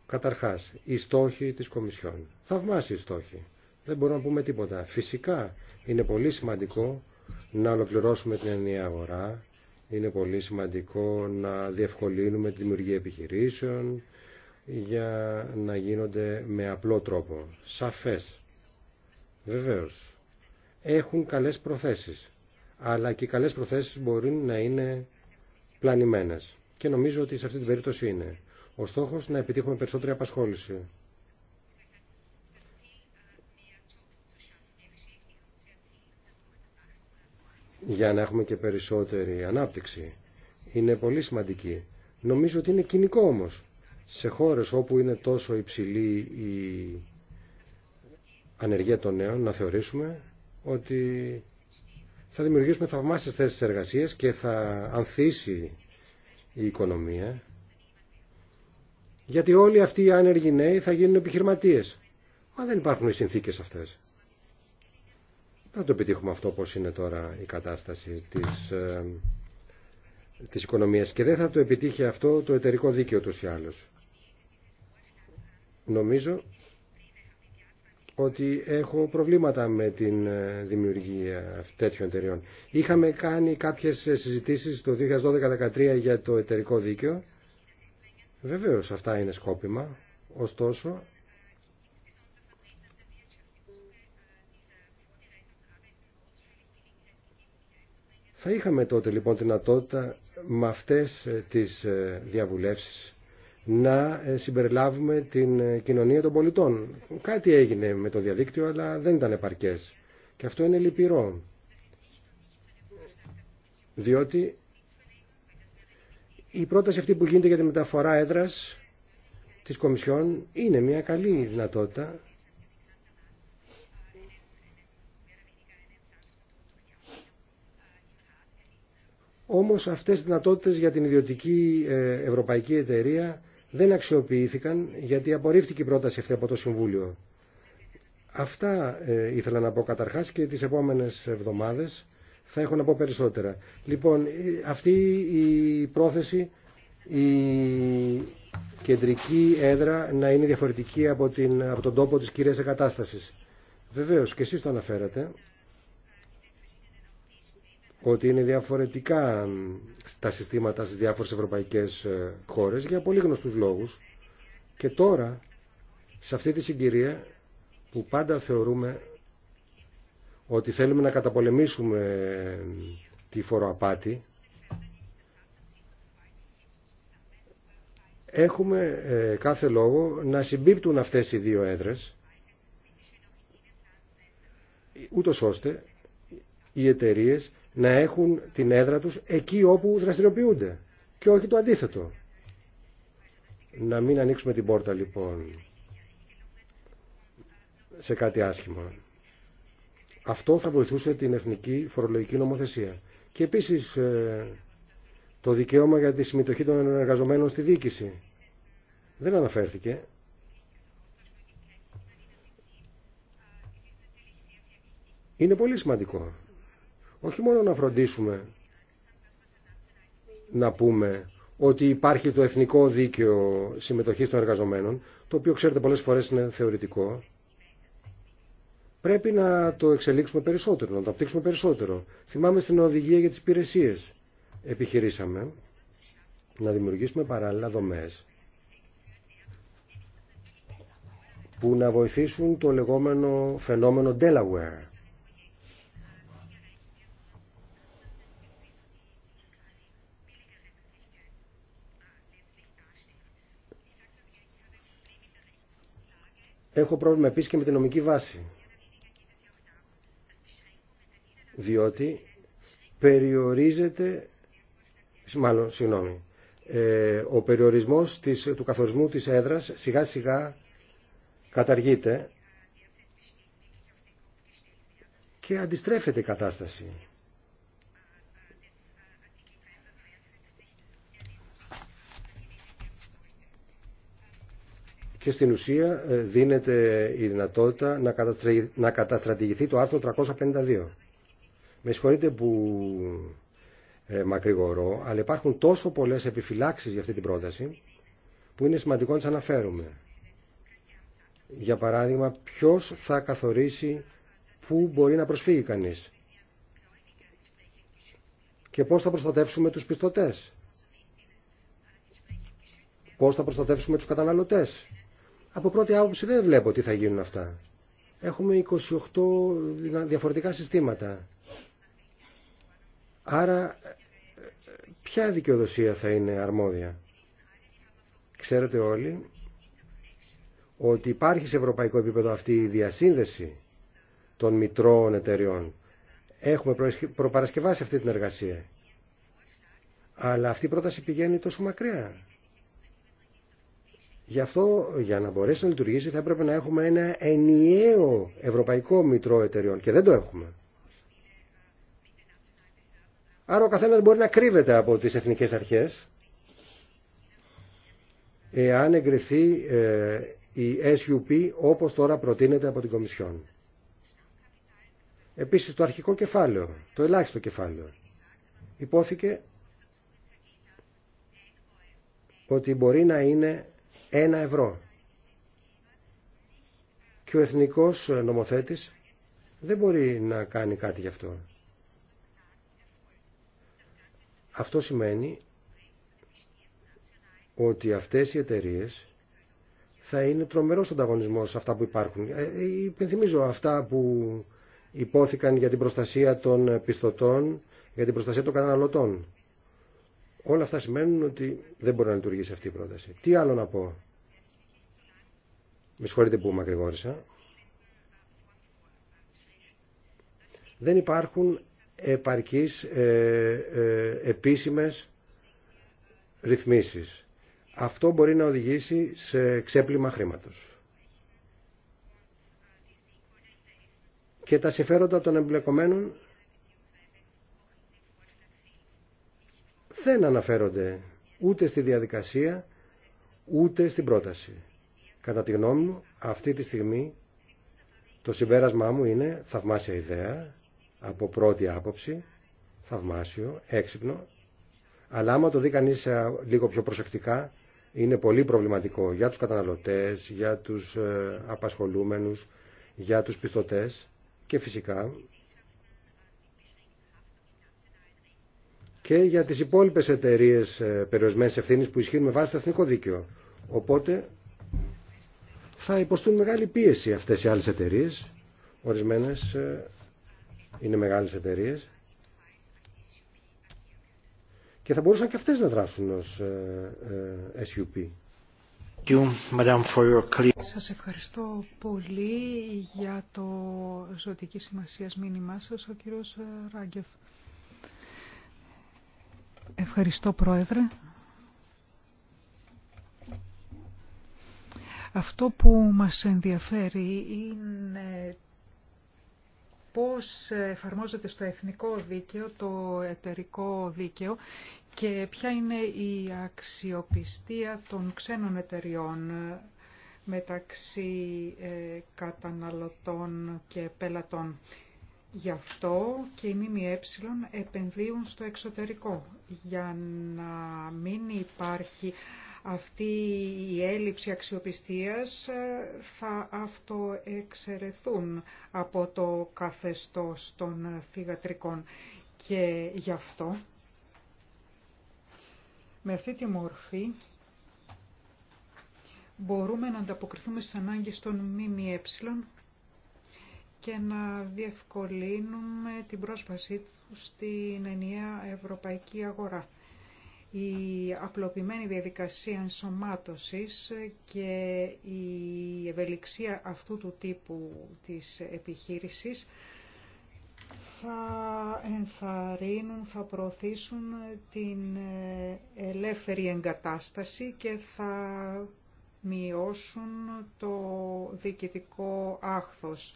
Καταρχάς, οι στόχοι της Κομισιόν. Θαυμάσιοι στόχοι δεν μπορούμε να πούμε τίποτα. Φυσικά είναι πολύ σημαντικό να ολοκληρώσουμε την ενιαία αγορά, είναι πολύ σημαντικό να διευκολύνουμε τη δημιουργία επιχειρήσεων για να γίνονται με απλό τρόπο. Σαφές. Βεβαίως. Έχουν καλές προθέσεις. Αλλά και οι καλές προθέσεις μπορεί να είναι πλανημένες. Και νομίζω ότι σε αυτή την περίπτωση είναι. Ο στόχος να επιτύχουμε περισσότερη απασχόληση. για να έχουμε και περισσότερη ανάπτυξη. Είναι πολύ σημαντική. Νομίζω ότι είναι κοινικό όμως. Σε χώρες όπου είναι τόσο υψηλή η ανεργία των νέων, να θεωρήσουμε ότι θα δημιουργήσουμε θαυμάσιες θέσεις εργασίας και θα ανθίσει η οικονομία. Γιατί όλοι αυτοί οι άνεργοι νέοι θα γίνουν επιχειρηματίες. Μα δεν υπάρχουν οι συνθήκες αυτές. Θα το επιτύχουμε αυτό όπως είναι τώρα η κατάσταση της, ε, της οικονομίας και δεν θα το επιτύχει αυτό το εταιρικό δίκαιο τους ή άλλους. Νομίζω ότι έχω προβλήματα με την ε, δημιουργία τέτοιων εταιριών. Είχαμε κάνει κάποιες συζητήσεις το 2012-2013 για το εταιρικό δίκαιο. Βεβαίως αυτά είναι σκόπιμα. Ωστόσο, Θα είχαμε τότε λοιπόν την δυνατότητα με αυτές ε, τις ε, διαβουλεύσεις να ε, συμπεριλάβουμε την κοινωνία των πολιτών. Κάτι έγινε με το διαδίκτυο αλλά δεν ήταν επαρκές. Και αυτό είναι λυπηρό. Διότι η πρόταση αυτή που γίνεται για τη μεταφορά έδρας της Κομισιόν είναι μια καλή δυνατότητα Όμως αυτές οι δυνατότητες για την ιδιωτική ε, ευρωπαϊκή εταιρεία δεν αξιοποιήθηκαν γιατί απορρίφθηκε η πρόταση αυτή από το Συμβούλιο. Αυτά ε, ήθελα να πω καταρχάς και τις επόμενες εβδομάδες θα έχω να πω περισσότερα. Λοιπόν, ε, αυτή η πρόθεση, η κεντρική έδρα να είναι διαφορετική από, την, από τον τόπο της κυρίας εγκατάστασης. Βεβαίως, και εσείς το αναφέρατε, ότι είναι διαφορετικά τα συστήματα στις διάφορες ευρωπαϊκές ε, χώρες για πολύ γνωστούς λόγους και τώρα σε αυτή τη συγκυρία που πάντα θεωρούμε ότι θέλουμε να καταπολεμήσουμε ε, τη φοροαπάτη έχουμε ε, κάθε λόγο να συμπίπτουν αυτές οι δύο έδρες ούτως ώστε οι εταιρείες να έχουν την έδρα τους εκεί όπου δραστηριοποιούνται και όχι το αντίθετο. Να μην ανοίξουμε την πόρτα λοιπόν σε κάτι άσχημα. Αυτό θα βοηθούσε την εθνική φορολογική νομοθεσία. Και επίσης ε, το δικαίωμα για τη συμμετοχή των εργαζομένων στη διοίκηση. Δεν αναφέρθηκε. Είναι πολύ σημαντικό όχι μόνο να φροντίσουμε να πούμε ότι υπάρχει το εθνικό δίκαιο συμμετοχής των εργαζομένων, το οποίο ξέρετε πολλές φορές είναι θεωρητικό, πρέπει να το εξελίξουμε περισσότερο, να το απτύξουμε περισσότερο. Θυμάμαι στην οδηγία για τις υπηρεσίε. επιχειρήσαμε να δημιουργήσουμε παράλληλα δομές που να βοηθήσουν το λεγόμενο φαινόμενο Delaware Έχω πρόβλημα επίσης και με την νομική βάση. Διότι περιορίζεται, μάλλον, συγγνώμη, ε, ο περιορισμός της, του καθορισμού της έδρας σιγά σιγά καταργείται και αντιστρέφεται η κατάσταση. και στην ουσία ε, δίνεται η δυνατότητα να καταστρατηγηθεί το άρθρο 352. Με συγχωρείτε που ε, μακρηγορώ, αλλά υπάρχουν τόσο πολλές επιφυλάξεις για αυτή την πρόταση που είναι σημαντικό να τις αναφέρουμε. Για παράδειγμα, ποιος θα καθορίσει πού μπορεί να προσφύγει κανείς και πώς θα προστατεύσουμε τους πιστωτές, πώς θα προστατεύσουμε τους καταναλωτές από πρώτη άποψη δεν βλέπω τι θα γίνουν αυτά. Έχουμε 28 διαφορετικά συστήματα. Άρα ποια δικαιοδοσία θα είναι αρμόδια. Ξέρετε όλοι ότι υπάρχει σε ευρωπαϊκό επίπεδο αυτή η διασύνδεση των μητρώων εταιριών. Έχουμε προπαρασκευάσει αυτή την εργασία. Αλλά αυτή η πρόταση πηγαίνει τόσο μακριά. Γι' αυτό, για να μπορέσει να λειτουργήσει, θα έπρεπε να έχουμε ένα ενιαίο ευρωπαϊκό μητρό εταιρεών και δεν το έχουμε. Άρα ο καθένας μπορεί να κρύβεται από τις εθνικές αρχές εάν εγκριθεί ε, η SUP όπως τώρα προτείνεται από την Κομισιόν. Επίσης το αρχικό κεφάλαιο, το ελάχιστο κεφάλαιο, υπόθηκε ότι μπορεί να είναι ένα ευρώ. Και ο εθνικός νομοθέτης δεν μπορεί να κάνει κάτι γι' αυτό. Αυτό σημαίνει ότι αυτές οι εταιρείες θα είναι τρομερός ανταγωνισμός σε αυτά που υπάρχουν. Ε, ε, υπενθυμίζω αυτά που υπόθηκαν για την προστασία των πιστωτών, για την προστασία των καταναλωτών. Όλα αυτά σημαίνουν ότι δεν μπορεί να λειτουργήσει αυτή η πρόταση. Τι άλλο να πω. Με συγχωρείτε που μακρηγόρησα. Δεν υπάρχουν επαρκείς ε, ε, επίσημες ρυθμίσεις. Αυτό μπορεί να οδηγήσει σε ξέπλυμα χρήματος. Και τα συμφέροντα των εμπλεκομένων δεν αναφέρονται ούτε στη διαδικασία ούτε στην πρόταση. Κατά τη γνώμη μου, αυτή τη στιγμή το συμπέρασμά μου είναι θαυμάσια ιδέα, από πρώτη άποψη, θαυμάσιο, έξυπνο, αλλά άμα το δει κανεί ε, λίγο πιο προσεκτικά, είναι πολύ προβληματικό για τους καταναλωτές, για τους ε, απασχολούμενους, για τους πιστωτές και φυσικά και για τις υπόλοιπες εταιρείες ε, περιορισμένης ευθύνης που ισχύουν με βάση το εθνικό δίκαιο. Οπότε θα υποστούν μεγάλη πίεση αυτές οι άλλες εταιρείες. Ορισμένες ε, είναι μεγάλες εταιρείες. Και θα μπορούσαν και αυτές να δράσουν ως ε, SUP. Σας ευχαριστώ πολύ για το ζωτική σημασία μήνυμά σας, ο κύριος Ράγκεφ. Ευχαριστώ Πρόεδρε. Αυτό που μας ενδιαφέρει είναι πώς εφαρμόζεται στο εθνικό δίκαιο το εταιρικό δίκαιο και ποια είναι η αξιοπιστία των ξένων εταιριών μεταξύ ε, καταναλωτών και πελατών. Γι' αυτό και οι ΜΜΕ επενδύουν στο εξωτερικό για να μην υπάρχει αυτή η έλλειψη αξιοπιστίας ε, θα αυτοεξαιρεθούν από το καθεστώς των θηγατρικών. και γι' αυτό με αυτή τη μορφή μπορούμε να ανταποκριθούμε στις ανάγκες των ΜΜΕ και να διευκολύνουμε την πρόσβασή τους στην ενιαία ευρωπαϊκή αγορά. Η απλοποιημένη διαδικασία ενσωμάτωσης και η ευελιξία αυτού του τύπου της επιχείρησης θα ενθαρρύνουν, θα προωθήσουν την ελεύθερη εγκατάσταση και θα μειώσουν το διοικητικό άχθος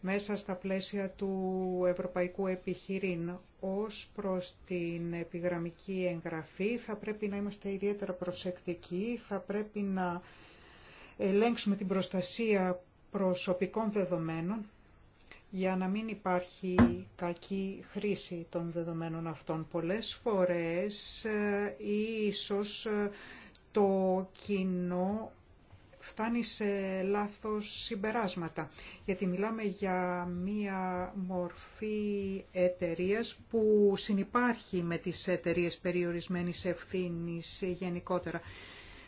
μέσα στα πλαίσια του Ευρωπαϊκού Επιχειρήν ως προς την επιγραμμική εγγραφή θα πρέπει να είμαστε ιδιαίτερα προσεκτικοί, θα πρέπει να ελέγξουμε την προστασία προσωπικών δεδομένων για να μην υπάρχει κακή χρήση των δεδομένων αυτών. Πολλές φορές ε, ίσως ε, το κοινό φτάνει σε λάθος συμπεράσματα. Γιατί μιλάμε για μία μορφή εταιρεία που συνυπάρχει με τις εταιρείε περιορισμένης ευθύνης γενικότερα.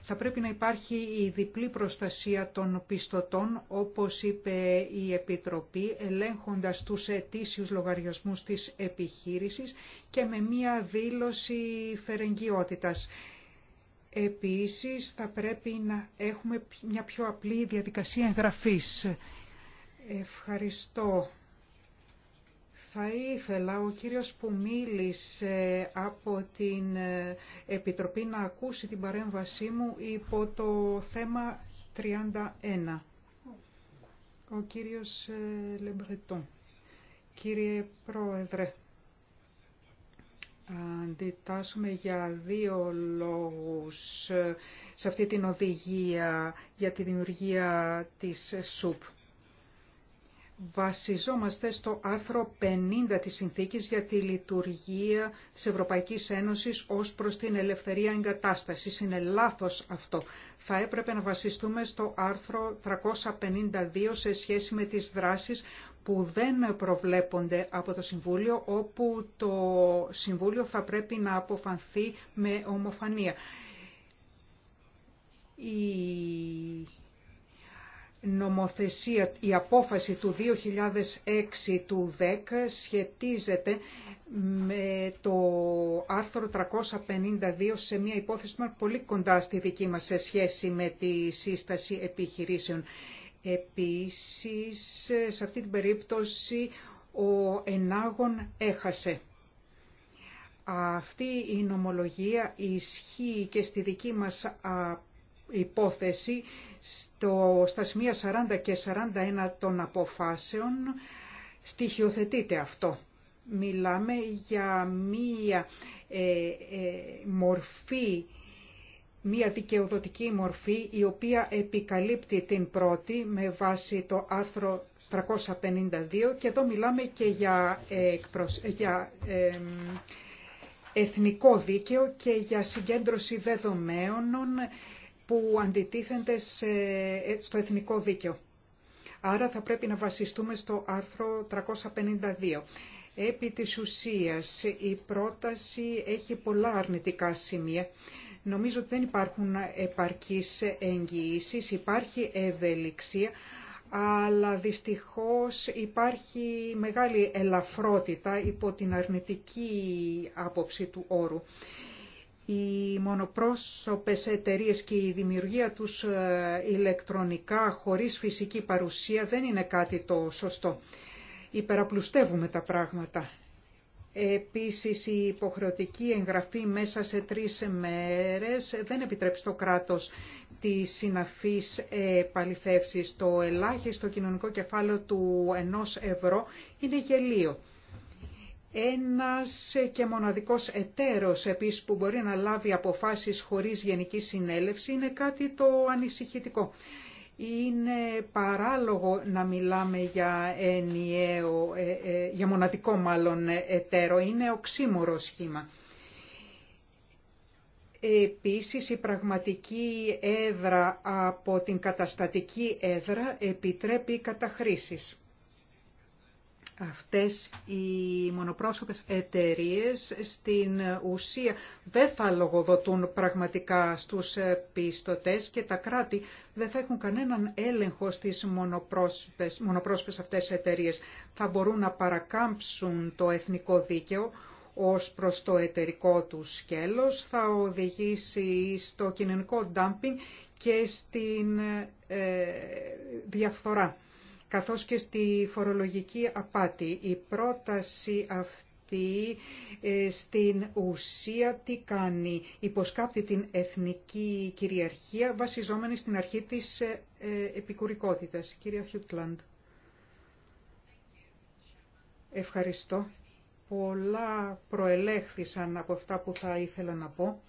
Θα πρέπει να υπάρχει η διπλή προστασία των πιστωτών, όπως είπε η Επιτροπή, ελέγχοντας τους ετήσιους λογαριασμούς της επιχείρησης και με μία δήλωση φερεγγιότητας. Επίσης θα πρέπει να έχουμε μια πιο απλή διαδικασία εγγραφής. Ευχαριστώ. Θα ήθελα ο κύριος που μίλησε από την Επιτροπή να ακούσει την παρέμβασή μου υπό το θέμα 31. Ο κύριος ε, Λεμπρετών. Κύριε Πρόεδρε, αντιτάσσουμε για δύο λόγους ε, σε αυτή την οδηγία για τη δημιουργία της ΣΟΥΠ. Βασιζόμαστε στο άρθρο 50 της Συνθήκης για τη λειτουργία της Ευρωπαϊκής Ένωσης ως προς την ελευθερία εγκατάστασης. Είναι λάθος αυτό. Θα έπρεπε να βασιστούμε στο άρθρο 352 σε σχέση με τις δράσεις που δεν προβλέπονται από το Συμβούλιο, όπου το Συμβούλιο θα πρέπει να αποφανθεί με ομοφανία. Η νομοθεσία, η απόφαση του 2006 του 10 σχετίζεται με το άρθρο 352 σε μια υπόθεση πολύ κοντά στη δική μας σε σχέση με τη σύσταση επιχειρήσεων. Επίσης, σε αυτή την περίπτωση ο ενάγων έχασε. Αυτή η νομολογία ισχύει και στη δική μας υπόθεση στο, στα σημεία 40 και 41 των αποφάσεων στοιχειοθετείται αυτό. Μιλάμε για μία ε, ε, μορφή μία δικαιοδοτική μορφή η οποία επικαλύπτει την πρώτη με βάση το άρθρο 352 και εδώ μιλάμε και για, για εθνικό δίκαιο και για συγκέντρωση δεδομένων που αντιτίθενται ε, στο εθνικό δίκαιο. Άρα θα πρέπει να βασιστούμε στο άρθρο 352. Επί της ουσίας η πρόταση έχει πολλά αρνητικά σημεία Νομίζω ότι δεν υπάρχουν επαρκείς εγγυήσεις, υπάρχει ευελιξία, αλλά δυστυχώς υπάρχει μεγάλη ελαφρότητα υπό την αρνητική άποψη του όρου. Οι μονοπρόσωπες εταιρείε και η δημιουργία τους ε, ηλεκτρονικά χωρίς φυσική παρουσία δεν είναι κάτι το σωστό. Υπεραπλουστεύουμε τα πράγματα. Επίσης η υποχρεωτική εγγραφή μέσα σε τρεις μέρες δεν επιτρέπει στο κράτος τη συναφής παληθεύσεις. Το ελάχιστο κοινωνικό κεφάλαιο του 1 ευρώ είναι γελίο. Ένας και μοναδικός εταίρος επίσης που μπορεί να λάβει αποφάσεις χωρίς γενική συνέλευση είναι κάτι το ανησυχητικό είναι παράλογο να μιλάμε για ενιαίο, ε, ε, για μοναδικό μάλλον ε, εταίρο, είναι οξύμορο σχήμα. Επίσης, η πραγματική έδρα από την καταστατική έδρα επιτρέπει καταχρήσεις. Αυτές οι μονοπρόσωπες εταιρείες στην ουσία δεν θα λογοδοτούν πραγματικά στους πιστωτές και τα κράτη δεν θα έχουν κανέναν έλεγχο στις μονοπρόσωπες, μονοπρόσωπες αυτές εταιρείες. Θα μπορούν να παρακάμψουν το εθνικό δίκαιο ως προς το εταιρικό του σκέλος, θα οδηγήσει στο κοινωνικό ντάμπινγκ και στην ε, διαφθορά καθώς και στη φορολογική απάτη. Η πρόταση αυτή ε, στην ουσία τι κάνει. Υποσκάπτει την εθνική κυριαρχία βασιζόμενη στην αρχή της ε, ε επικουρικότητας. Κυρία Χιουτλάντ. Ευχαριστώ. Πολλά προελέχθησαν από αυτά που θα ήθελα να πω.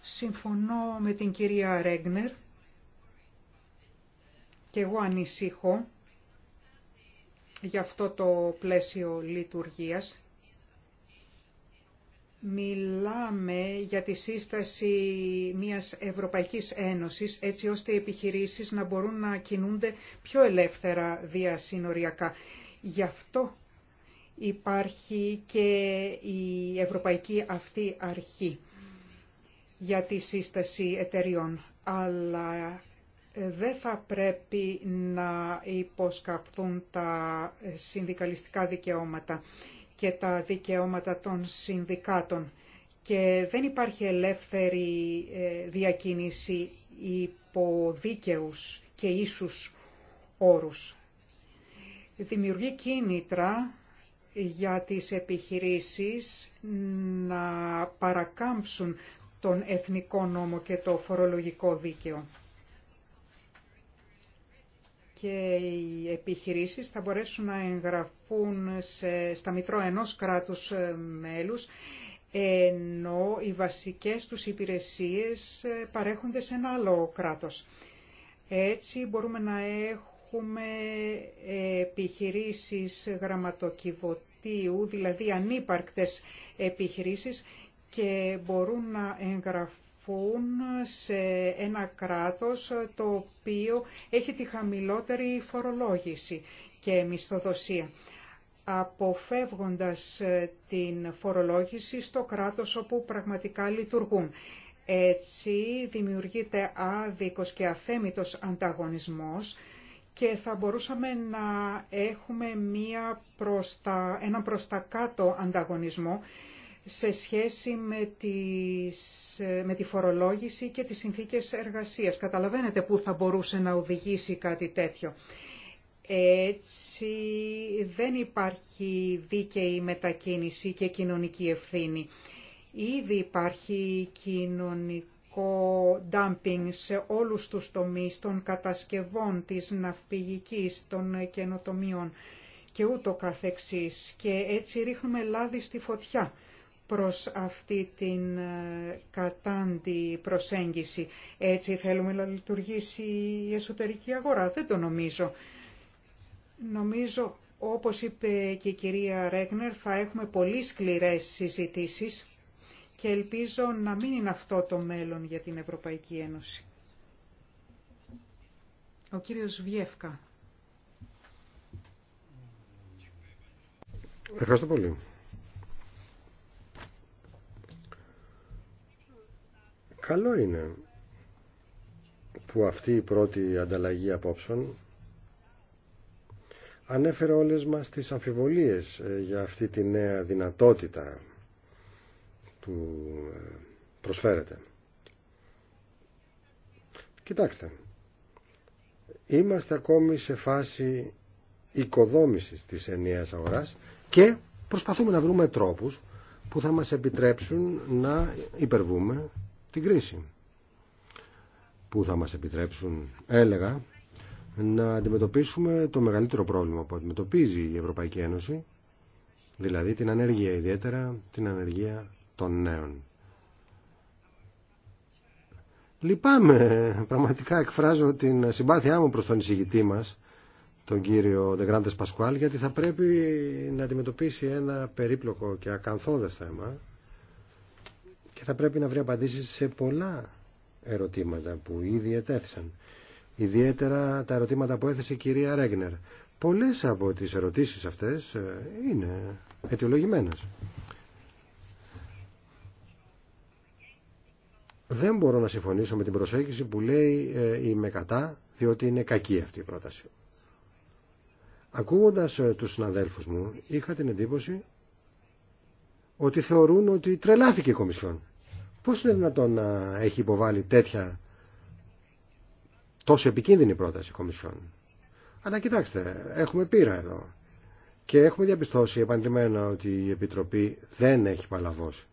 Συμφωνώ με την κυρία Ρέγνερ και εγώ ανησυχώ για αυτό το πλαίσιο λειτουργίας. Μιλάμε για τη σύσταση μιας Ευρωπαϊκής Ένωσης έτσι ώστε οι επιχειρήσεις να μπορούν να κινούνται πιο ελεύθερα διασυνοριακά. Γι' αυτό υπάρχει και η Ευρωπαϊκή αυτή αρχή για τη σύσταση εταιριών. Αλλά ε, δεν θα πρέπει να υποσκαπτούν τα ε, συνδικαλιστικά δικαιώματα και τα δικαιώματα των συνδικάτων. Και δεν υπάρχει ελεύθερη ε, διακίνηση υπό δίκαιους και ίσους όρους. Δημιουργεί κίνητρα για τις επιχειρήσεις να παρακάμψουν τον εθνικό νόμο και το φορολογικό δίκαιο και οι επιχειρήσεις θα μπορέσουν να εγγραφούν στα μητρώα ενός κράτους ε, μέλους, ενώ οι βασικές τους υπηρεσίες ε, παρέχονται σε ένα άλλο κράτος. Έτσι μπορούμε να έχουμε ε, επιχειρήσεις γραμματοκιβωτίου, δηλαδή ανύπαρκτες επιχειρήσεις και μπορούν να εγγραφούν ανήκουν σε ένα κράτος το οποίο έχει τη χαμηλότερη φορολόγηση και μισθοδοσία αποφεύγοντας ε, την φορολόγηση στο κράτος όπου πραγματικά λειτουργούν. Έτσι δημιουργείται άδικος και αθέμητος ανταγωνισμός και θα μπορούσαμε να έχουμε μία προς ένα προς τα κάτω ανταγωνισμό σε σχέση με, με τη φορολόγηση και τις συνθήκες εργασίας. Καταλαβαίνετε πού θα μπορούσε να οδηγήσει κάτι τέτοιο. Έτσι δεν υπάρχει δίκαιη μετακίνηση και κοινωνική ευθύνη. Ήδη υπάρχει κοινωνικό dumping σε όλους τους τομείς των κατασκευών της ναυπηγικής, των καινοτομιών και ούτω καθεξής. Και έτσι ρίχνουμε λάδι στη φωτιά προς αυτή την ε, κατάντη προσέγγιση. Έτσι θέλουμε να λειτουργήσει η εσωτερική αγορά. Δεν το νομίζω. Νομίζω, όπως είπε και η κυρία Ρέγνερ, θα έχουμε πολύ σκληρές συζητήσεις και ελπίζω να μην είναι αυτό το μέλλον για την Ευρωπαϊκή Ένωση. Ο κύριος Βιέφκα. Ευχαριστώ πολύ. Καλό είναι που αυτή η πρώτη ανταλλαγή απόψεων ανέφερε όλες μας τις αμφιβολίες ε, για αυτή τη νέα δυνατότητα που ε, προσφέρεται. Κοιτάξτε, είμαστε ακόμη σε φάση οικοδόμησης της ενιαίας αγοράς και προσπαθούμε να βρούμε τρόπους που θα μας επιτρέψουν να υπερβούμε την κρίση που θα μας επιτρέψουν, έλεγα, να αντιμετωπίσουμε το μεγαλύτερο πρόβλημα που αντιμετωπίζει η Ευρωπαϊκή Ένωση, δηλαδή την ανεργία, ιδιαίτερα την ανεργία των νέων. Λυπάμαι, πραγματικά εκφράζω την συμπάθειά μου προς τον εισηγητή μας, τον κύριο Δεγκράντες Πασκουάλ, γιατί θα πρέπει να αντιμετωπίσει ένα περίπλοκο και ακαθόδες θέμα, και θα πρέπει να βρει απαντήσεις σε πολλά ερωτήματα που ήδη ετέθησαν. Ιδιαίτερα τα ερωτήματα που έθεσε η κυρία Ρέγνερ. Πολλές από τις ερωτήσεις αυτές ε, είναι αιτιολογημένες. Δεν μπορώ να συμφωνήσω με την προσέγγιση που λέει η ε, είμαι κατά, διότι είναι κακή αυτή η πρόταση. Ακούγοντας ε, τους συναδέλφους μου, είχα την εντύπωση ότι θεωρούν ότι τρελάθηκε η Κομισιόν. Πώς είναι δυνατόν να έχει υποβάλει τέτοια τόσο επικίνδυνη πρόταση η Κομισιόν. Αλλά κοιτάξτε, έχουμε πείρα εδώ. Και έχουμε διαπιστώσει επανειλημμένα ότι η Επιτροπή δεν έχει παλαβώσει.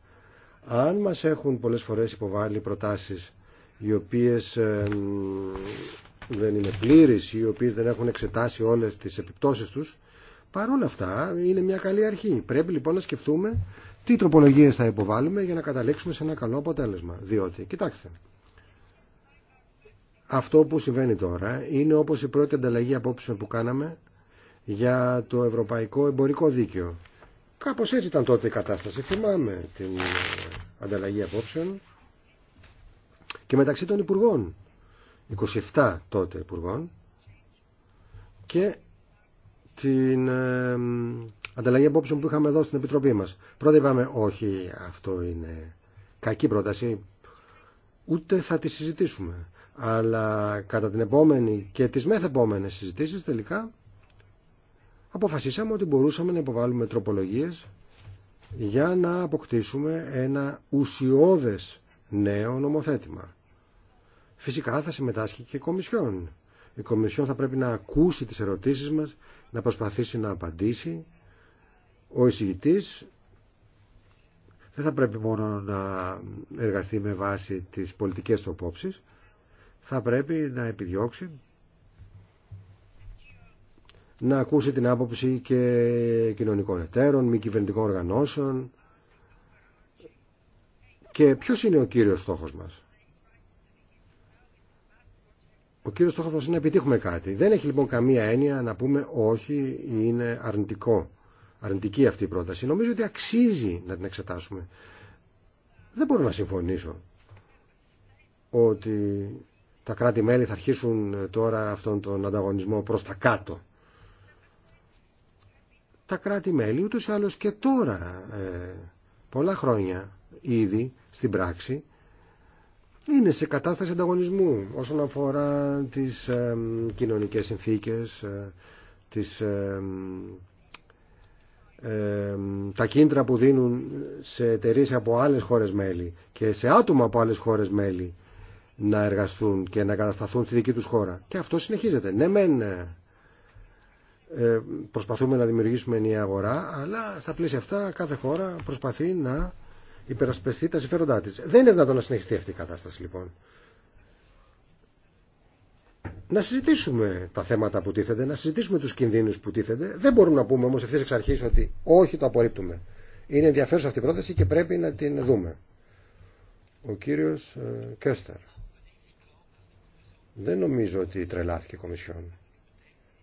Αν μας έχουν πολλές φορές υποβάλει προτάσεις οι οποίες δεν είναι πλήρεις, οι οποίες δεν έχουν εξετάσει όλες τις επιπτώσεις τους, παρόλα αυτά είναι μια καλή αρχή. Πρέπει λοιπόν να σκεφτούμε τι τροπολογίε θα υποβάλουμε για να καταλήξουμε σε ένα καλό αποτέλεσμα. Διότι, κοιτάξτε, αυτό που συμβαίνει τώρα είναι όπω η πρώτη ανταλλαγή απόψεων που κάναμε για το Ευρωπαϊκό Εμπορικό Δίκαιο. Κάπως έτσι ήταν τότε η κατάσταση. Θυμάμαι την ε, ανταλλαγή απόψεων και μεταξύ των Υπουργών, 27 τότε Υπουργών και την ε, ανταλλαγή απόψεων που είχαμε εδώ στην Επιτροπή μας. Πρώτα είπαμε όχι, αυτό είναι κακή πρόταση, ούτε θα τη συζητήσουμε. Αλλά κατά την επόμενη και τις μεθεπόμενες συζητήσεις τελικά αποφασίσαμε ότι μπορούσαμε να υποβάλουμε τροπολογίες για να αποκτήσουμε ένα ουσιώδες νέο νομοθέτημα. Φυσικά θα συμμετάσχει και η Κομισιόν η Κομισιόν θα πρέπει να ακούσει τις ερωτήσεις μας, να προσπαθήσει να απαντήσει. Ο εισηγητής δεν θα πρέπει μόνο να εργαστεί με βάση τις πολιτικές του απόψεις, θα πρέπει να επιδιώξει να ακούσει την άποψη και κοινωνικών εταίρων, μη κυβερνητικών οργανώσεων και ποιος είναι ο κύριος στόχος μας. Ο κύριος στόχος μας είναι να επιτύχουμε κάτι. Δεν έχει λοιπόν καμία έννοια να πούμε όχι είναι αρνητικό. Αρνητική αυτή η πρόταση. Νομίζω ότι αξίζει να την εξετάσουμε. Δεν μπορώ να συμφωνήσω ότι τα κράτη-μέλη θα αρχίσουν τώρα αυτόν τον ανταγωνισμό προς τα κάτω. Τα κράτη-μέλη ούτως ή άλλως και τώρα ε, πολλά χρόνια ήδη στην πράξη είναι σε κατάσταση ανταγωνισμού όσον αφορά τις ε, κοινωνικές συνθήκες, ε, τις, τα κίνητρα που δίνουν σε εταιρείε από άλλες χώρες μέλη και σε άτομα από άλλες χώρες μέλη να εργαστούν και να κατασταθούν στη δική τους χώρα. Και αυτό συνεχίζεται. Ναι, μεν ε, ε, προσπαθούμε να δημιουργήσουμε μια αγορά, αλλά στα πλαίσια αυτά κάθε χώρα προσπαθεί να υπερασπιστεί τα συμφέροντά τη. Δεν είναι δυνατόν να συνεχιστεί αυτή η κατάσταση λοιπόν. Να συζητήσουμε τα θέματα που τίθενται, να συζητήσουμε τους κινδύνους που τίθενται. Δεν μπορούμε να πούμε όμως ευθύ εξ αρχής ότι όχι το απορρίπτουμε. Είναι ενδιαφέρουσα αυτή η πρόταση και πρέπει να την δούμε. Ο κύριος ε, Κέστερ. Δεν νομίζω ότι τρελάθηκε η Κομισιόν.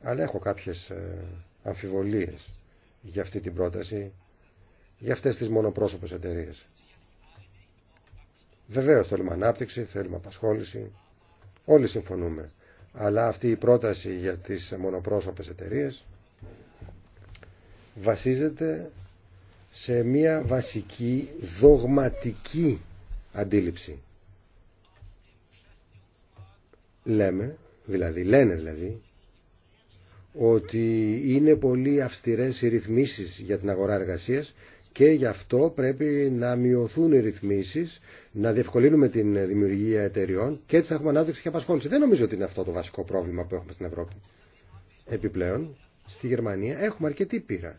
Αλλά έχω κάποιες ε, αμφιβολίες για αυτή την πρόταση για αυτές τις μονοπρόσωπες εταιρείες. Βεβαίως θέλουμε ανάπτυξη, θέλουμε απασχόληση, όλοι συμφωνούμε. Αλλά αυτή η πρόταση για τις μονοπρόσωπες εταιρείες βασίζεται σε μια βασική δογματική αντίληψη. Λέμε, δηλαδή, λένε δηλαδή, ότι είναι πολύ αυστηρές οι ρυθμίσεις για την αγορά εργασίας και γι' αυτό πρέπει να μειωθούν οι ρυθμίσεις, να διευκολύνουμε την δημιουργία εταιριών και έτσι θα έχουμε ανάδειξη και απασχόληση. Δεν νομίζω ότι είναι αυτό το βασικό πρόβλημα που έχουμε στην Ευρώπη. Επιπλέον, στη Γερμανία έχουμε αρκετή πείρα.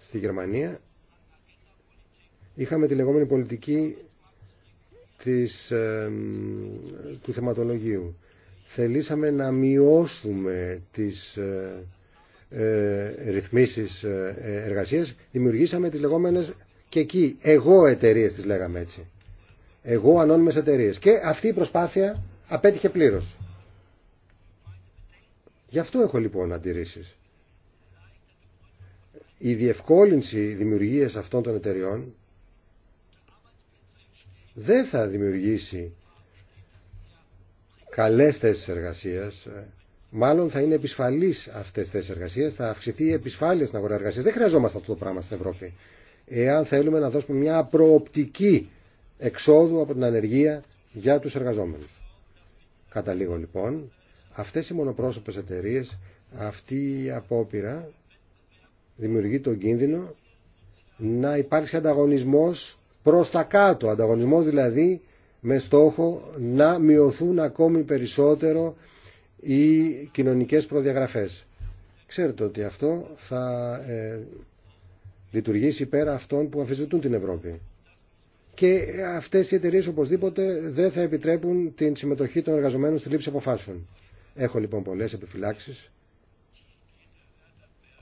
Στη Γερμανία είχαμε τη λεγόμενη πολιτική της, του θεματολογίου. Θελήσαμε να μειώσουμε τις... Ε, ε, ρυθμίσεις ε, ε, εργασίας δημιουργήσαμε τις λεγόμενες και εκεί εγώ εταιρείε τις λέγαμε έτσι. Εγώ ανώνυμες εταιρείε. Και αυτή η προσπάθεια απέτυχε πλήρως. Γι' αυτό έχω λοιπόν αντιρρήσεις. Η διευκόλυνση δημιουργίας αυτών των εταιριών δεν θα δημιουργήσει καλές θέσεις εργασίας, μάλλον θα είναι επισφαλεί αυτέ τι θέσει εργασία, θα αυξηθεί η επισφάλεια στην αγορά εργασία. Δεν χρειαζόμαστε αυτό το πράγμα στην Ευρώπη. Εάν θέλουμε να δώσουμε μια προοπτική εξόδου από την ανεργία για του εργαζόμενου. Κατά λίγο λοιπόν, αυτέ οι μονοπρόσωπε εταιρείε, αυτή η απόπειρα δημιουργεί τον κίνδυνο να υπάρξει ανταγωνισμός προς τα κάτω. Ανταγωνισμός δηλαδή με στόχο να μειωθούν ακόμη περισσότερο ή κοινωνικές προδιαγραφές. Ξέρετε ότι αυτό θα ε, λειτουργήσει πέρα αυτών που αμφισβητούν την Ευρώπη. Και αυτές οι εταιρείε οπωσδήποτε δεν θα επιτρέπουν την συμμετοχή των εργαζομένων στη λήψη αποφάσεων. Έχω λοιπόν πολλές επιφυλάξεις.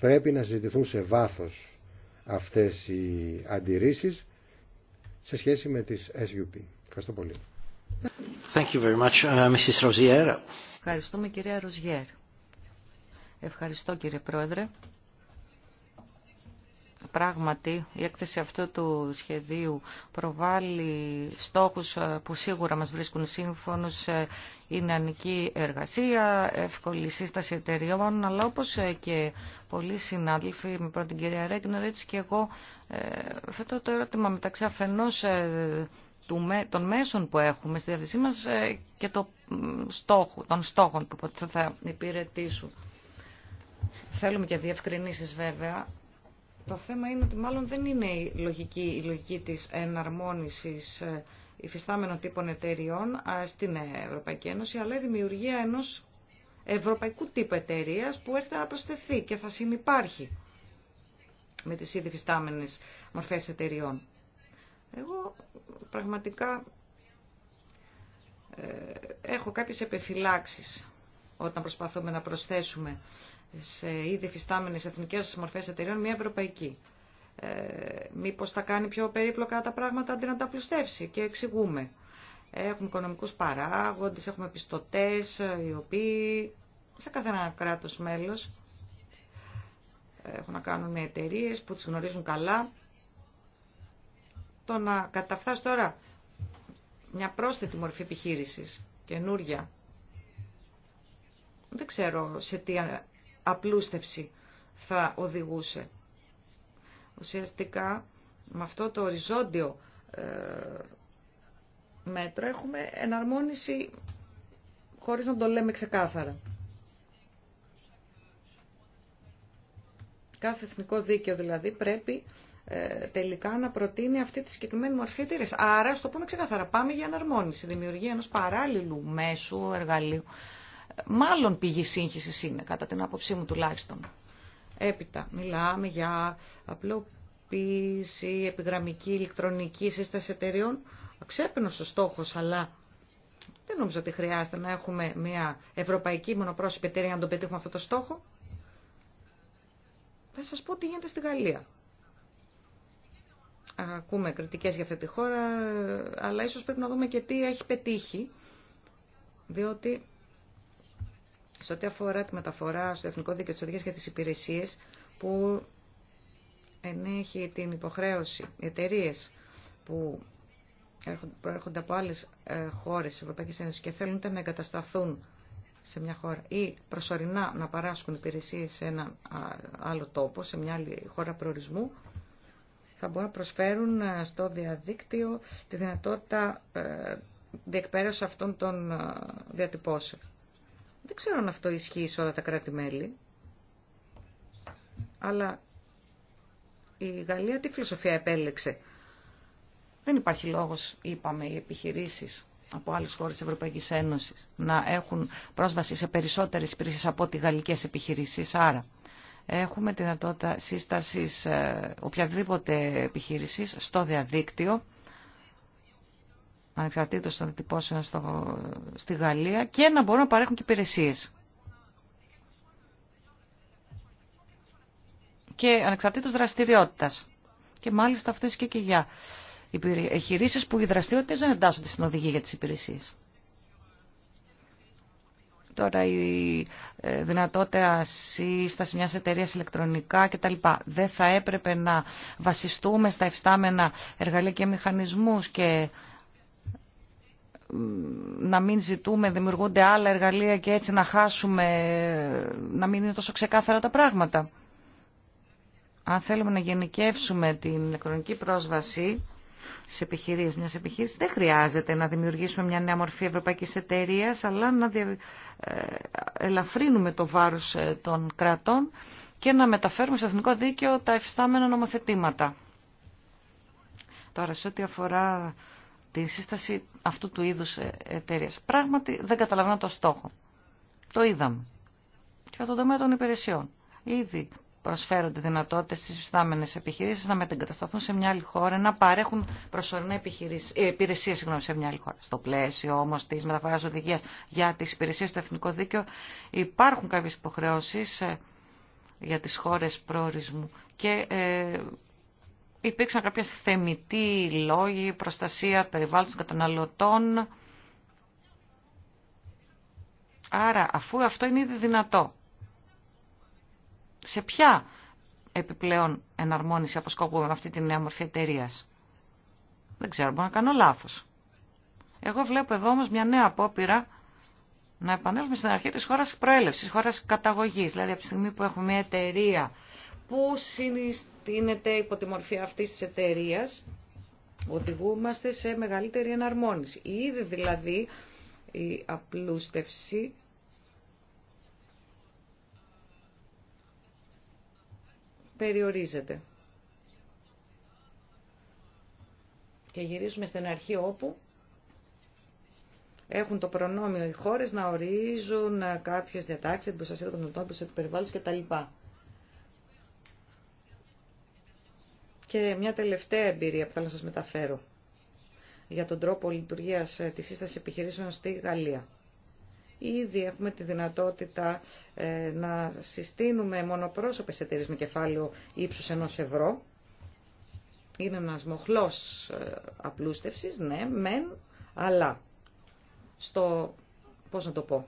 Πρέπει να συζητηθούν σε βάθος αυτές οι αντιρρήσεις σε σχέση με τις SUP. Ευχαριστώ πολύ. Thank you very much, uh, Mrs. Ευχαριστούμε κυρία Ρουζιέρ. Ευχαριστώ κύριε Πρόεδρε. Πράγματι, η έκθεση αυτού του σχεδίου προβάλλει στόχους ε, που σίγουρα μας βρίσκουν σύμφωνος. Η ε, ανική εργασία, εύκολη σύσταση εταιριών, αλλά όπως ε, και πολλοί συνάδελφοι, με πρώτη κυρία Ρέγκνερ, έτσι και εγώ, φέτο το ερώτημα μεταξύ αφενός των μέσων που έχουμε στη διάθεσή μας ε, και το στόχο, των στόχων που θα υπηρετήσουν. Θέλουμε και διευκρινήσεις βέβαια. Το θέμα είναι ότι μάλλον δεν είναι η λογική, η λογική της εναρμόνισης ε, υφιστάμενων τύπων εταιριών στην Ευρωπαϊκή Ένωση, αλλά η δημιουργία ενός ευρωπαϊκού τύπου εταιρείας που έρχεται να προσθεθεί και θα συνεπάρχει με τις ήδη υφιστάμενες μορφές εταιριών. Εγώ πραγματικά ε, έχω κάποιες επιφυλάξεις όταν προσπαθούμε να προσθέσουμε σε ήδη φυστάμενες εθνικές μορφές εταιρεών μια ευρωπαϊκή. Ε, μήπως θα κάνει πιο περίπλοκα τα πράγματα αντί να τα πλουστεύσει και εξηγούμε. Έχουμε οικονομικούς παράγοντες, έχουμε πιστωτές ε, οι οποίοι σε ένα κράτος μέλος έχουν να κάνουν που τις γνωρίζουν καλά το να καταφτάσει τώρα μια πρόσθετη μορφή επιχείρησης, καινούρια, δεν ξέρω σε τι απλούστευση θα οδηγούσε. Ουσιαστικά με αυτό το οριζόντιο ε, μέτρο έχουμε εναρμόνιση χωρίς να το λέμε ξεκάθαρα. Κάθε εθνικό δίκαιο δηλαδή πρέπει ε, τελικά να προτείνει αυτή τη συγκεκριμένη μορφή εταιρεία. Άρα, στο πούμε ξεκάθαρα, πάμε για αναρμόνιση, δημιουργία ενό παράλληλου μέσου εργαλείου. Μάλλον πηγή σύγχυση είναι, κατά την άποψή μου τουλάχιστον. Έπειτα, μιλάμε για απλοποίηση, επιγραμμική, ηλεκτρονική σύσταση εταιρεών. Ξέπαινος ο στόχος, αλλά δεν νομίζω ότι χρειάζεται να έχουμε μια ευρωπαϊκή μονοπρόσωπη εταιρεία να τον πετύχουμε αυτό το στόχο. Θα σας πω τι γίνεται στη Γαλλία ακούμε κριτικές για αυτή τη χώρα, αλλά ίσως πρέπει να δούμε και τι έχει πετύχει, διότι σε ό,τι αφορά τη μεταφορά στο Εθνικό Δίκαιο της Οδηγίας για τις Υπηρεσίες, που ενέχει την υποχρέωση εταιρείε που προέρχονται από άλλες ε, χώρες της Ευρωπαϊκής Ένωσης και θέλουν να εγκατασταθούν σε μια χώρα ή προσωρινά να παράσχουν υπηρεσίες σε ένα άλλο τόπο, σε μια άλλη χώρα προορισμού, θα μπορούν να προσφέρουν ε, στο διαδίκτυο τη δυνατότητα ε, διεκπέρασης αυτών των ε, διατυπώσεων. Δεν ξέρω αν αυτό ισχύει σε όλα τα κράτη-μέλη, αλλά η Γαλλία τι φιλοσοφία επέλεξε. Δεν υπάρχει λόγος, είπαμε, οι επιχειρήσεις από άλλες χώρες της Ευρωπαϊκής Ένωσης να έχουν πρόσβαση σε περισσότερες υπηρεσίες από τις γαλλικές επιχειρήσεις. Άρα, έχουμε τη δυνατότητα σύστασης ε, οποιαδήποτε επιχείρησης στο διαδίκτυο, ανεξαρτήτως των τυπώσεων στο, στη Γαλλία και να μπορούν να παρέχουν και υπηρεσίες. Και ανεξαρτήτως δραστηριότητας. Και μάλιστα αυτές και, και για επιχειρήσεις που οι δραστηριότητες δεν εντάσσονται στην οδηγία για τις υπηρεσίες τώρα η ε, δυνατότητα σύσταση μιας εταιρείας ηλεκτρονικά κτλ. Δεν θα έπρεπε να βασιστούμε στα εφτάμενα εργαλεία και μηχανισμούς και να μην ζητούμε, δημιουργούνται άλλα εργαλεία και έτσι να χάσουμε, να μην είναι τόσο ξεκάθαρα τα πράγματα. Αν θέλουμε να γενικεύσουμε την ηλεκτρονική πρόσβαση, σε επιχειρήσει μια επιχειρήση Δεν χρειάζεται να δημιουργήσουμε μια νέα μορφή ευρωπαϊκής εταιρεία, αλλά να ε, ελαφρύνουμε το βάρος ε, των κρατών και να μεταφέρουμε στο εθνικό δίκαιο τα εφιστάμενα νομοθετήματα. Τώρα, σε ό,τι αφορά τη σύσταση αυτού του είδους ε, εταιρείας. Πράγματι, δεν καταλαβαίνω το στόχο. Το είδαμε. Και το τομέα των υπηρεσιών. Ήδη προσφέρονται δυνατότητε στι υφιστάμενε επιχειρήσει να μετεγκατασταθούν σε μια άλλη χώρα, να παρέχουν προσωρινά ε, υπηρεσίε σε μια άλλη χώρα. Στο πλαίσιο όμω τη μεταφορά οδηγία για τι υπηρεσίε του εθνικό δίκαιο, υπάρχουν κάποιε υποχρεώσει ε, για τι χώρε προορισμού και ε, υπήρξαν κάποια θεμητοί λόγοι, προστασία περιβάλλοντος καταναλωτών. Άρα, αφού αυτό είναι ήδη δυνατό σε ποια επιπλέον εναρμόνιση αποσκόπουμε με αυτή τη νέα μορφή εταιρεία. Δεν ξέρω, μπορώ να κάνω λάθος. Εγώ βλέπω εδώ όμως μια νέα απόπειρα να επανέλθουμε στην αρχή της χώρας προέλευσης, της χώρας καταγωγής. Δηλαδή από τη στιγμή που έχουμε μια εταιρεία που συνιστήνεται υπό τη μορφή αυτής της εταιρεία, οδηγούμαστε σε μεγαλύτερη εναρμόνιση. Ήδη δηλαδή η απλούστευση περιορίζεται. Και γυρίζουμε στην αρχή όπου έχουν το προνόμιο οι χώρες να ορίζουν κάποιες διατάξεις, την προστασία των κοινωνικών, την προστασία του κτλ. Και μια τελευταία εμπειρία που θέλω να σας μεταφέρω για τον τρόπο λειτουργίας ε, της σύσταση επιχειρήσεων στη Γαλλία. Ήδη έχουμε τη δυνατότητα ε, να συστήνουμε μονοπρόσωπες εταιρείε με κεφάλαιο ύψους ενός ευρώ. Είναι ένας μοχλός ε, απλούστευσης, ναι, μεν, αλλά στο, πώς να το πω,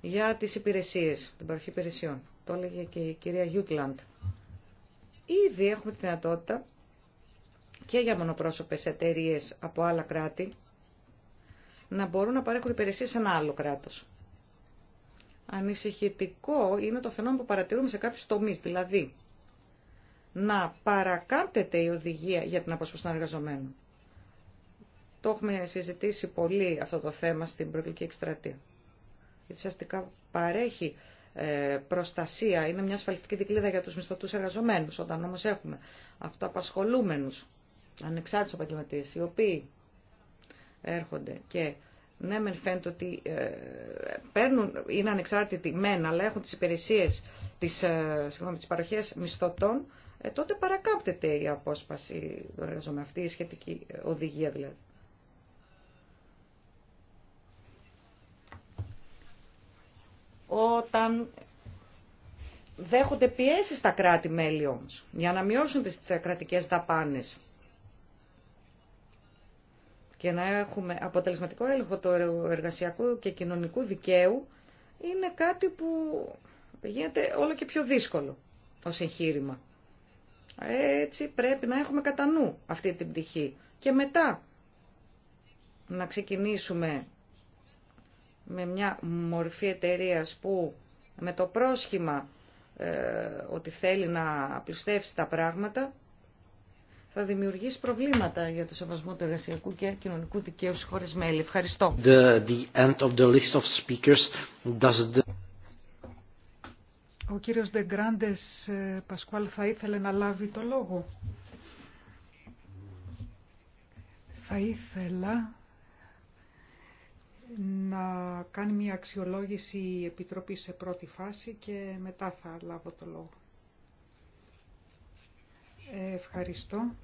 για τις υπηρεσίες, την παροχή υπηρεσιών. Το έλεγε και η κυρία Γιούτλαντ. Ήδη έχουμε τη δυνατότητα και για μονοπρόσωπες εταιρείε από άλλα κράτη να μπορούν να παρέχουν υπηρεσίες σε ένα άλλο κράτος. Ανησυχητικό είναι το φαινόμενο που παρατηρούμε σε κάποιους τομείς, δηλαδή να παρακάπτεται η οδηγία για την απασχόληση των εργαζομένων. Το έχουμε συζητήσει πολύ αυτό το θέμα στην προκλητική εκστρατεία. Γιατί ουσιαστικά παρέχει ε, προστασία, είναι μια ασφαλιστική δικλίδα για τους μισθωτούς εργαζομένους, όταν όμως έχουμε αυτοαπασχολούμενους, ανεξάρτητους επαγγελματίε, οι οποίοι έρχονται και ναι, μεν φαίνεται ότι ε, παίρνουν, είναι ανεξάρτητοι μεν, αλλά έχουν τις υπηρεσίες, της ε, συγγνώμη, μισθωτών, ε, τότε παρακάπτεται η απόσπαση με αυτή, η σχετική ε, οδηγία δηλαδή. Όταν δέχονται πιέσεις στα κράτη-μέλη όμως, για να μειώσουν τις κρατικές δαπάνες, και να έχουμε αποτελεσματικό έλεγχο του εργασιακού και κοινωνικού δικαίου είναι κάτι που γίνεται όλο και πιο δύσκολο ως εγχείρημα. Έτσι πρέπει να έχουμε κατά νου αυτή την πτυχή. Και μετά να ξεκινήσουμε με μια μορφή εταιρεία που με το πρόσχημα ε, ότι θέλει να απλουστεύσει τα πράγματα θα δημιουργήσει προβλήματα για το σεβασμό του εργασιακού και κοινωνικού δικαίου στις μέλη. Ευχαριστώ. The, the end of the list of speakers does the... Ο κύριος Ντεγκράντες Πασκουάλ θα ήθελε να λάβει το λόγο. Θα ήθελα να κάνει μια αξιολόγηση η Επιτροπή σε πρώτη φάση και μετά θα λάβω το λόγο. Ε, ευχαριστώ.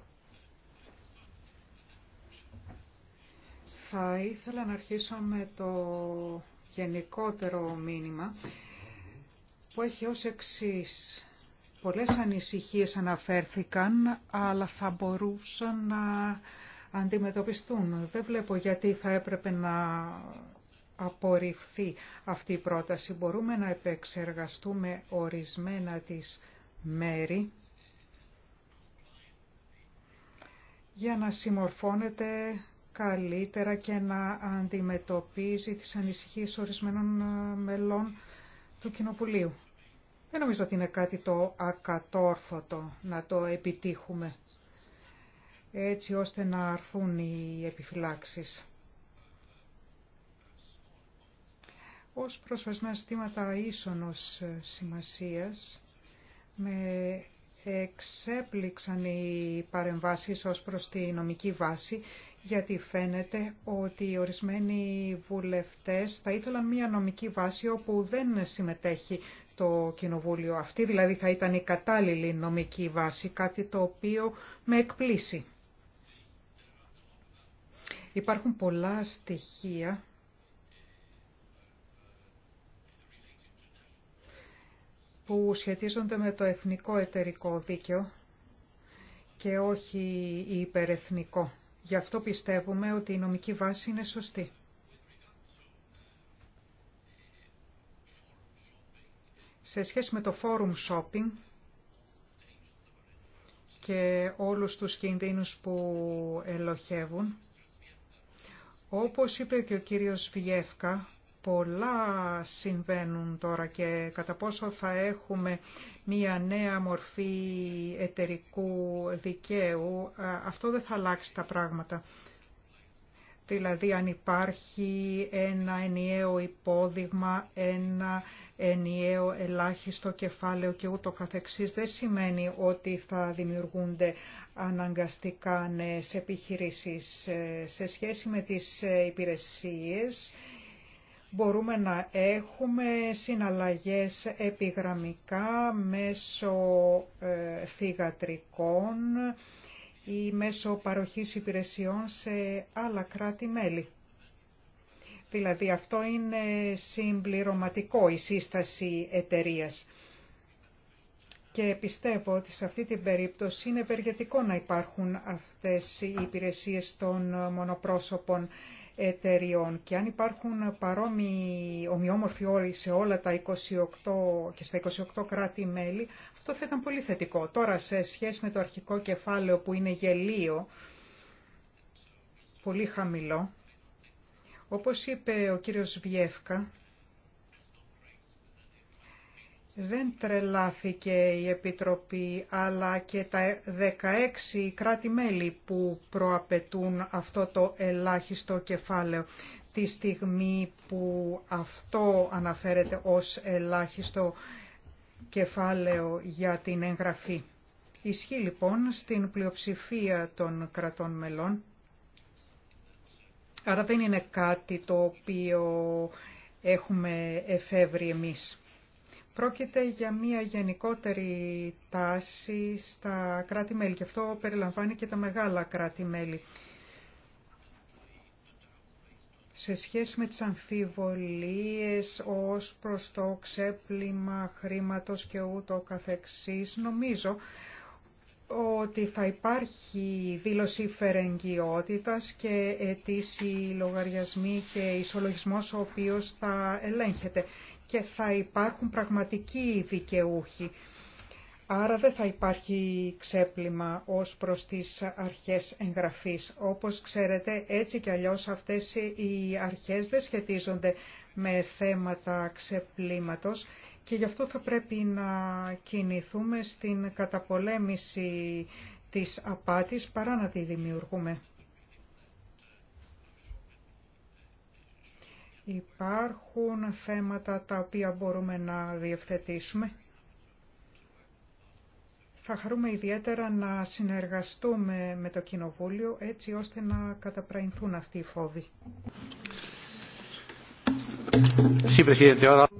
Θα ήθελα να αρχίσω με το γενικότερο μήνυμα που έχει ως εξής. Πολλές ανησυχίες αναφέρθηκαν, αλλά θα μπορούσαν να αντιμετωπιστούν. Δεν βλέπω γιατί θα έπρεπε να απορριφθεί αυτή η πρόταση. Μπορούμε να επεξεργαστούμε ορισμένα της μέρη για να συμμορφώνεται καλύτερα και να αντιμετωπίζει τις ανησυχίες ορισμένων ε, μελών του Κοινοβουλίου. Δεν νομίζω ότι είναι κάτι το ακατόρθωτο να το επιτύχουμε, έτσι ώστε να αρθούν οι επιφυλάξεις. Ως προσφασμένα ζητήματα ίσονος ε, σημασίας, με εξέπληξαν οι παρεμβάσεις ως προς τη νομική βάση γιατί φαίνεται ότι ορισμένοι βουλευτές θα ήθελαν μια νομική βάση όπου δεν συμμετέχει το Κοινοβούλιο. Αυτή δηλαδή θα ήταν η κατάλληλη νομική βάση, κάτι το οποίο με εκπλήσει. Υπάρχουν πολλά στοιχεία που σχετίζονται με το εθνικό εταιρικό δίκαιο και όχι υπερεθνικό. Γι' αυτό πιστεύουμε ότι η νομική βάση είναι σωστή. Σε σχέση με το forum shopping και όλους τους κινδύνους που ελοχεύουν, όπως είπε και ο κύριος Βιέφκα, πολλά συμβαίνουν τώρα και κατά πόσο θα έχουμε μία νέα μορφή εταιρικού δικαίου, αυτό δεν θα αλλάξει τα πράγματα. Δηλαδή αν υπάρχει ένα ενιαίο υπόδειγμα, ένα ενιαίο ελάχιστο κεφάλαιο και ούτω καθεξής, δεν σημαίνει ότι θα δημιουργούνται αναγκαστικά νέες επιχειρήσεις ε, σε σχέση με τις ε, υπηρεσίες μπορούμε να έχουμε συναλλαγές επιγραμμικά μέσω ε, θυγατρικών ή μέσω παροχής υπηρεσιών σε άλλα κράτη-μέλη. Δηλαδή αυτό είναι συμπληρωματικό η σύσταση εταιρείας. Και πιστεύω ότι σε αυτή την περίπτωση είναι ευεργετικό να υπάρχουν αυτές οι υπηρεσίες των μονοπρόσωπων εταιριών και αν υπάρχουν παρόμοιοι ομοιόμορφοι όροι σε όλα τα 28 και στα 28 κράτη-μέλη, αυτό θα ήταν πολύ θετικό. Τώρα σε σχέση με το αρχικό κεφάλαιο που είναι γελίο, πολύ χαμηλό, όπως είπε ο κύριος Βιέφκα, δεν τρελάθηκε η Επιτροπή αλλά και τα 16 κράτη-μέλη που προαπαιτούν αυτό το ελάχιστο κεφάλαιο τη στιγμή που αυτό αναφέρεται ως ελάχιστο κεφάλαιο για την εγγραφή. Ισχύει λοιπόν στην πλειοψηφία των κρατών μελών, άρα δεν είναι κάτι το οποίο έχουμε εφεύρει εμείς. Πρόκειται για μια γενικότερη τάση στα κράτη-μέλη και αυτό περιλαμβάνει και τα μεγάλα κράτη-μέλη. Σε σχέση με τις αμφιβολίες ως προς το ξέπλυμα χρήματος και ούτω καθεξής, νομίζω ότι θα υπάρχει δήλωση φερεγγιότητας και αιτήσιοι λογαριασμοί και ισολογισμός ο οποίος θα ελέγχεται και θα υπάρχουν πραγματικοί δικαιούχοι. Άρα δεν θα υπάρχει ξέπλυμα ως προς τις αρχές εγγραφής. Όπως ξέρετε, έτσι κι αλλιώς αυτές οι αρχές δεν σχετίζονται με θέματα ξεπλήματος και γι' αυτό θα πρέπει να κινηθούμε στην καταπολέμηση της απάτης παρά να τη δημιουργούμε. Υπάρχουν θέματα τα οποία μπορούμε να διευθετήσουμε. Θα χαρούμε ιδιαίτερα να συνεργαστούμε με το Κοινοβούλιο έτσι ώστε να καταπραϊνθούν αυτοί οι φόβοι.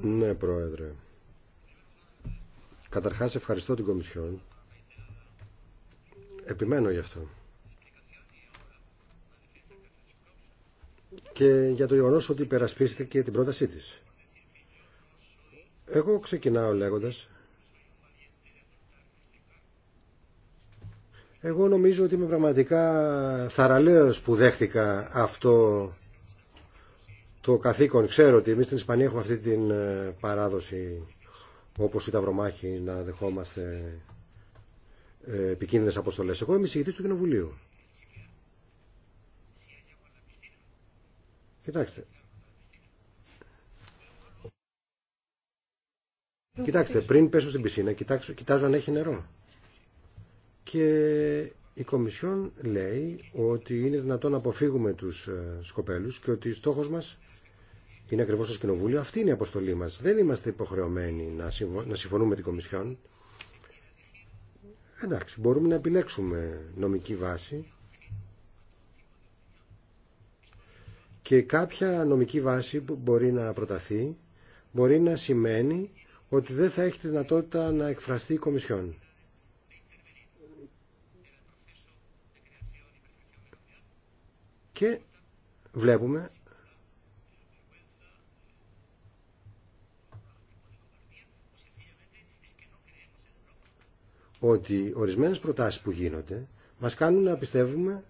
Ναι, Πρόεδρε. Καταρχάς ευχαριστώ την Κομισιόν. Επιμένω γι' αυτό. και για το γεγονό ότι υπερασπίστηκε την πρότασή της. Εγώ ξεκινάω λέγοντας Εγώ νομίζω ότι είμαι πραγματικά θαραλέος που δέχτηκα αυτό το καθήκον. Ξέρω ότι εμείς στην Ισπανία έχουμε αυτή την ε, παράδοση όπως η Ταυρομάχη να δεχόμαστε ε, επικίνδυνες αποστολές. Εγώ είμαι συγητής του Κοινοβουλίου. Κοιτάξτε. Κοιτάξτε, πριν πέσω στην πισίνα, κοιτάξω, κοιτάζω αν έχει νερό. Και η Κομισιόν λέει ότι είναι δυνατόν να αποφύγουμε τους ε, σκοπέλους και ότι στόχος μας είναι ακριβώς το Κοινοβούλιο. Αυτή είναι η αποστολή μας. Δεν είμαστε υποχρεωμένοι να συμφωνούμε με την Κομισιόν. Εντάξει, μπορούμε να επιλέξουμε νομική βάση και κάποια νομική βάση που μπορεί να προταθεί μπορεί να σημαίνει ότι δεν θα έχει τη δυνατότητα να εκφραστεί η Κομισιόν. Και βλέπουμε ότι ορισμένες προτάσεις που γίνονται μας κάνουν να πιστεύουμε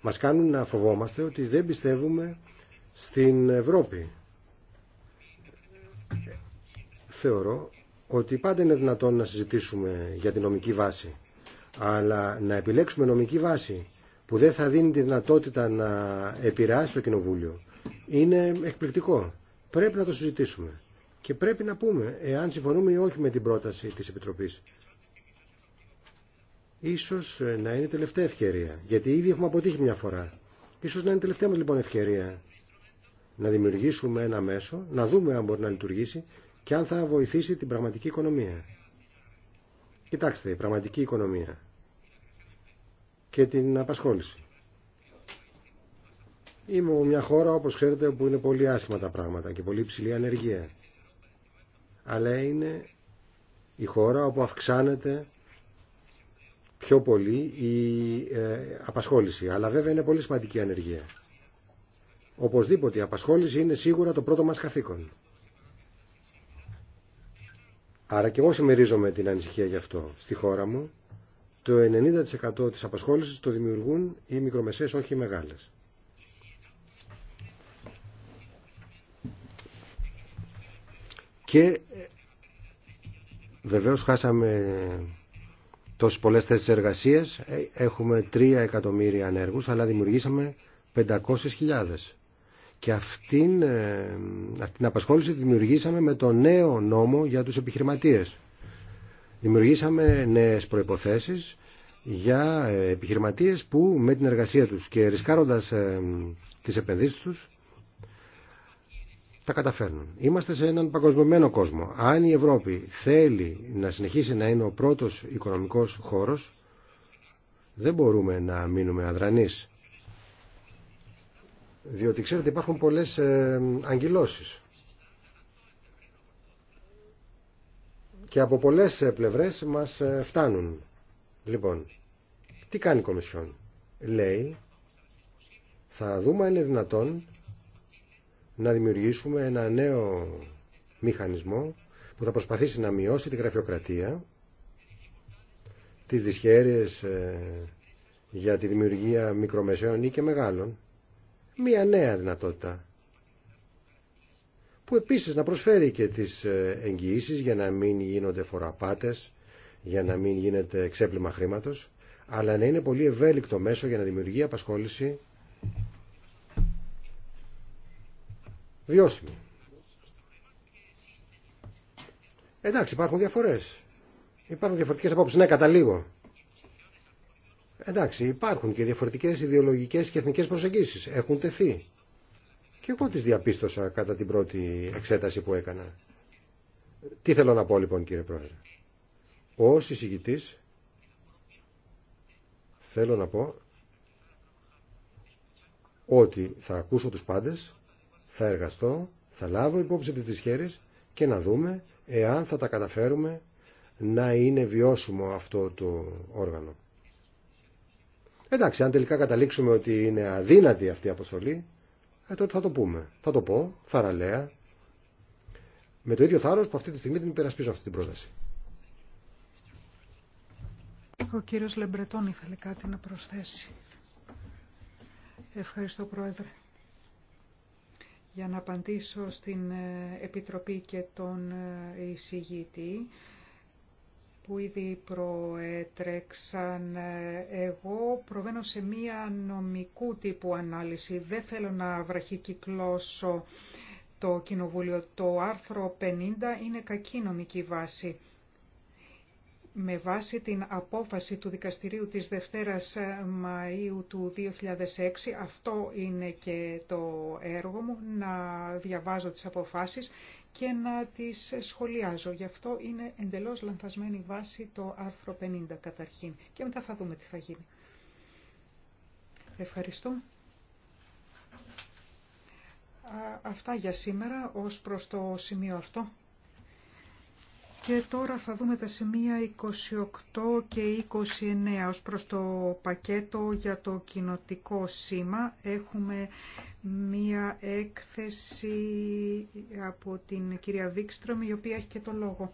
μας κάνουν να φοβόμαστε ότι δεν πιστεύουμε στην Ευρώπη. Θεωρώ ότι πάντα είναι δυνατόν να συζητήσουμε για την νομική βάση, αλλά να επιλέξουμε νομική βάση που δεν θα δίνει τη δυνατότητα να επηρεάσει το Κοινοβούλιο, είναι εκπληκτικό. Πρέπει να το συζητήσουμε. Και πρέπει να πούμε εάν συμφωνούμε ή όχι με την πρόταση της Επιτροπής. Ίσως ε, να είναι τελευταία ευκαιρία, γιατί ήδη έχουμε αποτύχει μια φορά. Ίσως να είναι τελευταία μας λοιπόν ευκαιρία να δημιουργήσουμε ένα μέσο, να δούμε αν μπορεί να λειτουργήσει και αν θα βοηθήσει την πραγματική οικονομία. Κοιτάξτε, η πραγματική οικονομία και την απασχόληση. Είμαι μια χώρα, όπως ξέρετε, που είναι πολύ άσχημα τα πράγματα και πολύ ψηλή ανεργία. Αλλά είναι η χώρα όπου αυξάνεται πιο πολύ η ε, απασχόληση. Αλλά βέβαια είναι πολύ σημαντική η ανεργία. Οπωσδήποτε η απασχόληση είναι σίγουρα το πρώτο μας καθήκον. Άρα και εγώ συμμερίζομαι την ανησυχία γι' αυτό. Στη χώρα μου το 90% της απασχόλησης το δημιουργούν οι μικρομεσαίες, όχι οι μεγάλες. Και ε, βεβαίως χάσαμε τόσε πολλέ θέσει εργασία. Ε, έχουμε 3 εκατομμύρια ανέργου, αλλά δημιουργήσαμε 500.000. Και ε, αυτήν, την απασχόληση δημιουργήσαμε με το νέο νόμο για του επιχειρηματίε. Δημιουργήσαμε νέε προποθέσει για ε, επιχειρηματίε που με την εργασία του και ρισκάροντας τι επενδύσει του τα καταφέρνουν. Είμαστε σε έναν παγκοσμιωμένο κόσμο. Αν η Ευρώπη θέλει να συνεχίσει να είναι ο πρώτος οικονομικός χώρος, δεν μπορούμε να μείνουμε αδρανείς. Διότι ξέρετε υπάρχουν πολλές ε, Και από πολλές ε, πλευρές μας ε, φτάνουν. Λοιπόν, τι κάνει η Κομισιόν. Λέει, θα δούμε αν είναι δυνατόν να δημιουργήσουμε ένα νέο μηχανισμό που θα προσπαθήσει να μειώσει τη γραφειοκρατία, τις δυσχέρειες ε, για τη δημιουργία μικρομεσαίων ή και μεγάλων. Μία νέα δυνατότητα που επίσης να προσφέρει και τις ε, εγγυήσει για να μην γίνονται φοραπάτες, για να μην γίνεται ξέπλυμα χρήματος, αλλά να είναι πολύ ευέλικτο μέσο για να δημιουργεί απασχόληση Εντάξει, υπάρχουν διαφορές. Υπάρχουν διαφορετικές απόψεις. Ναι, λίγο. Εντάξει, υπάρχουν και διαφορετικές ιδεολογικές και εθνικέ προσεγγίσεις. Έχουν τεθεί. Και εγώ τι διαπίστωσα κατά την πρώτη εξέταση που έκανα. Τι θέλω να πω λοιπόν κύριε Πρόεδρε. Ως εισηγητής θέλω να πω ότι θα ακούσω τους πάντες θα εργαστώ, θα λάβω υπόψη της δυσχέρειας και να δούμε εάν θα τα καταφέρουμε να είναι βιώσιμο αυτό το όργανο. Εντάξει, αν τελικά καταλήξουμε ότι είναι αδύνατη αυτή η αποστολή, ε, τότε θα το πούμε. Θα το πω, θαραλέα, με το ίδιο θάρρος που αυτή τη στιγμή την υπερασπίζω αυτή την πρόταση. Ο κύριος Λεμπρετών ήθελε κάτι να προσθέσει. Ευχαριστώ, Πρόεδρε για να απαντήσω στην ε, Επιτροπή και τον ε, εισηγητή που ήδη προέτρεξαν ε, εγώ προβαίνω σε μία νομικού τύπου ανάλυση. Δεν θέλω να βραχικυκλώσω το Κοινοβούλιο. Το άρθρο 50 είναι κακή νομική βάση με βάση την απόφαση του δικαστηρίου της Δευτέρας Μαΐου του 2006, αυτό είναι και το έργο μου, να διαβάζω τις αποφάσεις και να τις σχολιάζω. Γι' αυτό είναι εντελώς λανθασμένη βάση το άρθρο 50 καταρχήν. Και μετά θα δούμε τι θα γίνει. Ευχαριστώ. Αυτά για σήμερα ως προς το σημείο αυτό. Και τώρα θα δούμε τα σημεία 28 και 29 ως προς το πακέτο για το κοινοτικό σήμα. Έχουμε μία έκθεση από την κυρία Βίκστρομ η οποία έχει και το λόγο.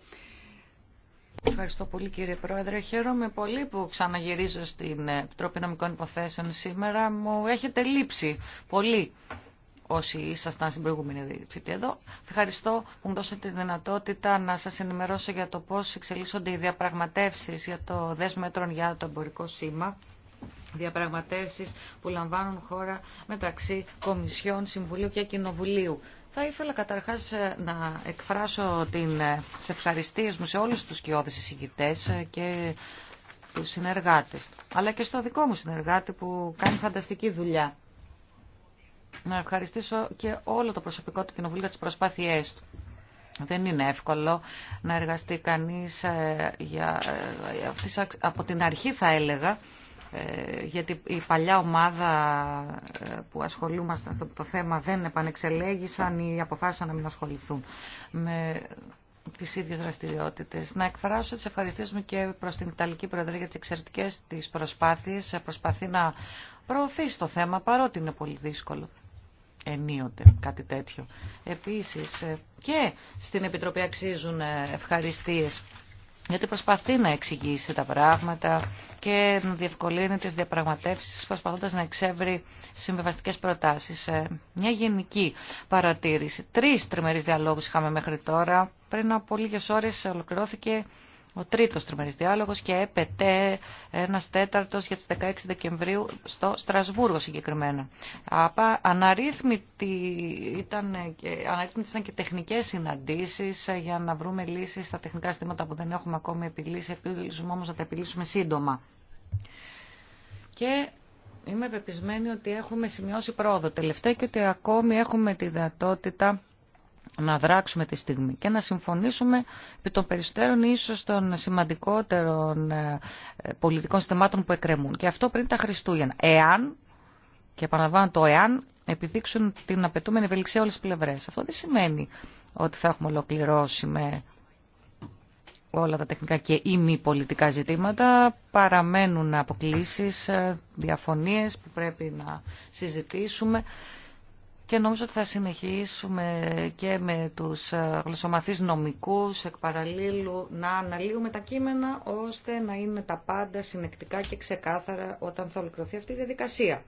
Ευχαριστώ πολύ κύριε Πρόεδρε. Χαίρομαι πολύ που ξαναγυρίζω στην Επιτροπή Νομικών Υποθέσεων σήμερα. Μου έχετε λείψει πολύ όσοι ήσασταν στην προηγούμενη διευθυντή εδώ. Ευχαριστώ που μου δώσατε τη δυνατότητα να σας ενημερώσω για το πώς εξελίσσονται οι διαπραγματεύσεις για το δεσμετρον για το εμπορικό σήμα. Διαπραγματεύσεις που λαμβάνουν χώρα μεταξύ Κομισιών, Συμβουλίου και Κοινοβουλίου. Θα ήθελα καταρχάς ε, να εκφράσω την ε, ευχαριστίες μου σε όλους τους κοιόδες εισηγητές ε, και τους συνεργάτες, αλλά και στο δικό μου συνεργάτη που κάνει φανταστική δουλειά να ευχαριστήσω και όλο το προσωπικό του Κοινοβουλίου για τις προσπάθειές του. Δεν είναι εύκολο να εργαστεί κανείς ε, για, ε, από την αρχή θα έλεγα, ε, γιατί η παλιά ομάδα που ασχολούμασταν στο το θέμα δεν επανεξελέγησαν ή αποφάσισαν να μην ασχοληθούν με τις ίδιες δραστηριότητες. Να εκφράσω τις ευχαριστήσεις μου και προς την Ιταλική Προεδρία για τις εξαιρετικές της προσπάθειες. Προσπαθεί να προωθήσει το θέμα παρότι είναι πολύ δύσκολο ενίοτε κάτι τέτοιο. Επίσης ε, και στην Επιτροπή αξίζουν ε, ευχαριστίες γιατί προσπαθεί να εξηγήσει τα πράγματα και να διευκολύνει τις διαπραγματεύσεις προσπαθώντας να εξεύρει συμβεβαστικές προτάσεις. Ε, μια γενική παρατήρηση. Τρεις τριμερείς διαλόγους είχαμε μέχρι τώρα. Πριν από λίγες ώρες ολοκληρώθηκε ο τρίτος τριμερής διάλογος και έπεται ένας τέταρτος για τις 16 Δεκεμβρίου στο Στρασβούργο συγκεκριμένα. Απα, αναρρύθμιτη ήταν, ήταν και τεχνικές συναντήσεις για να βρούμε λύσεις στα τεχνικά στήματα που δεν έχουμε ακόμη επιλύσει. Επιλύσουμε όμως να τα επιλύσουμε σύντομα. Και είμαι πεπισμένη ότι έχουμε σημειώσει πρόοδο τελευταία και ότι ακόμη έχουμε τη δυνατότητα να δράξουμε τη στιγμή και να συμφωνήσουμε επί των περισσότερων ίσως των σημαντικότερων ε, πολιτικών συστημάτων που εκκρεμούν. Και αυτό πριν τα Χριστούγεννα. Εάν, και επαναλαμβάνω το εάν, επιδείξουν την απαιτούμενη ευελιξία όλες τις πλευρές. Αυτό δεν σημαίνει ότι θα έχουμε ολοκληρώσει με όλα τα τεχνικά και ή μη πολιτικά ζητήματα. Παραμένουν αποκλήσεις, ε, διαφωνίες που πρέπει να συζητήσουμε και νομίζω ότι θα συνεχίσουμε και με τους ε, γλωσσομαθείς νομικούς εκ παραλίλου να αναλύουμε τα κείμενα ώστε να είναι τα πάντα συνεκτικά και ξεκάθαρα όταν θα ολοκληρωθεί αυτή η διαδικασία.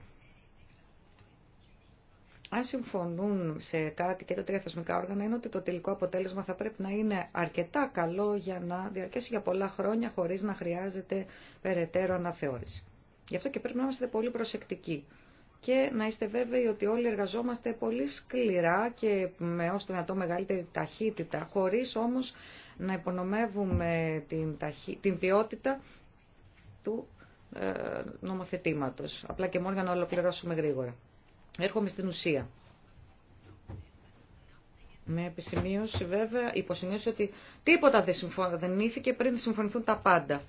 Αν συμφωνούν σε κάτι και τα τρία θεσμικά όργανα είναι ότι το τελικό αποτέλεσμα θα πρέπει να είναι αρκετά καλό για να διαρκέσει για πολλά χρόνια χωρίς να χρειάζεται περαιτέρω αναθεώρηση. Γι' αυτό και πρέπει να είμαστε πολύ προσεκτικοί και να είστε βέβαιοι ότι όλοι εργαζόμαστε πολύ σκληρά και με ως το δυνατό μεγαλύτερη ταχύτητα, χωρίς όμως να υπονομεύουμε την, την ποιότητα του ε, νομοθετήματος. Απλά και μόνο για να ολοκληρώσουμε γρήγορα. Έρχομαι στην ουσία. Με επισημείωση βέβαια, υποσημείωση ότι τίποτα δεν, συμφωνήθηκε πριν συμφωνηθούν τα πάντα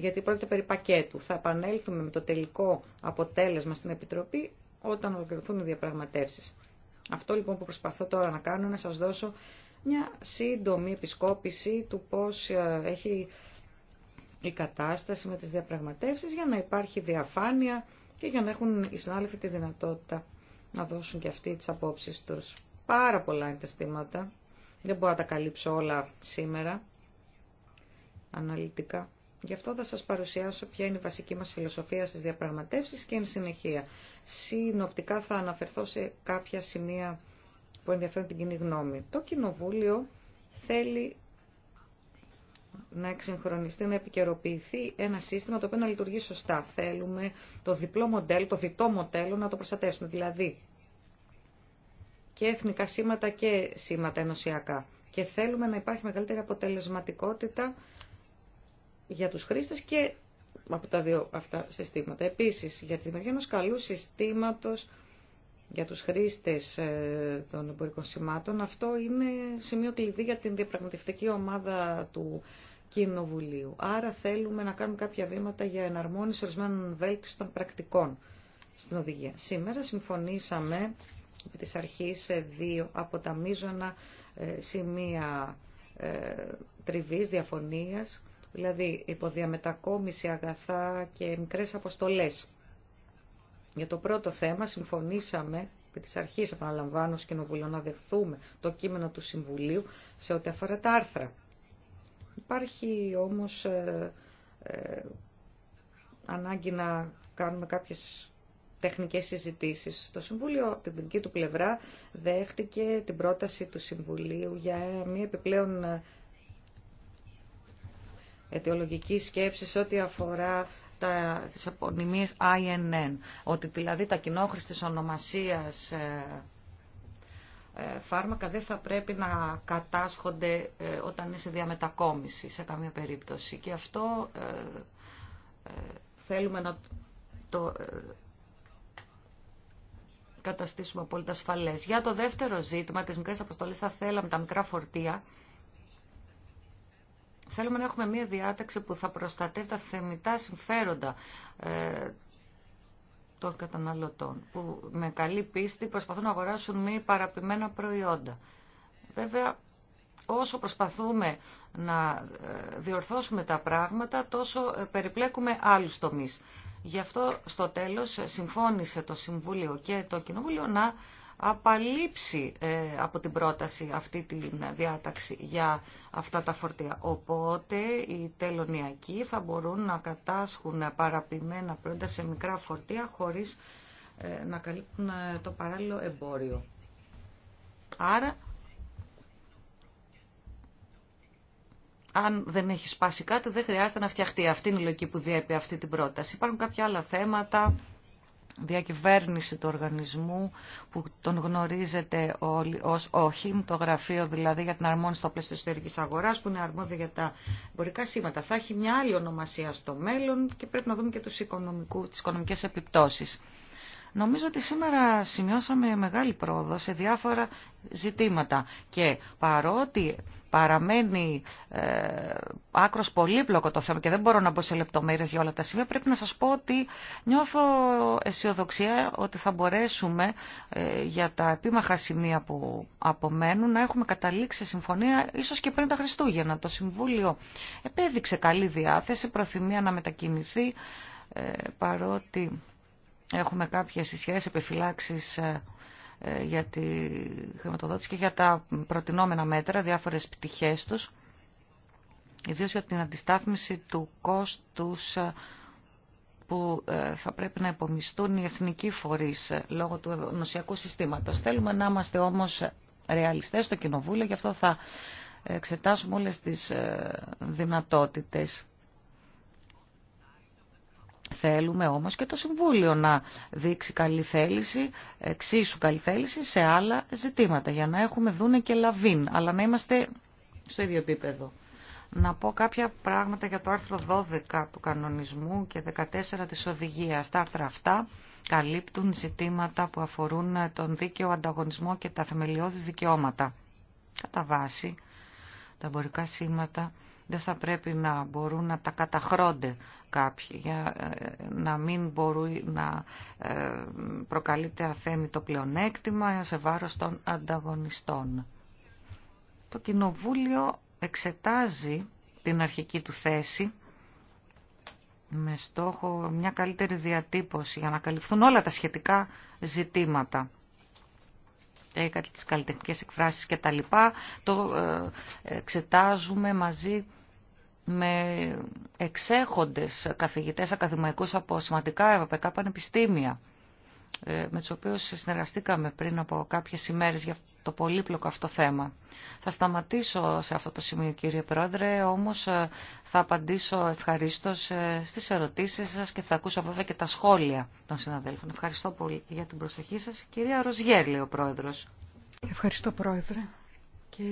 γιατί πρόκειται περί πακέτου. Θα επανέλθουμε με το τελικό αποτέλεσμα στην Επιτροπή όταν ολοκληρωθούν οι διαπραγματεύσεις. Αυτό λοιπόν που προσπαθώ τώρα να κάνω είναι να σας δώσω μια σύντομη επισκόπηση του πώς ε, έχει η κατάσταση με τις διαπραγματεύσεις για να υπάρχει διαφάνεια και για να έχουν οι συνάδελφοι τη δυνατότητα να δώσουν και αυτοί τις απόψεις τους. Πάρα πολλά είναι τα στήματα. Δεν μπορώ να τα καλύψω όλα σήμερα αναλυτικά. Γι' αυτό θα σας παρουσιάσω ποια είναι η βασική μας φιλοσοφία στις διαπραγματεύσεις και εν συνεχεία. Συνοπτικά θα αναφερθώ σε κάποια σημεία που ενδιαφέρουν την κοινή γνώμη. Το Κοινοβούλιο θέλει να εξυγχρονιστεί, να επικαιροποιηθεί ένα σύστημα το οποίο να λειτουργεί σωστά. Θέλουμε το διπλό μοντέλο, το διτό μοντέλο να το προστατεύσουμε, δηλαδή και εθνικά σήματα και σήματα ενωσιακά. Και θέλουμε να υπάρχει μεγαλύτερη αποτελεσματικότητα για τους χρήστες και από τα δύο αυτά συστήματα. Επίσης, για τη δημιουργία ενός καλού συστήματος για τους χρήστες ε, των εμπορικών σημάτων, αυτό είναι σημείο κλειδί για την διαπραγματευτική ομάδα του Κοινοβουλίου. Άρα θέλουμε να κάνουμε κάποια βήματα για εναρμόνιση ορισμένων βέλτιστων πρακτικών στην οδηγία. Σήμερα συμφωνήσαμε επί της αρχής δύο από τα μείζωνα ε, σημεία ε, τριβής, διαφωνίας δηλαδή υποδιαμετακόμιση αγαθά και μικρές αποστολές. Για το πρώτο θέμα συμφωνήσαμε επί της αρχής επαναλαμβάνω ως να δεχθούμε το κείμενο του Συμβουλίου σε ό,τι αφορά τα άρθρα. Υπάρχει όμως ε, ε, ανάγκη να κάνουμε κάποιες τεχνικές συζητήσεις. Το Συμβούλιο από την δική του πλευρά δέχτηκε την πρόταση του Συμβουλίου για μια επιπλέον ε, αιτιολογική σκέψη σε ό,τι αφορά τα, τις INN. Ότι δηλαδή τα κοινόχρηστη ονομασίας ε, ε, φάρμακα δεν θα πρέπει να κατάσχονται ε, όταν είσαι διαμετακόμιση σε καμία περίπτωση. Και αυτό θέλουμε να το καταστήσουμε απόλυτα ασφαλές. Για το δεύτερο ζήτημα, τις μικρές αποστολές, θα θέλαμε τα μικρά φορτία Θέλουμε να έχουμε μια διάταξη που θα προστατεύει τα θεμητά συμφέροντα ε, των καταναλωτών, που με καλή πίστη προσπαθούν να αγοράσουν μη παραπημένα προϊόντα. Βέβαια, όσο προσπαθούμε να ε, διορθώσουμε τα πράγματα, τόσο ε, περιπλέκουμε άλλους τομείς. Γι' αυτό στο τέλος συμφώνησε το Συμβούλιο και το Κοινοβούλιο να απαλείψει ε, από την πρόταση αυτή τη διάταξη για αυτά τα φορτία. Οπότε οι τελωνιακοί θα μπορούν να κατάσχουν παραπημένα πρόταση σε μικρά φορτία χωρίς ε, να καλύπτουν ε, το παράλληλο εμπόριο. Άρα, αν δεν έχει σπάσει κάτι, δεν χρειάζεται να φτιαχτεί. Αυτή είναι η λογική που διέπει αυτή την πρόταση. Υπάρχουν κάποια άλλα θέματα διακυβέρνηση του οργανισμού που τον γνωρίζετε όλοι ως όχι, το γραφείο δηλαδή για την αρμόνιση στο πλαίσιο της εσωτερικής αγοράς που είναι αρμόδιο για τα εμπορικά σήματα. Θα έχει μια άλλη ονομασία στο μέλλον και πρέπει να δούμε και τους οικονομικού, τις οικονομικές επιπτώσεις. Νομίζω ότι σήμερα σημειώσαμε μεγάλη πρόοδο σε διάφορα ζητήματα και παρότι παραμένει ε, άκρος πολύπλοκο το θέμα και δεν μπορώ να μπω σε λεπτομέρειες για όλα τα σημεία, πρέπει να σας πω ότι νιώθω αισιοδοξία ότι θα μπορέσουμε ε, για τα επίμαχα σημεία που απομένουν να έχουμε καταλήξει συμφωνία ίσως και πριν τα Χριστούγεννα. Το Συμβούλιο επέδειξε καλή διάθεση, προθυμία να μετακινηθεί ε, παρότι Έχουμε κάποιες ισχυρές επιφυλάξεις ε, ε, για τη χρηματοδότηση και για τα προτινόμενα μέτρα, διάφορες πτυχές τους, ιδίως για την αντιστάθμιση του κόστους ε, που θα πρέπει να υπομιστούν οι εθνικοί φορείς λόγω του νοσιακού συστήματος. Θέλουμε να είμαστε όμως ρεαλιστές στο Κοινοβούλιο, γι' αυτό θα εξετάσουμε όλες τις δυνατότητες. Θέλουμε όμως και το Συμβούλιο να δείξει καλή θέληση, εξίσου καλή θέληση σε άλλα ζητήματα για να έχουμε δούνε και λαβίν, αλλά να είμαστε στο ίδιο επίπεδο. Να πω κάποια πράγματα για το άρθρο 12 του κανονισμού και 14 της οδηγίας. Τα άρθρα αυτά καλύπτουν ζητήματα που αφορούν τον δίκαιο ανταγωνισμό και τα θεμελιώδη δικαιώματα. Κατά βάση, τα εμπορικά σήματα δεν θα πρέπει να μπορούν να τα καταχρώνται κάποιοι, για ε, να μην μπορεί να ε, προκαλείται το πλεονέκτημα σε βάρος των ανταγωνιστών. Το Κοινοβούλιο εξετάζει την αρχική του θέση με στόχο μια καλύτερη διατύπωση για να καλυφθούν όλα τα σχετικά ζητήματα ε, τις καλλιτεχνικές εκφράσεις και τα λοιπά, το εξετάζουμε μαζί με εξέχοντες καθηγητές ακαδημαϊκούς από σημαντικά ευρωπαϊκά πανεπιστήμια ε, με τους οποίους συνεργαστήκαμε πριν από κάποιες ημέρες για το πολύπλοκο αυτό θέμα. Θα σταματήσω σε αυτό το σημείο κύριε Πρόεδρε, όμως ε, θα απαντήσω ευχαρίστως ε, στις ερωτήσεις σας και θα ακούσω βέβαια και τα σχόλια των συναδέλφων. Ευχαριστώ πολύ για την προσοχή σας. Κυρία Ροζιέρ, ο Πρόεδρος. Ευχαριστώ Πρόεδρε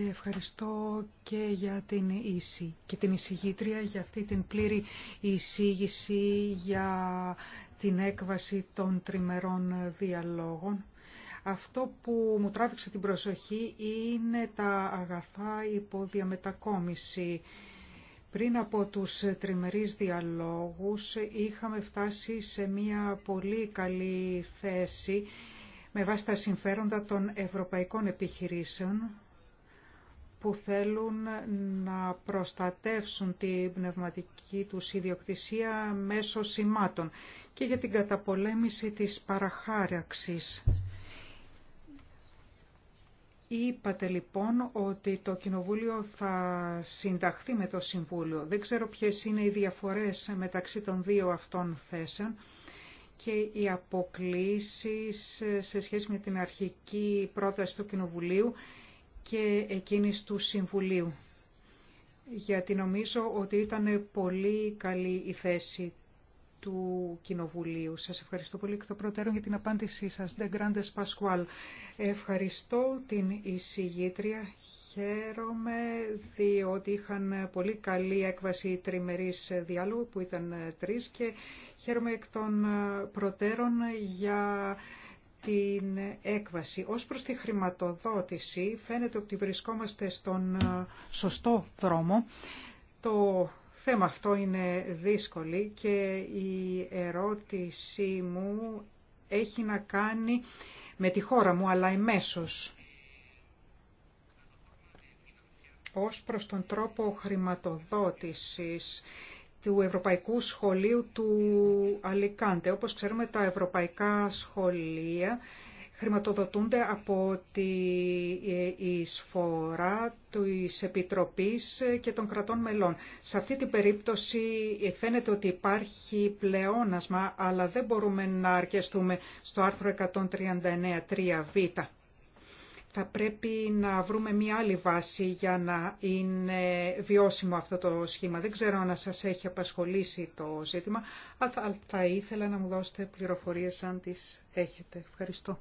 ευχαριστώ και για την ίση και την εισηγήτρια για αυτή την πλήρη εισήγηση για την έκβαση των τριμερών διαλόγων. Αυτό που μου τράβηξε την προσοχή είναι τα αγαθά υποδιαμετακόμιση. Πριν από τους τριμερείς διαλόγους είχαμε φτάσει σε μια πολύ καλή θέση με βάση τα συμφέροντα των ευρωπαϊκών επιχειρήσεων που θέλουν να προστατεύσουν την πνευματική του ιδιοκτησία μέσω σημάτων και για την καταπολέμηση της παραχάραξης. Είπατε λοιπόν ότι το Κοινοβούλιο θα συνταχθεί με το Συμβούλιο. Δεν ξέρω ποιες είναι οι διαφορές μεταξύ των δύο αυτών θέσεων και οι αποκλήσεις σε σχέση με την αρχική πρόταση του Κοινοβουλίου και εκείνης του Συμβουλίου. Γιατί νομίζω ότι ήταν πολύ καλή η θέση του Κοινοβουλίου. Σας ευχαριστώ πολύ εκ των προτέρων για την απάντησή σας. De Grandes Pascual. Ευχαριστώ την εισηγήτρια. Χαίρομαι διότι είχαν πολύ καλή έκβαση τριμερής διάλογου που ήταν τρεις και χαίρομαι εκ των προτέρων για την έκβαση. Ως προς τη χρηματοδότηση φαίνεται ότι βρισκόμαστε στον ε, σωστό δρόμο. Το θέμα αυτό είναι δύσκολο και η ερώτησή μου έχει να κάνει με τη χώρα μου, αλλά εμέσως. Ως προς τον τρόπο χρηματοδότησης του Ευρωπαϊκού Σχολείου του Αλικάντε. Όπως ξέρουμε τα ευρωπαϊκά σχολεία χρηματοδοτούνται από τη ε, εισφορά της Επιτροπής ε, και των κρατών μελών. Σε αυτή την περίπτωση ε, φαίνεται ότι υπάρχει πλεόνασμα, αλλά δεν μπορούμε να αρκεστούμε στο άρθρο 139.3β θα πρέπει να βρούμε μία άλλη βάση για να είναι βιώσιμο αυτό το σχήμα. Δεν ξέρω αν σας έχει απασχολήσει το ζήτημα, αλλά θα ήθελα να μου δώσετε πληροφορίες αν τις έχετε. Ευχαριστώ.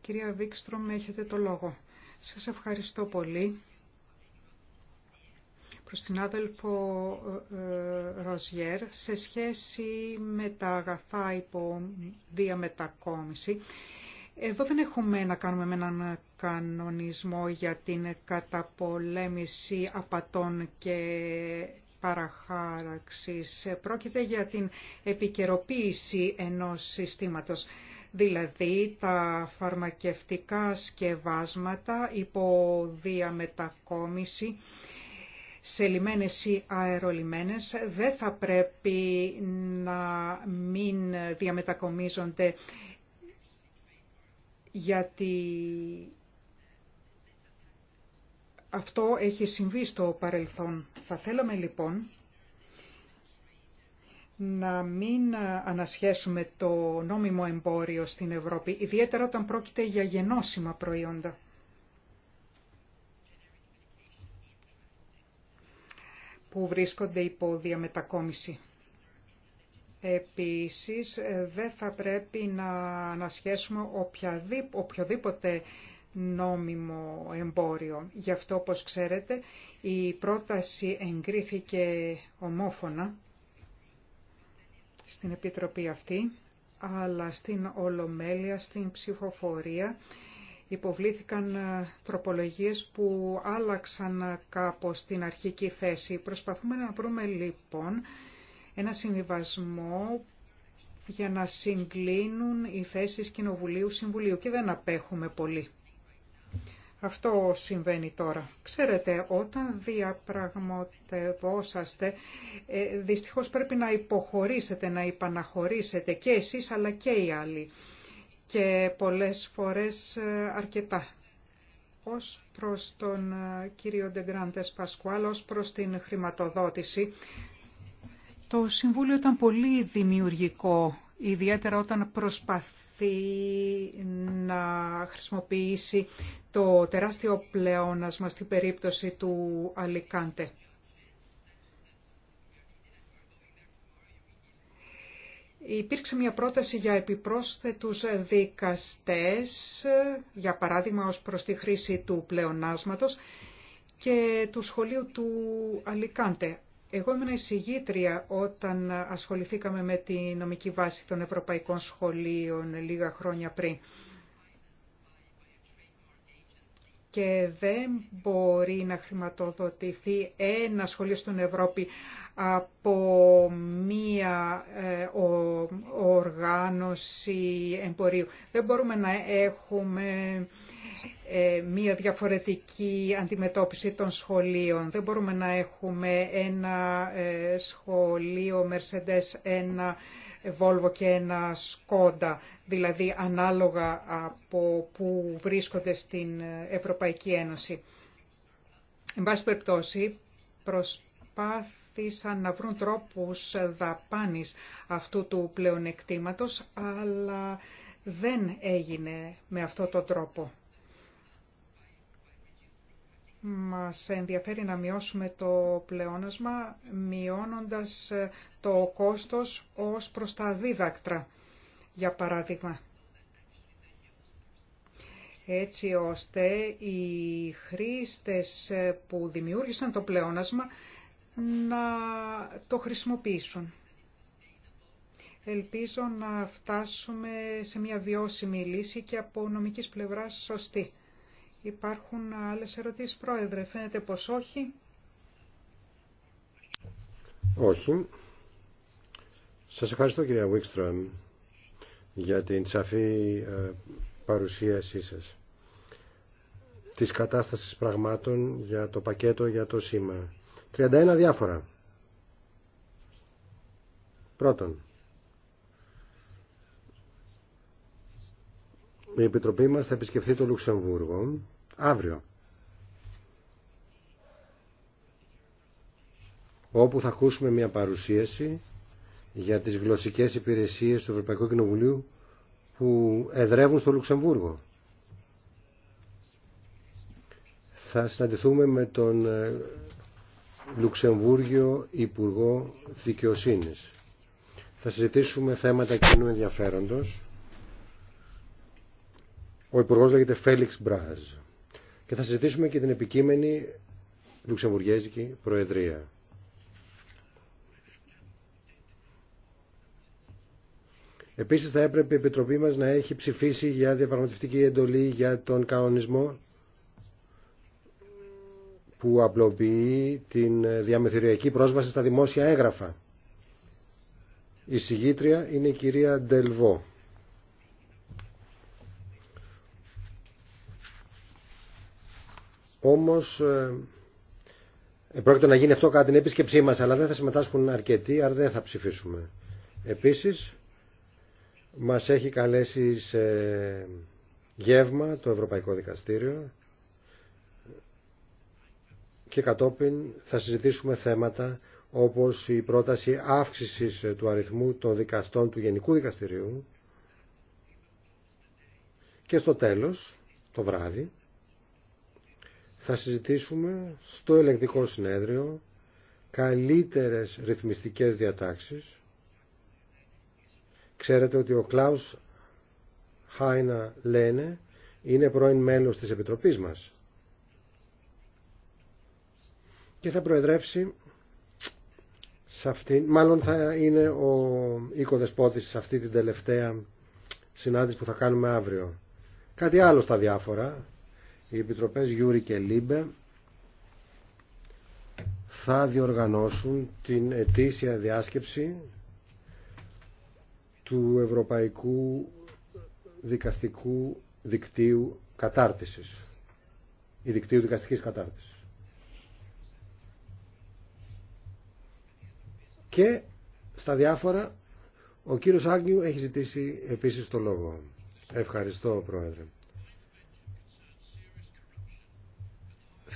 Κυρία Βίξτρομ, έχετε το λόγο. Σας ευχαριστώ πολύ προς την άδελφο ε, ε, Ροζιέρ σε σχέση με τα αγαθά υπό διαμετακόμιση. Εδώ δεν έχουμε να κάνουμε με έναν κανονισμό για την καταπολέμηση απατών και παραχάραξης. Πρόκειται για την επικαιροποίηση ενός συστήματος. Δηλαδή τα φαρμακευτικά σκευάσματα υπό διαμετακόμιση σε λιμένες ή αερολιμένες δεν θα πρέπει να μην διαμετακομίζονται γιατί αυτό έχει συμβεί στο παρελθόν. Θα θέλαμε λοιπόν να μην ανασχέσουμε το νόμιμο εμπόριο στην Ευρώπη, ιδιαίτερα όταν πρόκειται για γενώσιμα προϊόντα. που βρίσκονται υπό διαμετακόμιση. Επίσης, δεν θα πρέπει να ανασχέσουμε οποιοδήποτε νόμιμο εμπόριο. Γι' αυτό, όπως ξέρετε, η πρόταση εγκρίθηκε ομόφωνα στην Επιτροπή αυτή, αλλά στην Ολομέλεια, στην ψηφοφορία Υποβλήθηκαν ε, τροπολογίες που άλλαξαν ε, κάπως την αρχική θέση. Προσπαθούμε να βρούμε λοιπόν ένα συμβιβασμό για να συγκλίνουν οι θέσεις Κοινοβουλίου-Συμβουλίου και δεν απέχουμε πολύ. Αυτό συμβαίνει τώρα. Ξέρετε, όταν διαπραγματευόσαστε, ε, δυστυχώς πρέπει να υποχωρήσετε, να υπαναχωρήσετε και εσείς αλλά και οι άλλοι και πολλές φορές ε, αρκετά. Ως προς τον ε, κύριο Ντεγκράντες Πασκουάλ, ως προς την χρηματοδότηση, το Συμβούλιο ήταν πολύ δημιουργικό, ιδιαίτερα όταν προσπαθεί να χρησιμοποιήσει το τεράστιο πλεόνασμα στην περίπτωση του Αλικάντε. Υπήρξε μια πρόταση για επιπρόσθετους δικαστές, για παράδειγμα ως προς τη χρήση του πλεονάσματος και του σχολείου του Αλικάντε. Εγώ ήμουν εισηγήτρια όταν ασχοληθήκαμε με τη νομική βάση των Ευρωπαϊκών Σχολείων λίγα χρόνια πριν και δεν μπορεί να χρηματοδοτηθεί ένα σχολείο στην Ευρώπη από μία ε, οργάνωση εμπορίου. Δεν μπορούμε να έχουμε ε, μία διαφορετική αντιμετώπιση των σχολείων. Δεν μπορούμε να έχουμε ένα ε, σχολείο Mercedes, ένα Volvo και ένα Skoda, δηλαδή ανάλογα από που βρίσκονται στην Ευρωπαϊκή Ένωση. Εν πάση περιπτώσει, προσπάθησαν να βρουν τρόπους δαπάνης αυτού του πλεονεκτήματος, αλλά δεν έγινε με αυτό τον τρόπο. Μας ενδιαφέρει να μειώσουμε το πλεόνασμα μειώνοντας ε, το κόστος ως προς τα δίδακτρα, για παράδειγμα. Έτσι ώστε οι χρήστες ε, που δημιούργησαν το πλεόνασμα να το χρησιμοποιήσουν. Ελπίζω να φτάσουμε σε μια βιώσιμη λύση και από νομικής πλευράς σωστή. Υπάρχουν άλλες ερωτήσεις, Πρόεδρε. Φαίνεται πως όχι. Όχι. Σας ευχαριστώ κυρία Βίξτρομ για την σαφή ε, παρουσίασή σας της κατάστασης πραγμάτων για το πακέτο για το σήμα. 31 διάφορα. Πρώτον, η Επιτροπή μας θα επισκεφθεί το Λουξεμβούργο αύριο όπου θα ακούσουμε μια παρουσίαση για τις γλωσσικές υπηρεσίες του Ευρωπαϊκού Κοινοβουλίου που εδρεύουν στο Λουξεμβούργο. Θα συναντηθούμε με τον ε, Λουξεμβούργιο Υπουργό Δικαιοσύνης. Θα συζητήσουμε θέματα κοινού ενδιαφέροντος. Ο Υπουργός λέγεται Φέλιξ Μπράζ και θα συζητήσουμε και την επικείμενη Λουξεμβουργέζικη Προεδρία. Επίσης θα έπρεπε η Επιτροπή μας να έχει ψηφίσει για διαπραγματευτική εντολή για τον κανονισμό που απλοποιεί την διαμεθυριακή πρόσβαση στα δημόσια έγγραφα. Η συγγήτρια είναι η κυρία Ντελβό. Όμως ε, πρόκειται να γίνει αυτό κατά την επίσκεψή μας, αλλά δεν θα συμμετάσχουν αρκετοί, άρα δεν θα ψηφίσουμε. Επίσης, μας έχει καλέσει σε γεύμα το Ευρωπαϊκό Δικαστήριο και κατόπιν θα συζητήσουμε θέματα όπως η πρόταση αύξησης του αριθμού των δικαστών του Γενικού Δικαστηρίου και στο τέλος, το βράδυ, θα συζητήσουμε στο ελεγκτικό συνέδριο καλύτερες ρυθμιστικές διατάξεις. Ξέρετε ότι ο Κλάους Χάινα Λένε είναι πρώην μέλος της Επιτροπής μας και θα προεδρεύσει σε αυτήν, μάλλον θα είναι ο οικοδεσπότης σε αυτή την τελευταία συνάντηση που θα κάνουμε αύριο. Κάτι άλλο στα διάφορα, οι Επιτροπές Γιούρι και Λίμπε θα διοργανώσουν την ετήσια διάσκεψη του Ευρωπαϊκού Δικαστικού Δικτύου Κατάρτισης ή Δικτύου Δικαστικής Κατάρτισης. Και στα διάφορα ο κύριος Άγνιου έχει ζητήσει επίσης το λόγο. Ευχαριστώ Πρόεδρε.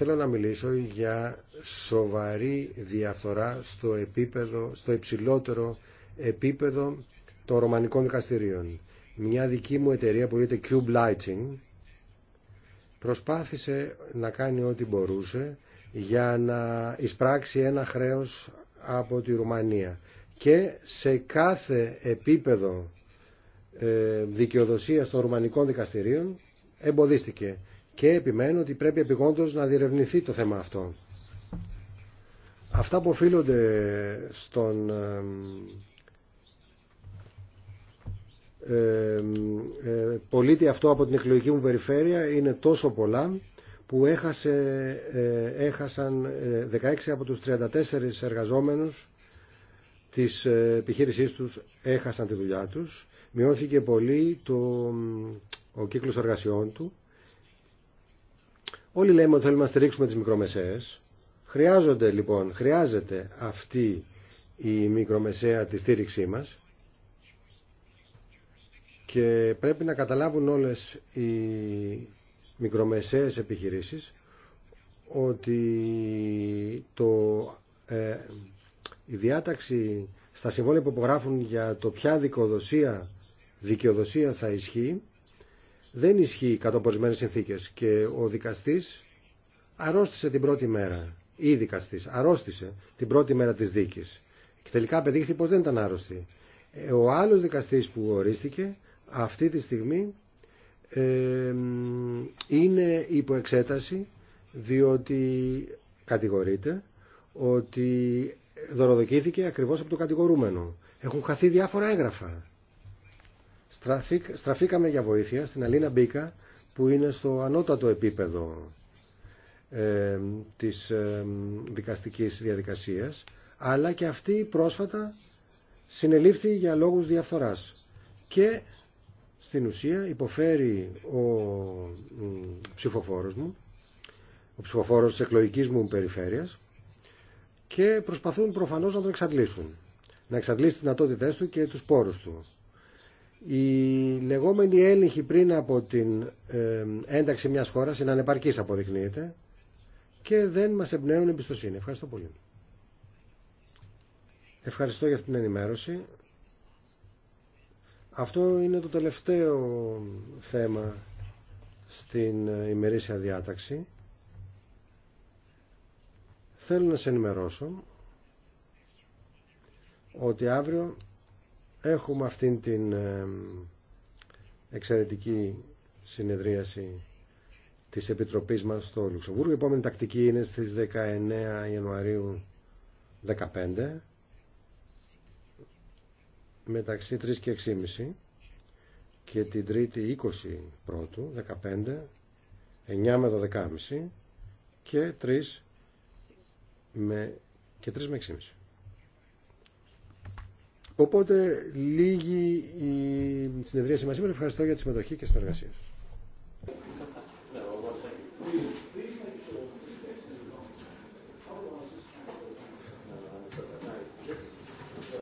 Θέλω να μιλήσω για σοβαρή διαφθορά στο, επίπεδο, στο υψηλότερο επίπεδο των ρωμανικών δικαστηρίων. Μια δική μου εταιρεία που λέγεται Cube Lighting προσπάθησε να κάνει ό,τι μπορούσε για να εισπράξει ένα χρέος από τη Ρουμανία. Και σε κάθε επίπεδο ε, δικαιοδοσίας των ρουμανικών δικαστηρίων εμποδίστηκε και επιμένω ότι πρέπει επιγόντως να διερευνηθεί το θέμα αυτό. Αυτά που οφείλονται στον ε, ε, ε, πολίτη αυτό από την εκλογική μου περιφέρεια είναι τόσο πολλά που έχασε, έχασαν 16 από τους 34 εργαζόμενους της επιχείρησής τους έχασαν τη δουλειά τους. Μειώθηκε πολύ το, ο κύκλος εργασιών του Όλοι λέμε ότι θέλουμε να στηρίξουμε τις μικρομεσαίες. Χρειάζονται λοιπόν, χρειάζεται αυτή η μικρομεσαία τη στήριξή μας και πρέπει να καταλάβουν όλες οι μικρομεσαίες επιχειρήσεις ότι το, ε, η διάταξη στα συμβόλαια που υπογράφουν για το ποια δικαιοδοσία, δικαιοδοσία θα ισχύει δεν ισχύει κατά ορισμένε συνθήκε. Και ο δικαστή αρρώστησε την πρώτη μέρα. Ή δικαστή αρρώστησε την πρώτη μέρα τη δίκη. Και τελικά απεδείχθη πω δεν ήταν άρρωστη. Ε, ο άλλο δικαστή που ορίστηκε αυτή τη στιγμή είναι υπό εξέταση διότι κατηγορείται ότι δωροδοκήθηκε ακριβώς από το κατηγορούμενο. Έχουν χαθεί διάφορα έγγραφα στραφήκαμε για βοήθεια στην Αλίνα Μπίκα που είναι στο ανώτατο επίπεδο ε, της ε, δικαστικής διαδικασίας αλλά και αυτή πρόσφατα συνελήφθη για λόγους διαφθοράς και στην ουσία υποφέρει ο ψηφοφόρος μου ο ψηφοφόρος της εκλογικής μου περιφέρειας και προσπαθούν προφανώς να τον εξαντλήσουν να εξαντλήσει τις δυνατότητές του και τους πόρους του η λεγόμενη έλεγχοι πριν από την ε, ένταξη μιας χώρας είναι ανεπαρκής αποδεικνύεται και δεν μας εμπνέουν εμπιστοσύνη. Ευχαριστώ πολύ. Ευχαριστώ για αυτήν την ενημέρωση. Αυτό είναι το τελευταίο θέμα στην ημερήσια διάταξη. Θέλω να σε ενημερώσω ότι αύριο έχουμε αυτήν την εξαιρετική συνεδρίαση της Επιτροπής μας στο Λουξεμβούργο. Η επόμενη τακτική είναι στις 19 Ιανουαρίου 15 μεταξύ 3 και 6.30 και την Τρίτη 20 Πρώτου 15 9 με 12.30 και 3 με, και 3 με 6.30. Οπότε λίγη η συνεδρίαση μα σήμερα. Ευχαριστώ για τη συμμετοχή και συνεργασία σα.